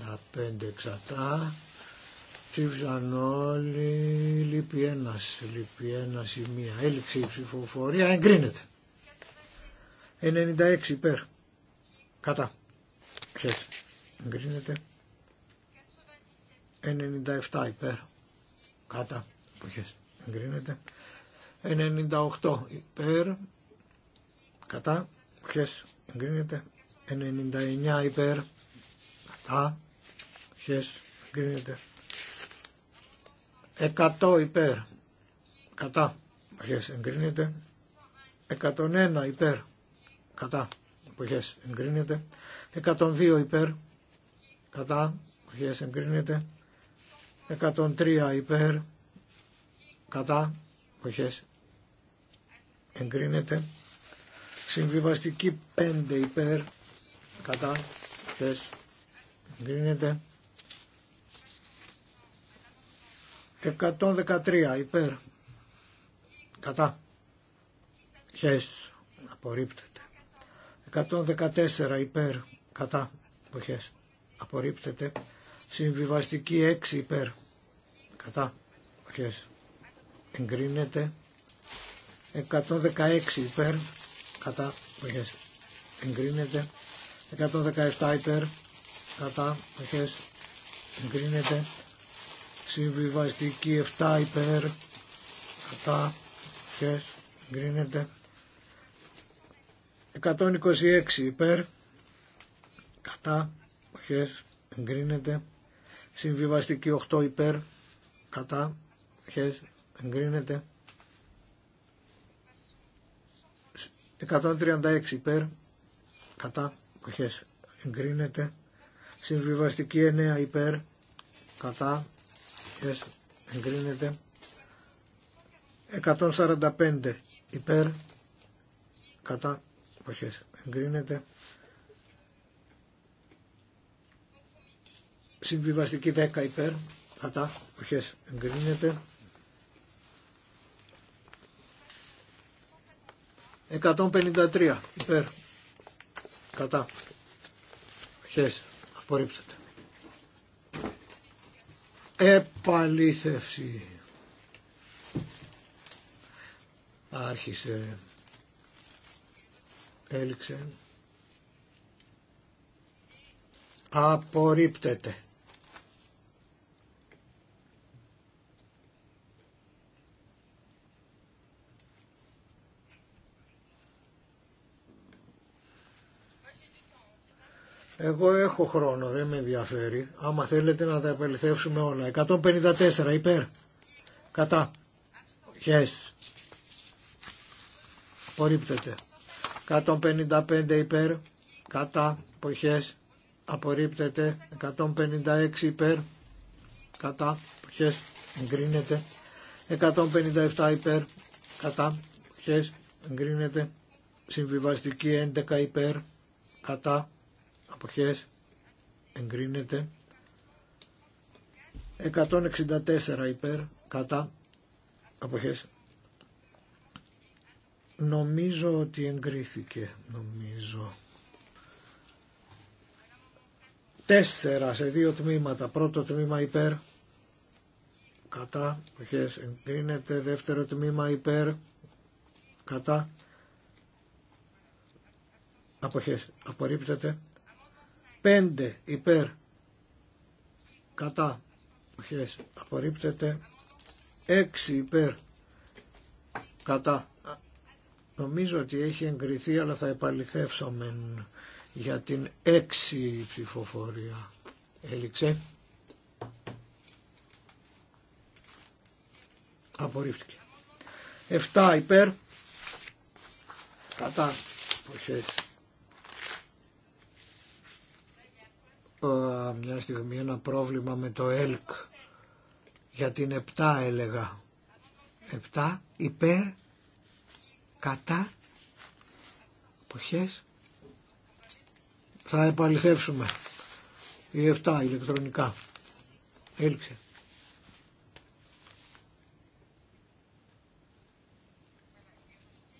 95 ξανά. Ψήφισαν όλοι. Λείπει ένα. Λείπει ένα ή μία. Έληξε η ψηφοφορία. Εγκρίνεται. 96 υπέρ. Κατά. Ποιες. Εγκρίνεται. 97 υπέρ. Κατά. Ποιες. Εγκρίνεται. 98 υπέρ. Κατά. Ποιες. Εγκρίνεται. 99 υπέρ. Κατά. Ποιες. Εγκρίνεται. 100 υπέρ. Κατά. Ποιες. Εγκρίνεται. 101 υπέρ. Κατά οχές εγκρίνεται 102 υπέρ κατά οχές εγκρίνεται 103 υπέρ κατά οχές εγκρίνεται συμβιβαστική 5 υπέρ κατά οχές εγκρίνεται 113 υπέρ κατά χες απορρίπτεται 114 υπέρ κατά εποχές απορρίπτεται συμβιβαστική 6 υπέρ κατά εποχές εγκρίνεται 116 υπέρ κατά εποχές εγκρίνεται 117 υπέρ κατά εποχές εγκρίνεται συμβιβαστική 7 υπέρ κατά εποχές εγκρίνεται 126 υπέρ κατά χες εγκρίνεται συμβιβαστική 8 υπέρ κατά χες εγκρίνεται 136 υπέρ κατά χες εγκρίνεται συμβιβαστική 9 υπέρ κατά χες εγκρίνεται 145 υπέρ κατά εποχές εγκρίνεται. Συμβιβαστική 10 υπέρ, κατά, εποχές εγκρίνεται. 153 υπέρ, κατά, εποχές απορρίπτεται. Επαλήθευση. Άρχισε. Έληξε. Απορρίπτεται. Εγώ έχω χρόνο, δεν με ενδιαφέρει. Άμα θέλετε να τα επελθεύσουμε όλα. 154 υπέρ. Κατά. Yes. Απορρίπτεται. 155 υπέρ, κατά, ποχές απορρίπτεται. 156 υπέρ, κατά, ποχές εγκρίνεται. 157 υπέρ, κατά, ποχές εγκρίνεται. Συμβιβαστική 11 υπέρ, κατά, αποχές, εγκρίνεται. 164 υπέρ, κατά, αποχές, Νομίζω ότι εγκρίθηκε, νομίζω. Τέσσερα σε δύο τμήματα. Πρώτο τμήμα υπέρ, κατά, ποιες εγκρίνεται. Δεύτερο τμήμα υπέρ, κατά, αποχές, απορρίπτεται. Πέντε υπέρ, κατά, αποχές, απορρίπτεται. Έξι υπέρ, κατά, Νομίζω ότι έχει εγκριθεί αλλά θα επαληθεύσουμε για την 6 ψηφοφορία. Έληξε. Απορρίφθηκε. 7 υπέρ. Κατά. Αποχές. μια στιγμή ένα πρόβλημα με το ΕΛΚ για την 7 έλεγα 7 υπέρ Κατά. Αποχές. Θα επαληθεύσουμε. οι 7 ηλεκτρονικά. Έλξε.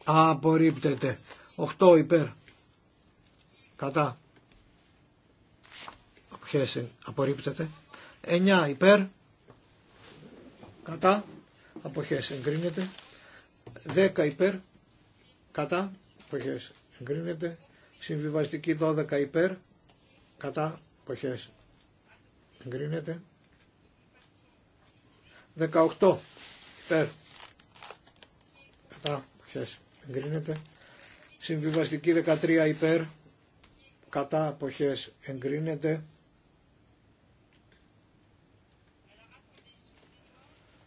Απορρίπτεται. 8 υπέρ. Κατά. Αποχές. Απορρίπτεται. 9 υπέρ. Κατά. Αποχές. Εγκρίνεται. 10 υπέρ κατά εποχές εγκρίνεται συμβιβαστική 12 υπέρ κατά εποχές εγκρίνεται 18 υπέρ κατά εποχές εγκρίνεται συμβιβαστική 13 υπέρ κατά εποχές εγκρίνεται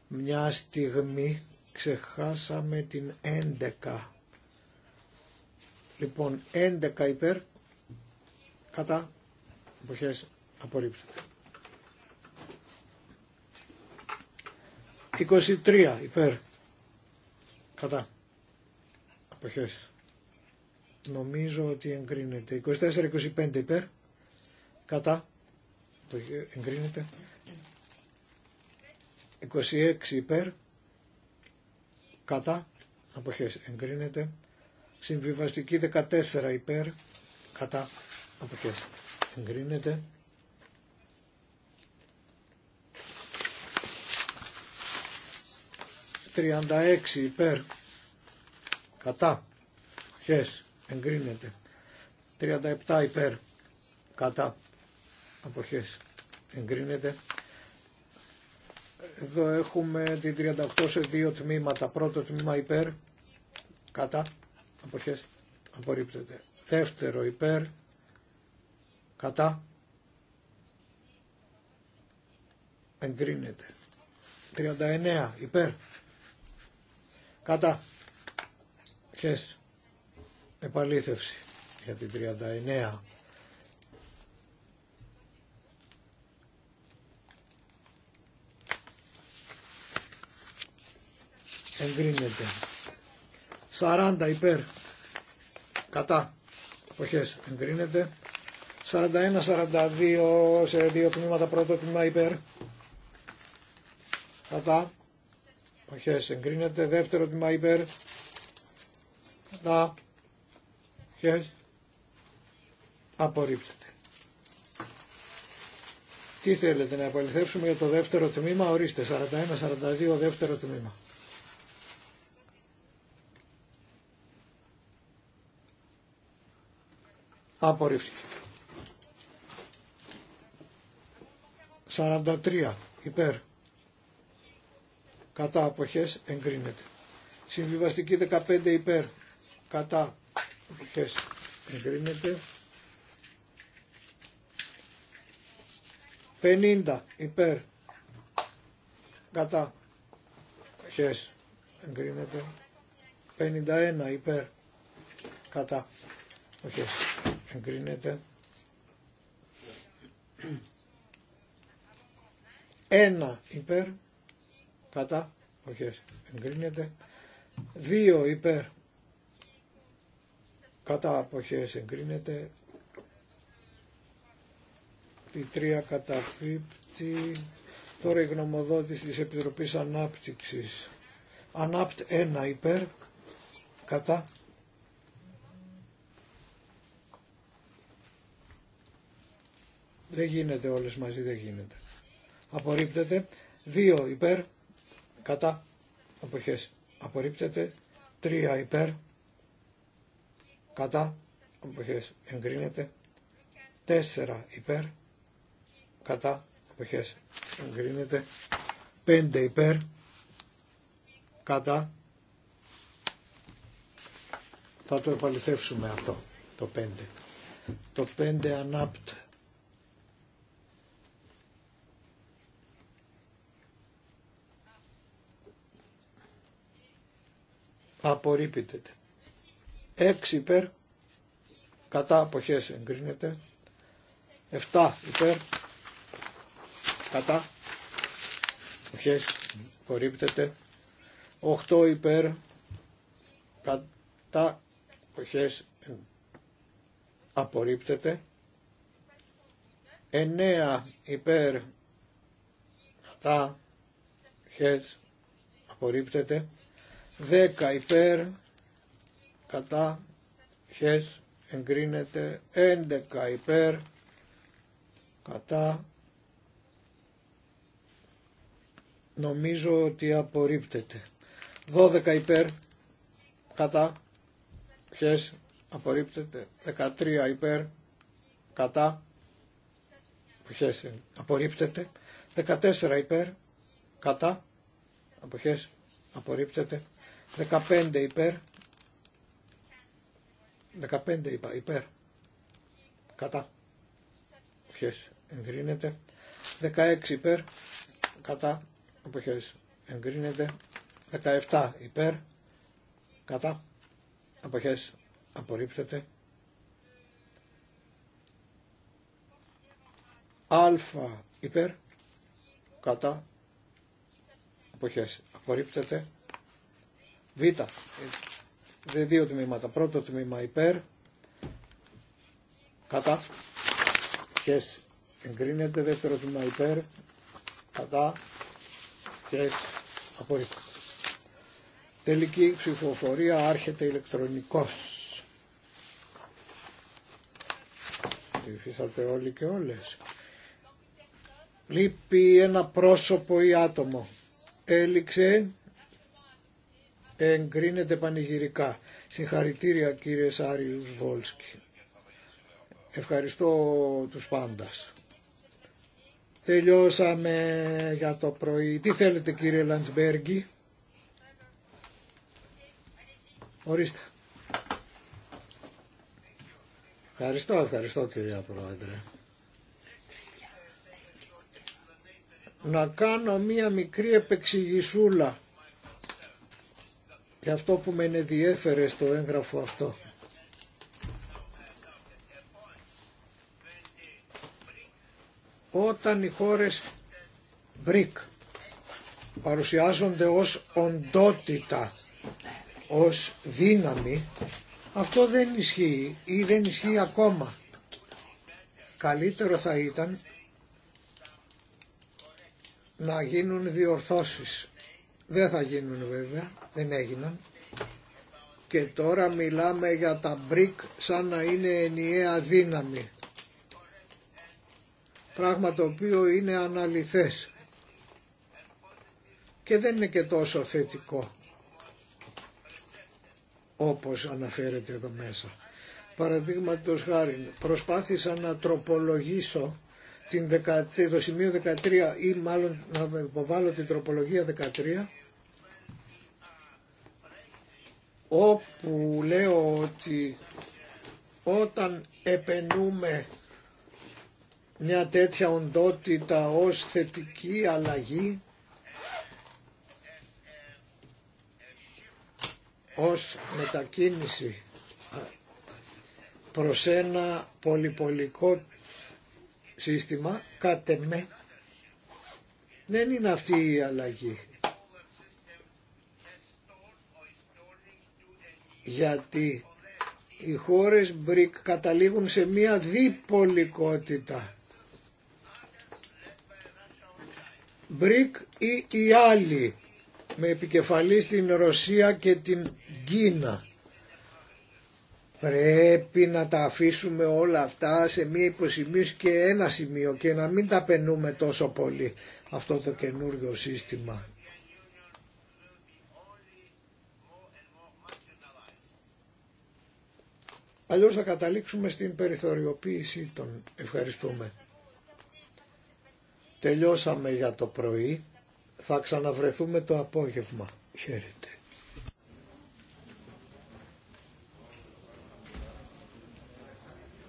μια στιγμή ξεχάσαμε την 11 Λοιπόν, 11 υπέρ, κατά, εποχές, απορρίπτεται. 23 υπέρ, κατά, εποχές. Νομίζω ότι εγκρίνεται. 24-25 υπέρ, κατά, εγκρίνεται. 26 υπέρ, κατά, αποχές εγκρίνεται. Συμβιβαστική 14 υπέρ κατά αποχές εγκρίνεται. ...36 υπέρ... ...κατά... ...χες... ...εγκρίνεται... ...37 υπέρ... ...κατά... ...αποχές... ...εγκρίνεται... ...εδώ έχουμε την 38 σε δύο τμήματα... ...πρώτο τμήμα υπέρ... ...κατά αποχές απορρίπτεται. Δεύτερο υπέρ κατά εγκρίνεται. 39 υπέρ κατά χες επαλήθευση για την 39 εγκρίνεται 40 υπέρ κατά εποχές εγκρίνεται 41-42 σε δύο τμήματα πρώτο τμήμα υπέρ κατά εποχές εγκρίνεται δεύτερο τμήμα υπέρ κατά εποχές απορρίπτεται τι θέλετε να επαληθεύσουμε για το δεύτερο τμήμα ορίστε 41-42 δεύτερο τμήμα Απορρίφθηκε. 43 υπέρ. Κατά αποχές εγκρίνεται. Συμβιβαστική 15 υπέρ. Κατά αποχές εγκρίνεται. 50 υπέρ. Κατά αποχές εγκρίνεται. 51 υπέρ. Κατά αποχές εγκρίνεται. Ένα υπέρ, κατά, όχι, εγκρίνεται. Δύο υπέρ, κατά αποχές εγκρίνεται. Η τρία καταφύπτει. Τώρα η γνωμοδότηση της Επιτροπής Ανάπτυξης. Ανάπτ Ένα υπέρ, κατά Δεν γίνεται όλες μαζί, δεν γίνεται. Απορρίπτεται. Δύο υπέρ, κατά, αποχές. Απορρίπτεται. Τρία υπέρ, κατά, αποχές. Εγκρίνεται. Τέσσερα υπέρ, κατά, αποχές. Εγκρίνεται. Πέντε υπέρ, κατά, θα το επαληθεύσουμε αυτό, το πέντε. Το πέντε ανάπτ απορρίπτεται. 6 υπέρ κατά αποχές εγκρίνεται. 7 υπέρ κατά αποχές απορρίπτεται. 8 υπέρ κατά αποχές απορρίπτεται. 9 υπέρ κατά αποχές απορρίπτεται. 10 υπέρ κατά χες εγκρίνεται 11 υπέρ κατά νομίζω ότι απορρίπτεται 12 υπέρ κατά χες απορρίπτεται 13 υπέρ κατά αποχές απορρίπτεται 14 υπέρ κατά αποχές απορρίπτεται 15 υπέρ. 15 είπα, υπέρ. Κατά. Ποιες εγκρίνεται. 16 υπέρ. Κατά. Αποχές εγκρίνεται. 17 υπέρ. Κατά. Αποχές απορρίπτεται. Α υπέρ. Κατά. Αποχές απορρίπτεται. Β. Δύο τμήματα. Πρώτο τμήμα υπέρ. Κατά. και Εγκρίνεται. Δεύτερο τμήμα υπέρ. Κατά. και Απορρίπτω. Τελική ψηφοφορία άρχεται ηλεκτρονικός. Ψηφίσατε όλοι και όλες. Λείπει ένα πρόσωπο ή άτομο. Έληξε εγκρίνεται πανηγυρικά. Συγχαρητήρια κύριε Σάριου Βόλσκι. Ευχαριστώ τους πάντας. Τελειώσαμε για το πρωί. Τι θέλετε κύριε Λαντσμπέργκη. Ορίστε. Ευχαριστώ, ευχαριστώ κυρία Πρόεδρε. Να κάνω μία μικρή επεξηγησούλα Γι' αυτό που με ενδιέφερε στο έγγραφο αυτό. Όταν οι χώρες BRIC παρουσιάζονται ως οντότητα, ως δύναμη, αυτό δεν ισχύει ή δεν ισχύει ακόμα. Καλύτερο θα ήταν να γίνουν διορθώσεις δεν θα γίνουν βέβαια, δεν έγιναν. Και τώρα μιλάμε για τα BRIC σαν να είναι ενιαία δύναμη. Πράγμα το οποίο είναι αναλυθές. Και δεν είναι και τόσο θετικό όπως αναφέρεται εδώ μέσα. Παραδείγματος χάρη, προσπάθησα να τροπολογήσω την το σημείο 13 ή μάλλον να υποβάλω την τροπολογία 13 όπου λέω ότι όταν επενούμε μια τέτοια οντότητα ως θετική αλλαγή ως μετακίνηση προς ένα πολυπολικό σύστημα κάτε δεν είναι αυτή η αλλαγή. Γιατί οι χώρες BRIC καταλήγουν σε μία διπολικότητα. BRIC ή οι άλλοι με επικεφαλή στην Ρωσία και την Κίνα. Πρέπει να τα αφήσουμε όλα αυτά σε μία υποσημείωση και ένα σημείο και να μην τα πενούμε τόσο πολύ αυτό το καινούργιο σύστημα. Αλλιώς θα καταλήξουμε στην περιθωριοποίησή των. Ευχαριστούμε. Τελειώσαμε για το πρωί. Θα ξαναβρεθούμε το απόγευμα. Χαίρετε.